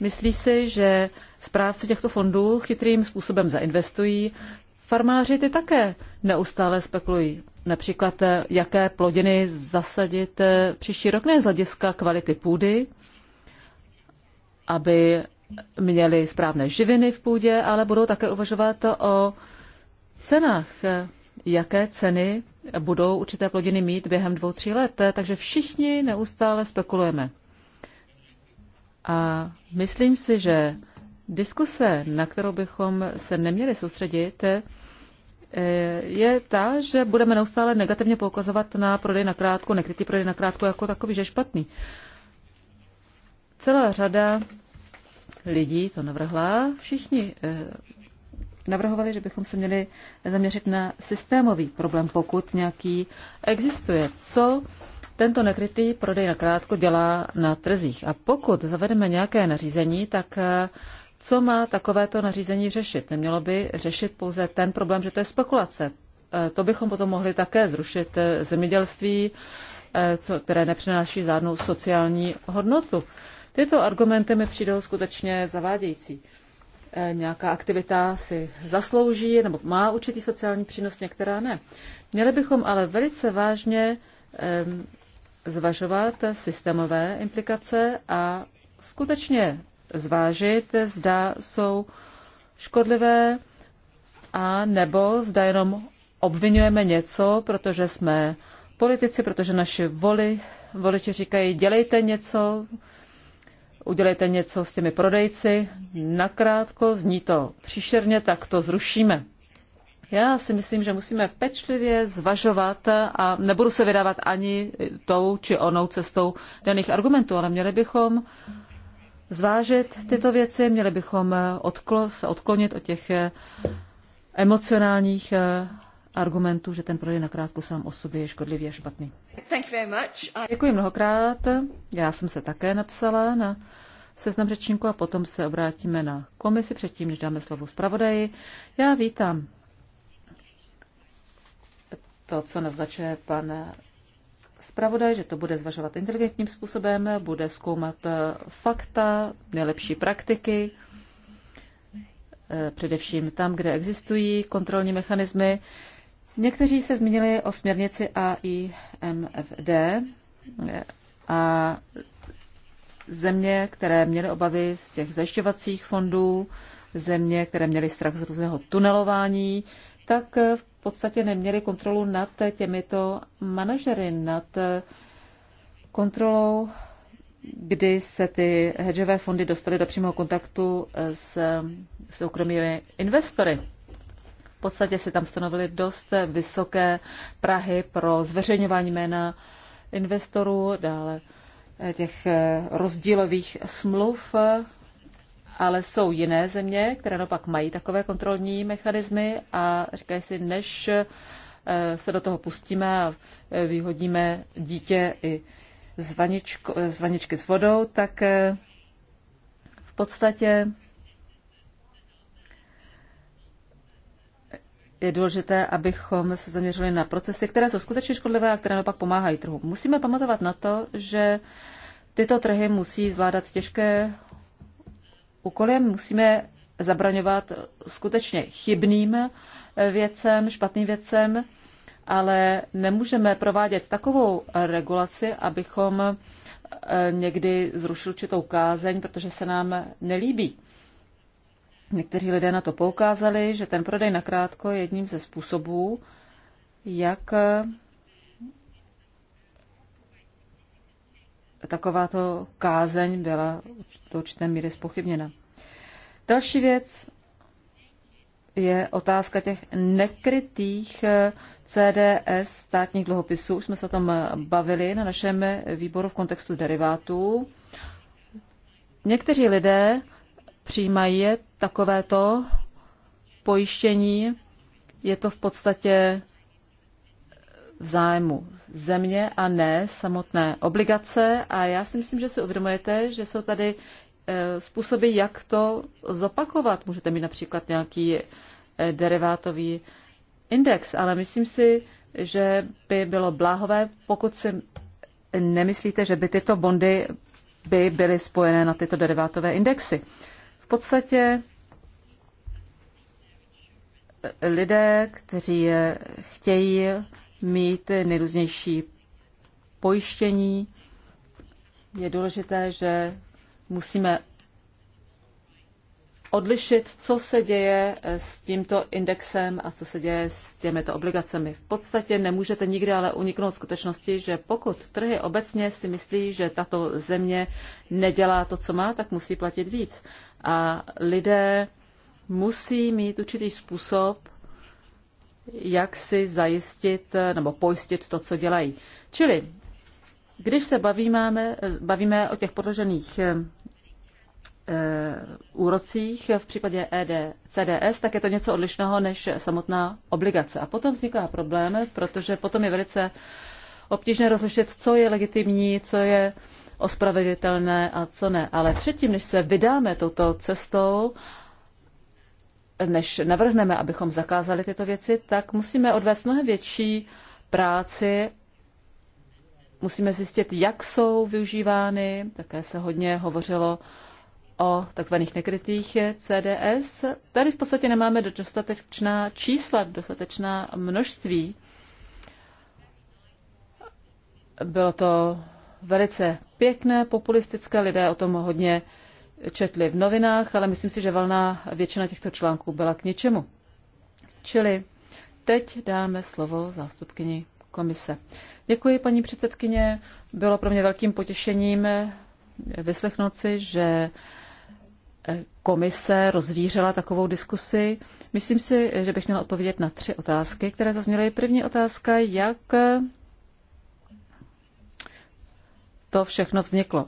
Myslí si, že zprávci těchto fondů chytrým způsobem zainvestují. Farmáři ty také neustále spekulují. Například, eh, jaké plodiny zasadit eh, příští rok, ne z hlediska kvality půdy, aby měli správné živiny v půdě, ale budou také uvažovat o cenách jaké ceny budou určité plodiny mít během dvou, tří let. Takže všichni neustále spekulujeme. A myslím si, že diskuse, na kterou bychom se neměli soustředit, eh, je ta, že budeme neustále negativně poukazovat na prodej na krátku, nekrytý prodej na krátku jako takový, že je špatný. Celá řada lidí to navrhla, všichni eh, navrhovali, že bychom se měli zaměřit na systémový problém, pokud nějaký existuje. Co tento nekrytý prodej na krátko dělá na trzích? A pokud zavedeme nějaké nařízení, tak eh, co má takovéto nařízení řešit? Nemělo by řešit pouze ten problém, že to je spekulace. Eh, to bychom potom mohli také zrušit eh, zemědělství, co, které nepřináší žádnou sociální hodnotu. Tyto argumenty mi přijdou skutečně zavádějící. Eh, nějaká aktivita si zaslouží nebo má určitý sociální přínos, některá ne. Měli bychom ale velice vážně zvažovat systémové implikace a skutečně zvážit, zda jsou škodlivé a nebo zda jenom obvinujeme něco, protože jsme politici, protože naši voli, voliči říkají, dělejte něco, udělejte něco s těmi prodejci, nakrátko, zní to příšerně, tak to zrušíme. Já si myslím, že musíme pečlivě zvažovat a nebudu se vydávat ani tou či onou cestou daných argumentů, ale měli bychom zvážit tyto věci, měli bychom odklo, se odklonit od těch eh, emocionálních eh, argumentů, že ten prodej nakrátko sám o sobě je škodlivý a špatný. Děkuji mnohokrát. Já jsem se také napsala na seznam řečníků a potom se obrátíme na komisi předtím, než dáme slovo zpravodaji. Já vítám to, co naznačuje pan zpravodaj, že to bude zvažovat inteligentním způsobem, bude zkoumat eh, fakta, nejlepší praktiky, eh, především tam, kde existují kontrolní mechanismy. Někteří se zmínili o směrnici AIMFD a země, které měly obavy z těch zajišťovacích fondů, země, které měly strach z různého tunelování, tak v podstatě neměly kontrolu nad těmito manažery, nad kontrolou, kdy se ty hedžové fondy dostaly do přímého kontaktu s soukromými investory. V podstatě se tam stanovily dost vysoké prahy pro zveřejňování jména investorů, dále těch eh, rozdílových smluv, eh, ale jsou jiné země, které naopak mají takové kontrolní mechanismy a říkají si, než eh, se do toho pustíme a vyhodíme dítě i z, vaničky s vodou, tak v podstatě je důležité, abychom se zaměřili na procesy, které jsou skutečně škodlivé a které naopak pomáhají trhu. Musíme pamatovat na to, že tyto trhy musí zvládat těžké úkoly. Musíme zabraňovat skutečně chybným věcem, špatným věcem, ale nemůžeme provádět takovou regulaci, abychom eh, někdy zrušil určitou kázeň, protože se nám nelíbí. Někteří lidé na to poukázali, že ten prodej nakrátko je jedním ze způsobů, jak eh, takováto kázeň byla do určité míry spochybněna. Další věc je otázka těch nekrytých eh, CDS státních dluhopisů. Už jsme se o tom eh, bavili na našem výboru v kontextu derivátů. Někteří lidé přijímají je takovéto pojištění. Je to v podstatě v zájmu země a ne samotné obligace. A já si myslím, že si uvědomujete, že jsou tady e, způsoby, jak to zopakovat. Můžete mít například nějaký e, derivátový index, ale myslím si, že by bylo bláhové, pokud si nemyslíte, že by tyto bondy by byly spojené na tyto derivátové indexy podstatě lidé, kteří chtějí mít nejrůznější pojištění, je důležité, že musíme odlišit, co se děje s tímto indexem a co se děje s těmito obligacemi. V podstatě nemůžete nikdy ale uniknout skutečnosti, že pokud trhy obecně si myslí, že tato země nedělá to, co má, tak musí platit víc a lidé musí mít určitý způsob, jak si zajistit eh, nebo pojistit to, co dělají. Čili, když se bavíme, eh, bavíme o těch podložených e, úrocích v případě ED, CDS, tak je to něco odlišného než samotná obligace. A potom vzniká problém, protože potom je velice obtížné rozlišit, co je legitimní, co je ospravedlitelné a co ne. Ale předtím, než se vydáme touto cestou, než navrhneme, abychom zakázali tyto věci, tak musíme odvést mnohem větší práci. Musíme zjistit, jak jsou využívány. Také se hodně hovořilo o tzv. nekrytých CDS. Tady v podstatě nemáme dostatečná čísla, dostatečná množství. Bylo to velice pěkné, populistické, lidé o tom hodně četli v novinách, ale myslím si, že valná většina těchto článků byla k ničemu. Čili teď dáme slovo zástupkyni komise. Děkuji, paní předsedkyně. Bylo pro mě velkým potěšením vyslechnout si, že komise rozvířela takovou diskusi. Myslím si, že bych měla odpovědět na tři otázky, které zazněly. První otázka, jak to všechno vzniklo.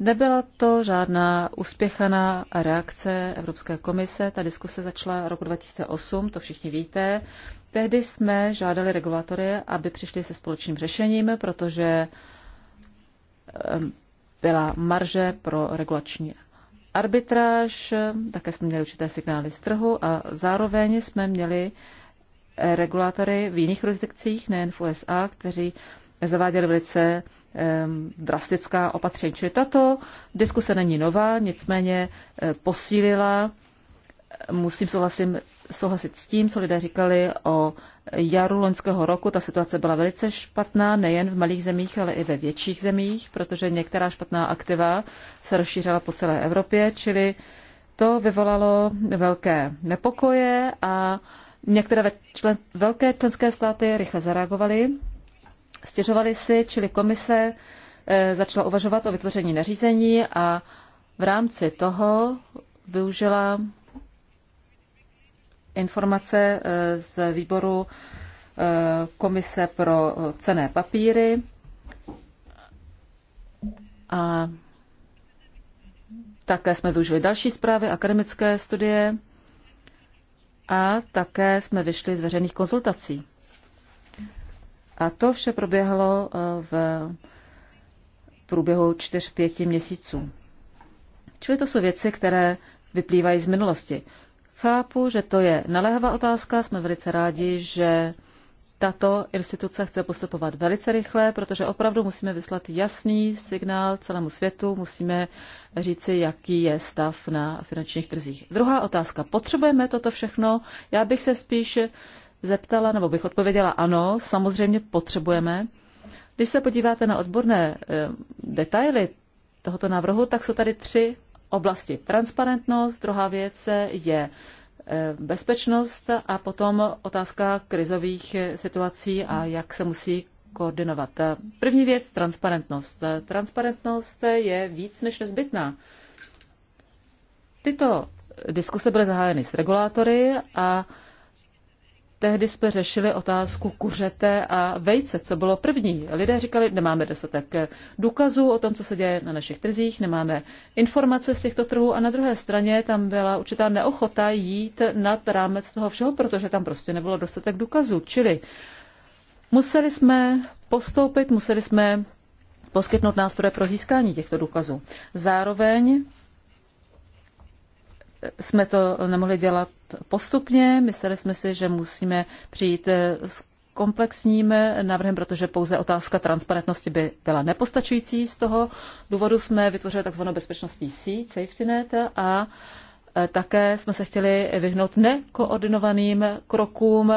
Nebyla to žádná uspěchaná reakce Evropské komise. Ta diskuse začala roku 2008, to všichni víte. Tehdy jsme žádali regulatory, aby přišli se společným řešením, protože eh, byla marže pro regulační arbitráž, také jsme měli určité signály z trhu a zároveň jsme měli eh, regulatory v jiných jurisdikcích, nejen v USA, kteří zaváděli velice drastická opatření. Čili tato diskuse není nová, nicméně eh, posílila, musím souhlasit, souhlasit s tím, co lidé říkali o jaru loňského roku. Ta situace byla velice špatná, nejen v malých zemích, ale i ve větších zemích, protože některá špatná aktiva se rozšířila po celé Evropě, čili to vyvolalo velké nepokoje a některé člen, velké členské státy rychle zareagovaly stěžovali si, čili komise eh, začala uvažovat o vytvoření nařízení a v rámci toho využila informace eh, z výboru eh, Komise pro cené papíry a také jsme využili další zprávy, akademické studie a také jsme vyšli z veřejných konzultací. A to vše proběhlo eh, v průběhu 4-5 měsíců. Čili to jsou věci, které vyplývají z minulosti. Chápu, že to je naléhavá otázka, jsme velice rádi, že tato instituce chce postupovat velice rychle, protože opravdu musíme vyslat jasný signál celému světu, musíme říci, jaký je stav na finančních trzích. Druhá otázka. Potřebujeme toto všechno? Já bych se spíš zeptala, nebo bych odpověděla ano, samozřejmě potřebujeme. Když se podíváte na odborné e, detaily tohoto návrhu, tak jsou tady tři oblasti. Transparentnost, druhá věc je e, bezpečnost a potom otázka krizových e, situací a jak se musí koordinovat. První věc, transparentnost. Transparentnost je víc než nezbytná. Tyto diskuse byly zahájeny s regulátory a tehdy jsme řešili otázku kuřete a vejce, co bylo první. Lidé říkali, nemáme dostatek důkazů o tom, co se děje na našich trzích, nemáme informace z těchto trhů a na druhé straně tam byla určitá neochota jít nad rámec toho všeho, protože tam prostě nebylo dostatek důkazů. Čili museli jsme postoupit, museli jsme poskytnout nástroje pro získání těchto důkazů. Zároveň jsme to nemohli dělat postupně. Mysleli jsme si, že musíme přijít s komplexním návrhem, protože pouze otázka transparentnosti by byla nepostačující. Z toho důvodu jsme vytvořili takzvanou bezpečnostní síť, safety net, a e, také jsme se chtěli vyhnout nekoordinovaným krokům,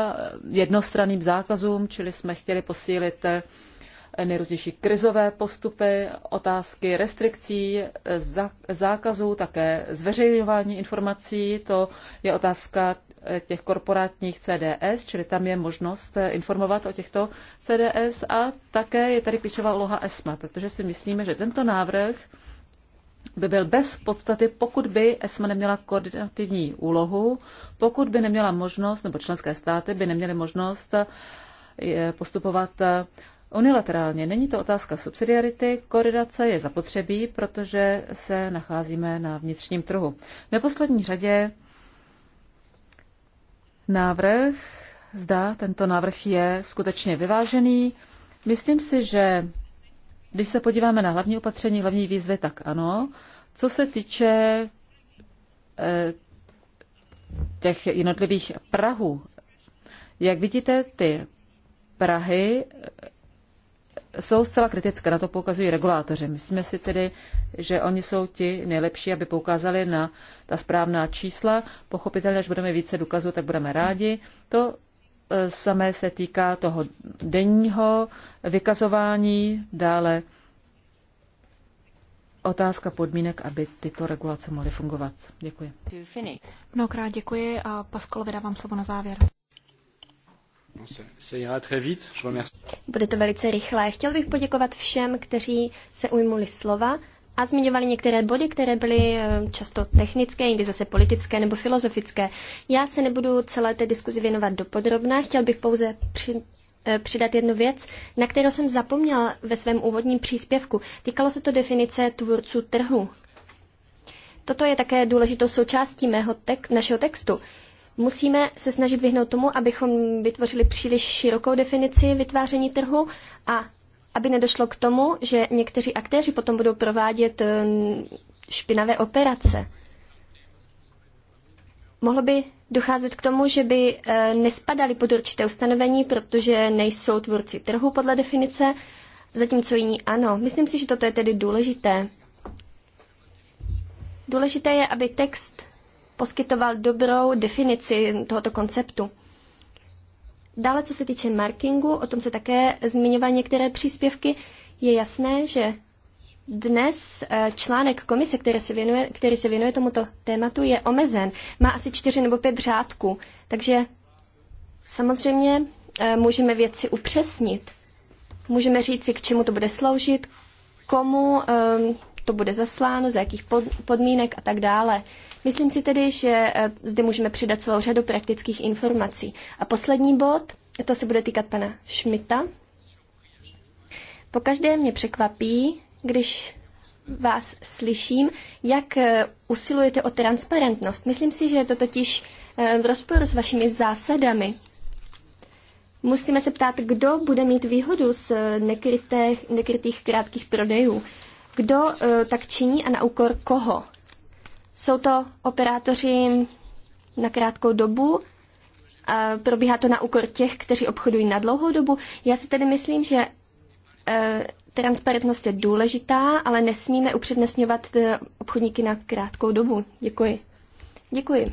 jednostranným zákazům, čili jsme chtěli posílit e, nejrůznější krizové postupy, otázky restrikcí, zákazů, také zveřejňování informací. To je otázka eh, těch korporátních CDS, čili tam je možnost eh, informovat o těchto CDS a také je tady klíčová úloha ESMA, protože si myslíme, že tento návrh by byl bez podstaty, pokud by ESMA neměla koordinativní úlohu, pokud by neměla možnost, nebo členské státy by neměly možnost eh, postupovat unilaterálně. Není to otázka subsidiarity, koordinace je zapotřebí, protože se nacházíme na vnitřním trhu. V neposlední řadě návrh, zda tento návrh je skutečně vyvážený. Myslím si, že když se podíváme na hlavní opatření, hlavní výzvy, tak ano. Co se týče eh, těch jednotlivých Prahů, jak vidíte, ty Prahy jsou zcela kritické, na to poukazují regulátoři. Myslíme si tedy, že oni jsou ti nejlepší, aby poukázali na ta správná čísla. Pochopitelně, až budeme více důkazů, tak budeme rádi. To e, samé se týká toho denního vykazování, dále otázka podmínek, aby tyto regulace mohly fungovat. Děkuji. Mnohokrát děkuji a Paskolo vydávám slovo na závěr. Bude to velice rychlé. Chtěl bych poděkovat všem, kteří se ujmuli slova a zmiňovali některé body, které byly eh, často technické, někdy zase politické nebo filozofické. Já se nebudu celé té diskuzi věnovat dopodrobná, chtěl bych pouze při, eh, přidat jednu věc, na kterou jsem zapomněl ve svém úvodním příspěvku. Týkalo se to definice tvůrců trhu. Toto je také důležitou součástí mého tek- našeho textu musíme se snažit vyhnout tomu, abychom vytvořili příliš širokou definici vytváření trhu a aby nedošlo k tomu, že někteří aktéři potom budou provádět eh, špinavé operace. Mohlo by docházet k tomu, že by eh, nespadali pod určité ustanovení, protože nejsou tvůrci trhu podle definice, zatímco jiní ano. Myslím si, že toto je tedy důležité. Důležité je, aby text poskytoval dobrou definici tohoto konceptu. Dále, co se týče markingu, o tom se také zmiňovaly některé příspěvky, je jasné, že dnes eh, článek komise, který se, věnuje, který se věnuje tomuto tématu, je omezen. Má asi čtyři nebo pět řádků, takže samozřejmě eh, můžeme věci upřesnit. Můžeme říct si, k čemu to bude sloužit, komu eh, to bude zasláno, za jakých podmínek a tak dále. Myslím si tedy, že eh, zde můžeme přidat celou řadu praktických informací. A poslední bod, to se bude týkat pana Šmita. Pokaždé mě překvapí, když vás slyším, jak eh, usilujete o transparentnost. Myslím si, že je to totiž eh, v rozporu s vašimi zásadami. Musíme se ptát, kdo bude mít výhodu z nekrytých krátkých prodejů kdo eh, tak činí a na úkor koho. Jsou to operátoři na krátkou dobu, a eh, probíhá to na úkor těch, kteří obchodují na dlouhou dobu. Já si tedy myslím, že eh, transparentnost je důležitá, ale nesmíme upřednostňovat obchodníky na krátkou dobu. Děkuji. Děkuji.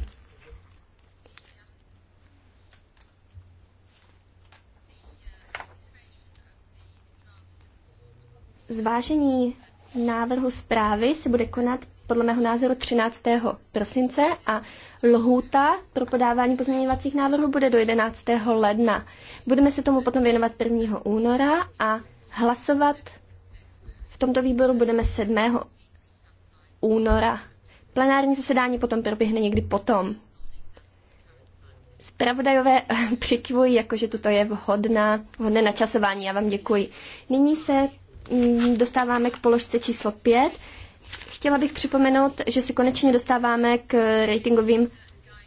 Zvážení návrhu zprávy se bude konat podle mého názoru 13. prosince a lhůta pro podávání pozměňovacích návrhů bude do 11. ledna. Budeme se tomu potom věnovat 1. února a hlasovat v tomto výboru budeme 7. února. Plenární zasedání potom proběhne někdy potom. Spravodajové přikivují, jakože toto je vhodná, vhodné načasování. Já vám děkuji. Nyní se Mm, dostáváme k položce číslo 5. Chtěla bych připomenout, že se konečně dostáváme k ratingovým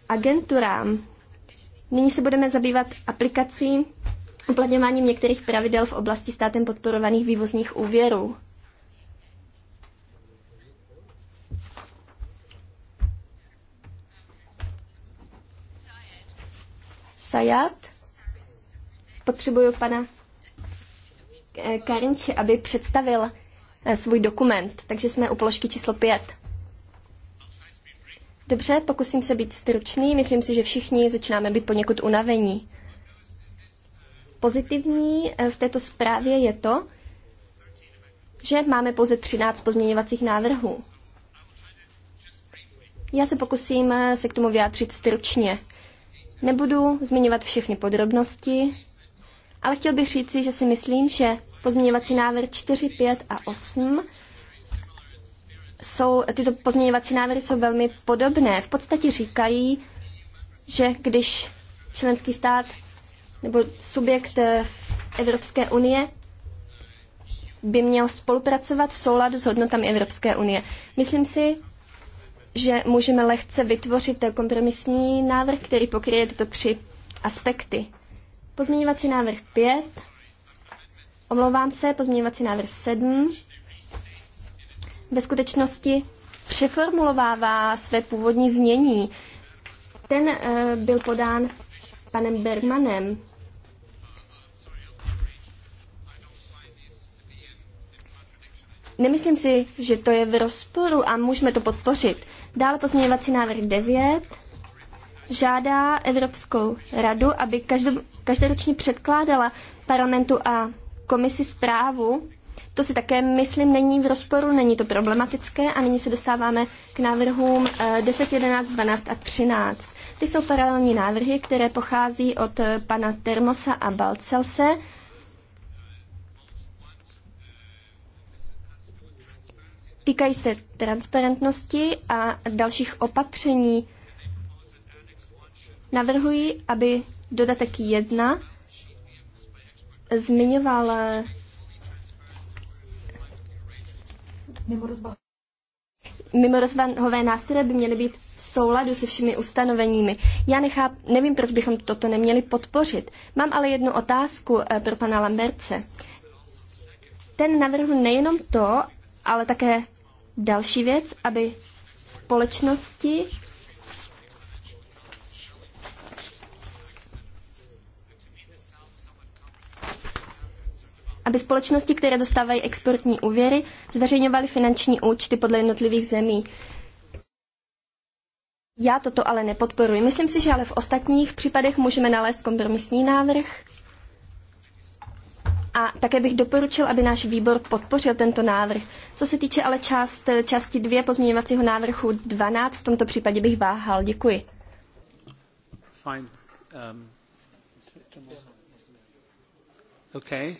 agenturám. Nyní se budeme zabývat aplikací uplatňováním některých pravidel v oblasti státem podporovaných vývozních úvěrů. Sayat. Potřebuju pana Eh, Karinč, aby představil eh, svůj dokument, takže jsme u položky číslo 5. Dobře, pokusím se být stručný. Myslím si, že všichni začínáme být poněkud unavení. Pozitivní eh, v této zprávě je to, že máme pouze 13 pozměňovacích návrhů. Já se pokusím se k tomu vyjádřit stručně. Nebudu zmiňovat všechny podrobnosti, ale chtěl bych říci, že si myslím, že pozměňovací návrh 4, 5 a 8 jsou, tyto pozměňovací návrhy jsou velmi podobné. V podstatě říkají, že když členský stát nebo subjekt eh, Evropské unie by měl spolupracovat v souladu s hodnotami Evropské unie. Myslím si, že můžeme lehce vytvořit kompromisní návrh, který pokryje tyto tři aspekty. Pozměňovací návrh 5. Omlouvám se, pozměňovací návrh 7. Ve skutečnosti přeformulovává své původní znění. Ten uh, byl podán panem Bergmanem. Nemyslím si, že to je v rozporu a můžeme to podpořit. Dále pozměňovací návrh 9 žádá Evropskou radu, aby každou, každoročně předkládala parlamentu a komisi zprávu. To si také, myslím, není v rozporu, není to problematické a nyní se dostáváme k návrhům 10, 11, 12 a 13. Ty jsou paralelní návrhy, které pochází od eh, pana Termosa a Balcelse. Týkají se transparentnosti a dalších opatření Navrhuji, aby dodatek 1 zmiňoval mimo rozvahové nástroje by měly být v souladu se všemi ustanoveními. Já necháp, nevím, proč bychom toto neměli podpořit. Mám ale jednu otázku eh, pro pana Lamberce. Ten navrhl nejenom to, ale také další věc, aby společnosti aby společnosti, které dostávají exportní úvěry, zveřejňovaly finanční účty podle jednotlivých zemí. Já toto ale nepodporuji. Myslím si, že ale v ostatních případech můžeme nalézt kompromisní návrh. A také bych doporučil, aby náš výbor podpořil tento návrh. Co se týče ale část, části dvě pozměňovacího návrhu 12, v tomto případě bych váhal. Děkuji. Fine. Um... Okay,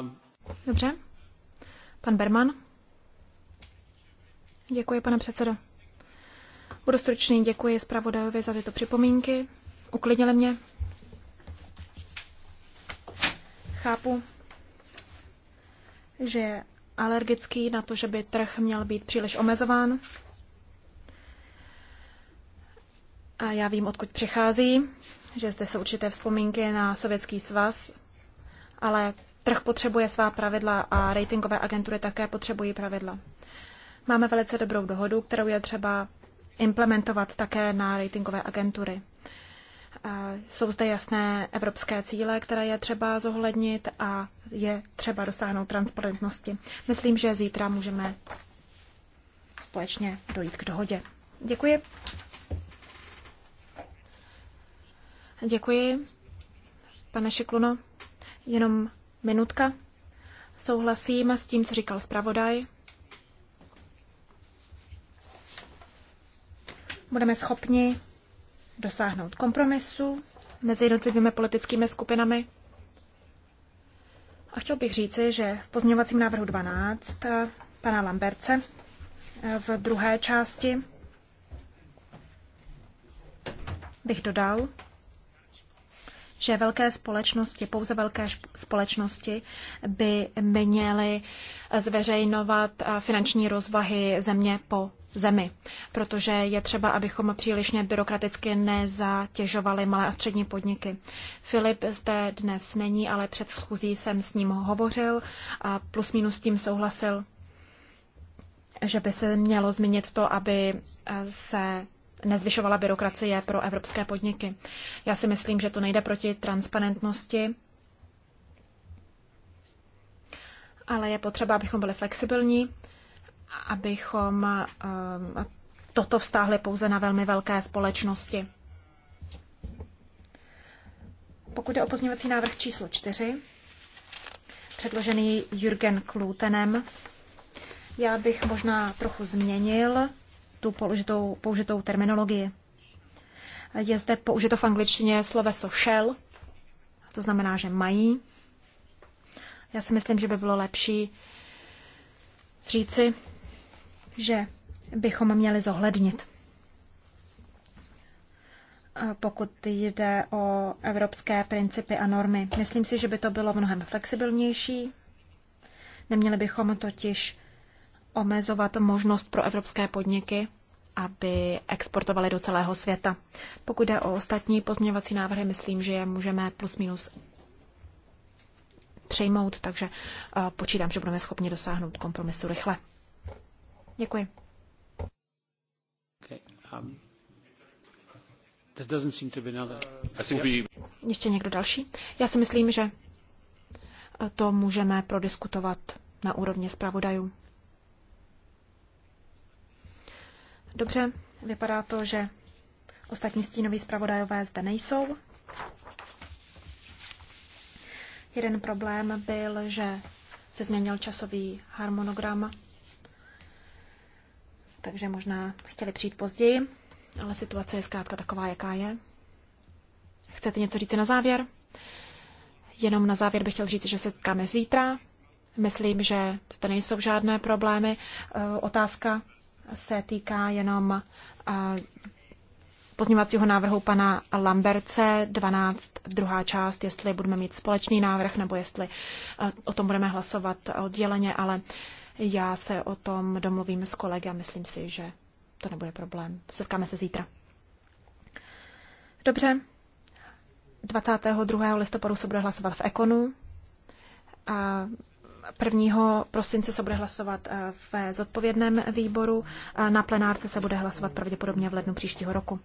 um... Dobře. Pan Berman. Děkuji, pane předsedo. Budu stručný, děkuji zpravodajovi za tyto připomínky. Uklidnili mě. Chápu, že je alergický na to, že by trh měl být příliš omezován. A já vím, odkud přichází, že zde jsou určité vzpomínky na Sovětský svaz, ale trh potřebuje svá pravidla a ratingové agentury také potřebují pravidla. Máme velice dobrou dohodu, kterou je třeba implementovat také na ratingové agentury. Jsou zde jasné evropské cíle, které je třeba zohlednit a je třeba dosáhnout transparentnosti. Myslím, že zítra můžeme společně dojít k dohodě. Děkuji. Děkuji, pane Šikluno. Jenom minutka. Souhlasím s tím, co říkal zpravodaj. Budeme schopni dosáhnout kompromisu mezi jednotlivými politickými skupinami. A chtěl bych říci, že v pozměňovacím návrhu 12 eh, pana Lamberce eh, v druhé části bych dodal, že velké společnosti, pouze velké společnosti by měly zveřejňovat eh, finanční rozvahy země po zemi, protože je třeba, abychom přílišně byrokraticky nezatěžovali malé a střední podniky. Filip zde dnes není, ale před schůzí jsem s ním hovořil a plus minus tím souhlasil, že by se mělo změnit to, aby eh, se nezvyšovala byrokracie pro evropské podniky. Já si myslím, že to nejde proti transparentnosti, ale je potřeba, abychom byli flexibilní, abychom eh, toto vztáhli pouze na velmi velké společnosti. Pokud je o pozměňovací návrh číslo 4, předložený Jürgen Klutenem, já bych možná trochu změnil tu použitou, použitou terminologii. Je zde použito v angličtině sloveso shall, to znamená, že mají. Já si myslím, že by bylo lepší říci, že bychom měli zohlednit. Pokud jde o evropské principy a normy, myslím si, že by to bylo mnohem flexibilnější. Neměli bychom totiž omezovat možnost pro evropské podniky, aby exportovali do celého světa. Pokud jde o ostatní pozměňovací návrhy, myslím, že je můžeme plus minus přejmout, takže eh, počítám, že budeme schopni dosáhnout kompromisu rychle. Děkuji. Um, Ještě někdo další? Já si myslím, že eh, to můžeme prodiskutovat na úrovni zpravodajů. Dobře, vypadá to, že ostatní stínoví zpravodajové zde nejsou. Jeden problém byl, že se změnil časový harmonogram, takže možná chtěli přijít později, ale situace je zkrátka taková, jaká je. Chcete něco říct na závěr? Jenom na závěr bych chtěl říct, že se setkáme zítra. Myslím, že zde nejsou žádné problémy. Eh, otázka se týká jenom pozněvacího návrhu pana Lamberce 12, druhá část, jestli budeme mít společný návrh, nebo jestli o tom budeme hlasovat odděleně, ale já se o tom domluvím s kolegy a myslím si, že to nebude problém. Setkáme se zítra. Dobře. 22. listopadu se bude hlasovat v Ekonu. A 1. prosince se bude hlasovat eh, ve zodpovědném výboru, na plenárce se bude hlasovat pravděpodobně v lednu příštího roku.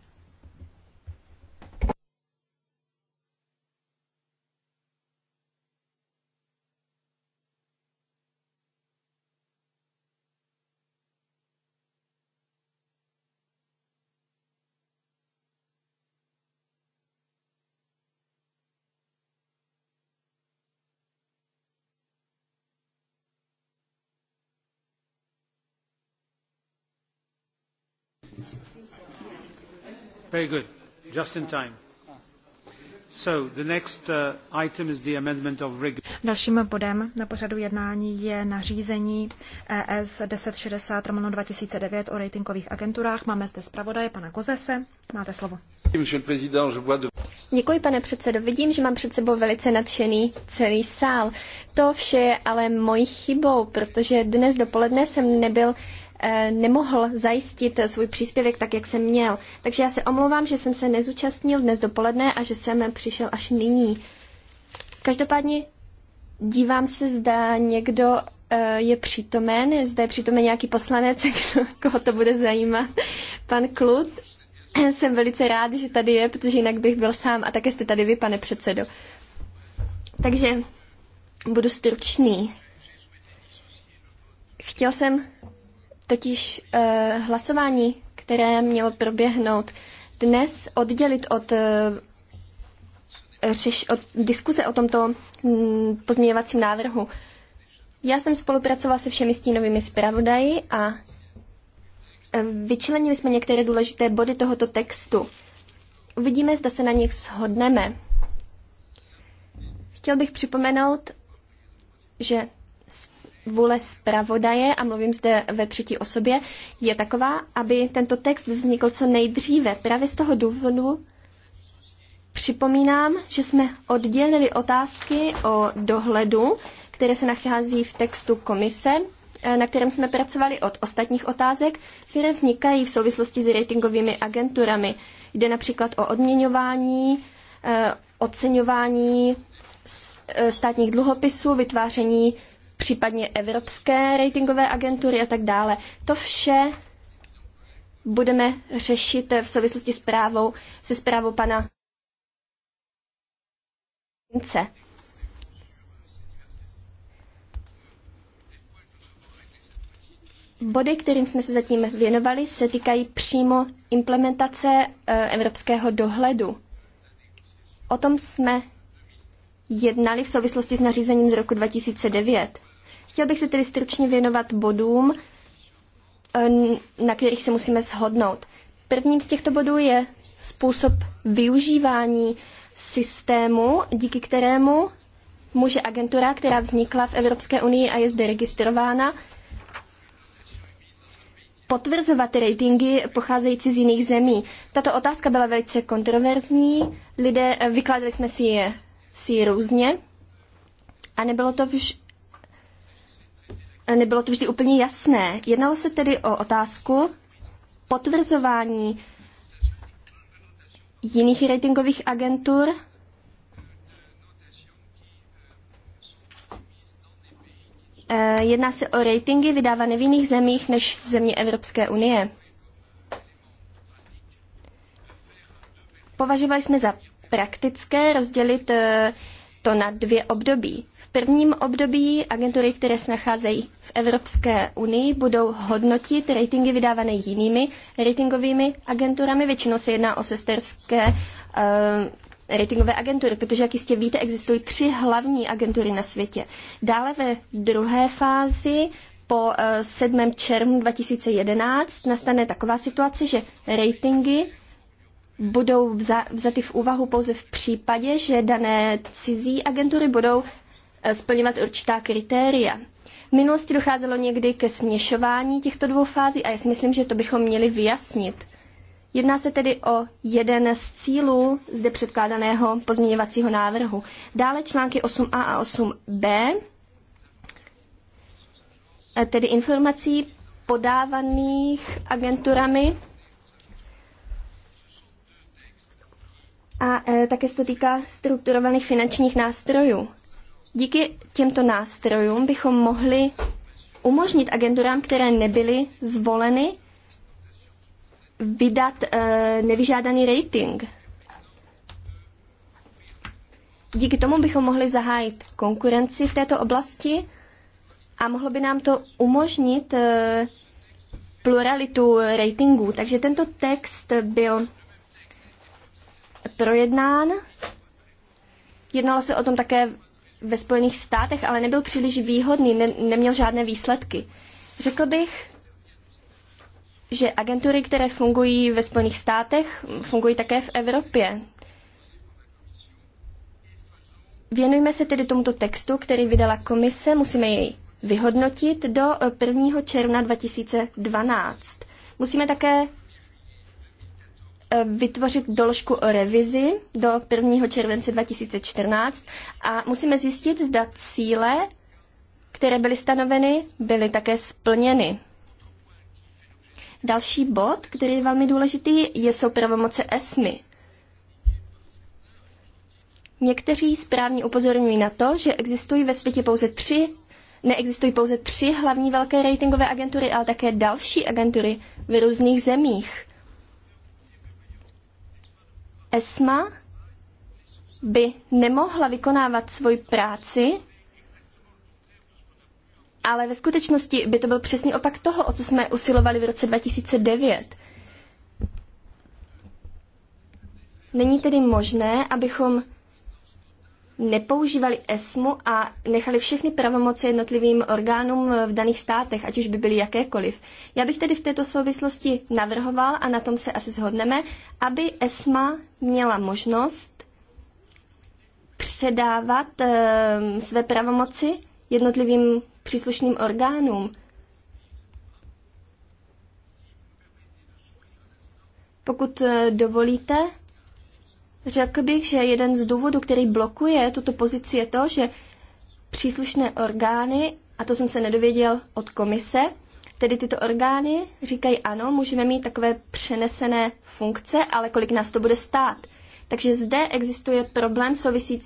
Dalším bodem na pořadu jednání je nařízení ES 1060 2009 o ratingových agenturách. Máme zde zpravodaje pana Kozese. Máte slovo. Děkuji, pane předsedo. Vidím, že mám před sebou velice nadšený celý sál. To vše je ale mojí chybou, protože dnes dopoledne jsem nebyl Eh, nemohl zajistit svůj příspěvek tak, jak jsem měl. Takže já se omlouvám, že jsem se nezúčastnil dnes dopoledne a že jsem přišel až nyní. Každopádně dívám se, zda někdo eh, je přítomen, zda je přítomen nějaký poslanec, koho to bude zajímat. Pan Klud. jsem velice rád, že tady je, protože jinak bych byl sám a také jste tady vy, pane předsedo. Takže budu stručný. Chtěl jsem totiž uh, hlasování, které mělo proběhnout dnes, oddělit od, uh, řeš, od diskuze o tomto hm, pozměňovacím návrhu. Já jsem spolupracovala se všemi stínovými zpravodaji a eh, vyčlenili jsme některé důležité body tohoto textu. Uvidíme, zda se na nich shodneme. Chtěl bych připomenout, že vůle zpravodaje, a mluvím zde ve třetí osobě, je taková, aby tento text vznikl co nejdříve. Právě z toho důvodu připomínám, že jsme oddělili otázky o dohledu, které se nachází v textu komise, eh, na kterém jsme pracovali od ostatních otázek, které vznikají v souvislosti s ratingovými agenturami. Jde například o odměňování, eh, oceňování eh, státních dluhopisů, vytváření případně evropské ratingové agentury a tak dále. To vše budeme řešit v souvislosti s právou, se zprávou pana Vince. Body, kterým jsme se zatím věnovali, se týkají přímo implementace e, evropského dohledu. O tom jsme jednali v souvislosti s nařízením z roku 2009. Chtěl bych se tedy stručně věnovat bodům, eh, na kterých se musíme shodnout. Prvním z těchto bodů je způsob využívání systému, díky kterému může agentura, která vznikla v Evropské unii a je zde registrována, potvrzovat ratingy pocházející z jiných zemí. Tato otázka byla velice kontroverzní, lidé, eh, vykládali jsme si je, si je různě a nebylo to vž, Eh, nebylo to vždy úplně jasné. Jednalo se tedy o otázku potvrzování jiných ratingových agentur eh, Jedná se o ratingy vydávané v jiných zemích než země Evropské unie. Považovali jsme za praktické rozdělit eh, to na dvě období. V prvním období agentury, které se nacházejí v Evropské unii, budou hodnotit ratingy vydávané jinými ratingovými agenturami. Většinou se jedná o sesterské uh, ratingové agentury, protože, jak jistě víte, existují tři hlavní agentury na světě. Dále ve druhé fázi po 7. Eh, červnu 2011 nastane taková situace, že ratingy budou vza, vzaty v úvahu pouze v případě, že dané cizí agentury budou eh, splňovat určitá kritéria. V minulosti docházelo někdy ke směšování těchto dvou fází a já si myslím, že to bychom měli vyjasnit. Jedná se tedy o jeden z cílů zde předkládaného pozměňovacího návrhu. Dále články 8a a 8b, eh, tedy informací podávaných agenturami A e, také se to týká strukturovaných finančních nástrojů. Díky těmto nástrojům bychom mohli umožnit agenturám, které nebyly zvoleny, vydat e, nevyžádaný rating. Díky tomu bychom mohli zahájit konkurenci v této oblasti a mohlo by nám to umožnit e, pluralitu ratingů. Takže tento text byl projednán. Jednalo se o tom také ve Spojených státech, ale nebyl příliš výhodný, ne, neměl žádné výsledky. Řekl bych, že agentury, které fungují ve Spojených státech, fungují také v Evropě. Věnujme se tedy tomuto textu, který vydala komise, musíme jej vyhodnotit do 1. Eh, června 2012. Musíme také Eh, vytvořit doložku o revizi do 1. července 2014 a musíme zjistit, zda cíle, které byly stanoveny, byly také splněny. Další bod, který je velmi důležitý, je, jsou pravomoce ESMY. Někteří správně upozorňují na to, že existují ve světě pouze tři, neexistují pouze tři hlavní velké ratingové agentury, ale také další agentury v různých zemích. ESMA by nemohla vykonávat svoji práci, ale ve skutečnosti by to byl přesný opak toho, o co jsme usilovali v roce 2009. Není tedy možné, abychom nepoužívali ESMu a nechali všechny pravomoci jednotlivým orgánům v daných státech, ať už by byly jakékoliv. Já bych tedy v této souvislosti navrhoval, a na tom se asi shodneme, aby ESMA měla možnost předávat e, své pravomoci jednotlivým příslušným orgánům. Pokud eh, dovolíte, Řekl bych, že jeden z důvodů, který blokuje tuto pozici, je to, že příslušné orgány, a to jsem se nedověděl od komise, tedy tyto orgány říkají ano, můžeme mít takové přenesené funkce, ale kolik nás to bude stát. Takže zde existuje problém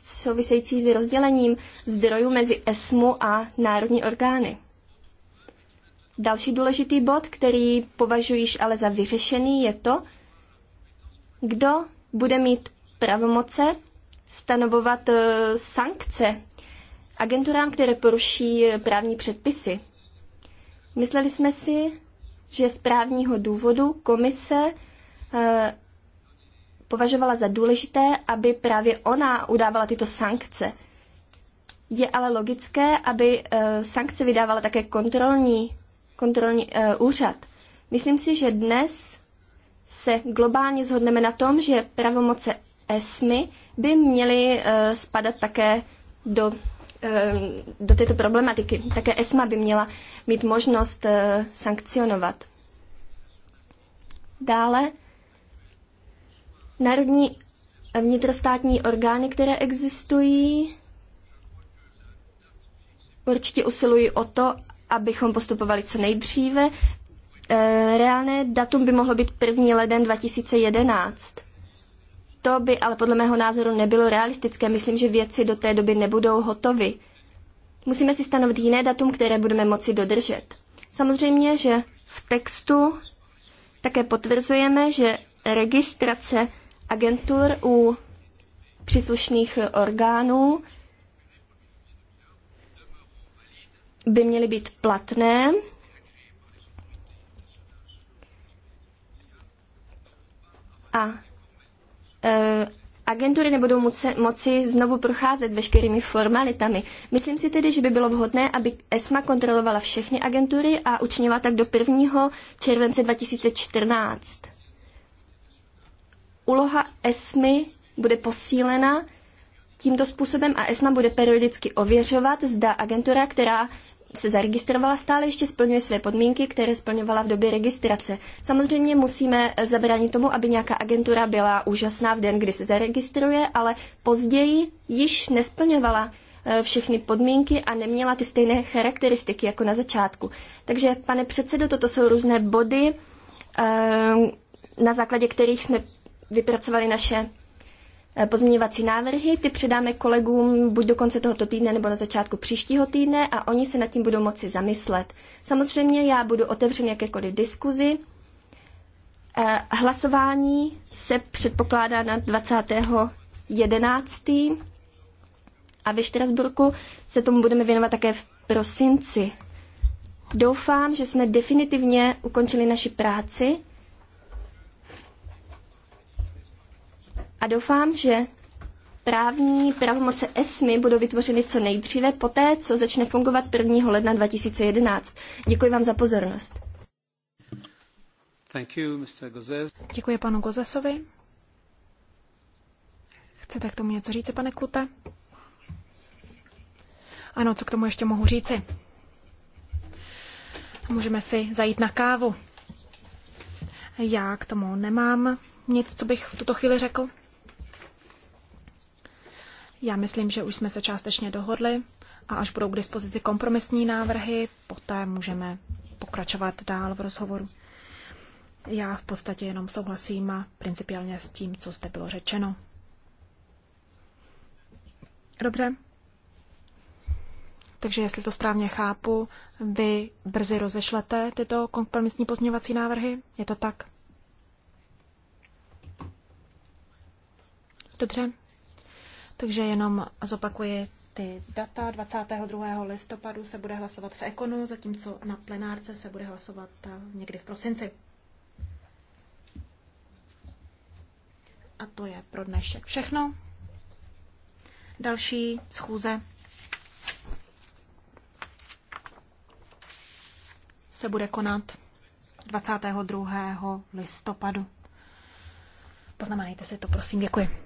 související s rozdělením zdrojů mezi ESMu a národní orgány. Další důležitý bod, který považujíš ale za vyřešený, je to, kdo bude mít pravomoce stanovovat eh, sankce agenturám, které poruší eh, právní předpisy. Mysleli jsme si, že z právního důvodu komise eh, považovala za důležité, aby právě ona udávala tyto sankce. Je ale logické, aby sankce vydávala také kontrolní, kontrolní úřad. Myslím si, že dnes se globálně zhodneme na tom, že pravomoce ESMY by měly eh, spadat také do, eh, do této problematiky. Také ESMA by měla mít možnost eh, sankcionovat. Dále národní vnitrostátní orgány, které existují, určitě usilují o to, abychom postupovali co nejdříve. Reálné datum by mohlo být 1. leden 2011. To by ale podle mého názoru nebylo realistické. Myslím, že věci do té doby nebudou hotovy. Musíme si stanovit jiné datum, které budeme moci dodržet. Samozřejmě, že v textu také potvrzujeme, že registrace agentur u příslušných orgánů by měly být platné. A Eh, agentury nebudou moci, moci znovu procházet veškerými formalitami. Myslím si tedy, že by bylo vhodné, aby ESMA kontrolovala všechny agentury a učinila tak do 1. července 2014. Úloha ESMY bude posílena tímto způsobem a ESMA bude periodicky ověřovat, zda agentura, která se zaregistrovala, stále ještě splňuje své podmínky, které splňovala v době registrace. Samozřejmě musíme zabránit tomu, aby nějaká agentura byla úžasná v den, kdy se zaregistruje, ale později již nesplňovala eh, všechny podmínky a neměla ty stejné charakteristiky jako na začátku. Takže, pane předsedo, toto jsou různé body, eh, na základě kterých jsme vypracovali naše Eh, pozměňovací návrhy, ty předáme kolegům buď do konce tohoto týdne nebo na začátku příštího týdne a oni se nad tím budou moci zamyslet. Samozřejmě já budu otevřen jakékoliv diskuzi. Eh, hlasování se předpokládá na 2011. a ve Štrasburku se tomu budeme věnovat také v prosinci. Doufám, že jsme definitivně ukončili naši práci a doufám, že právní pravomoce ESMI budou vytvořeny co nejdříve poté, co začne fungovat 1. ledna 2011. Děkuji vám za pozornost. You, Děkuji panu Gozesovi. Chcete k tomu něco říct, pane Klute? Ano, co k tomu ještě mohu říci? Můžeme si zajít na kávu. Já k tomu nemám nic, co bych v tuto chvíli řekl. Já myslím, že už jsme se částečně dohodli a až budou k dispozici kompromisní návrhy, poté můžeme pokračovat dál v rozhovoru. Já v podstatě jenom souhlasím a principiálně s tím, co zde bylo řečeno. Dobře. Takže jestli to správně chápu, vy brzy rozešlete tyto kompromisní pozměňovací návrhy? Je to tak? Dobře. Takže jenom zopakuji ty data. 22. listopadu se bude hlasovat v Ekonu, zatímco na plenárce se bude hlasovat eh, někdy v prosinci. A to je pro dnešek všechno. Další schůze se bude konat 22. listopadu. Poznamenejte si to, prosím, děkuji.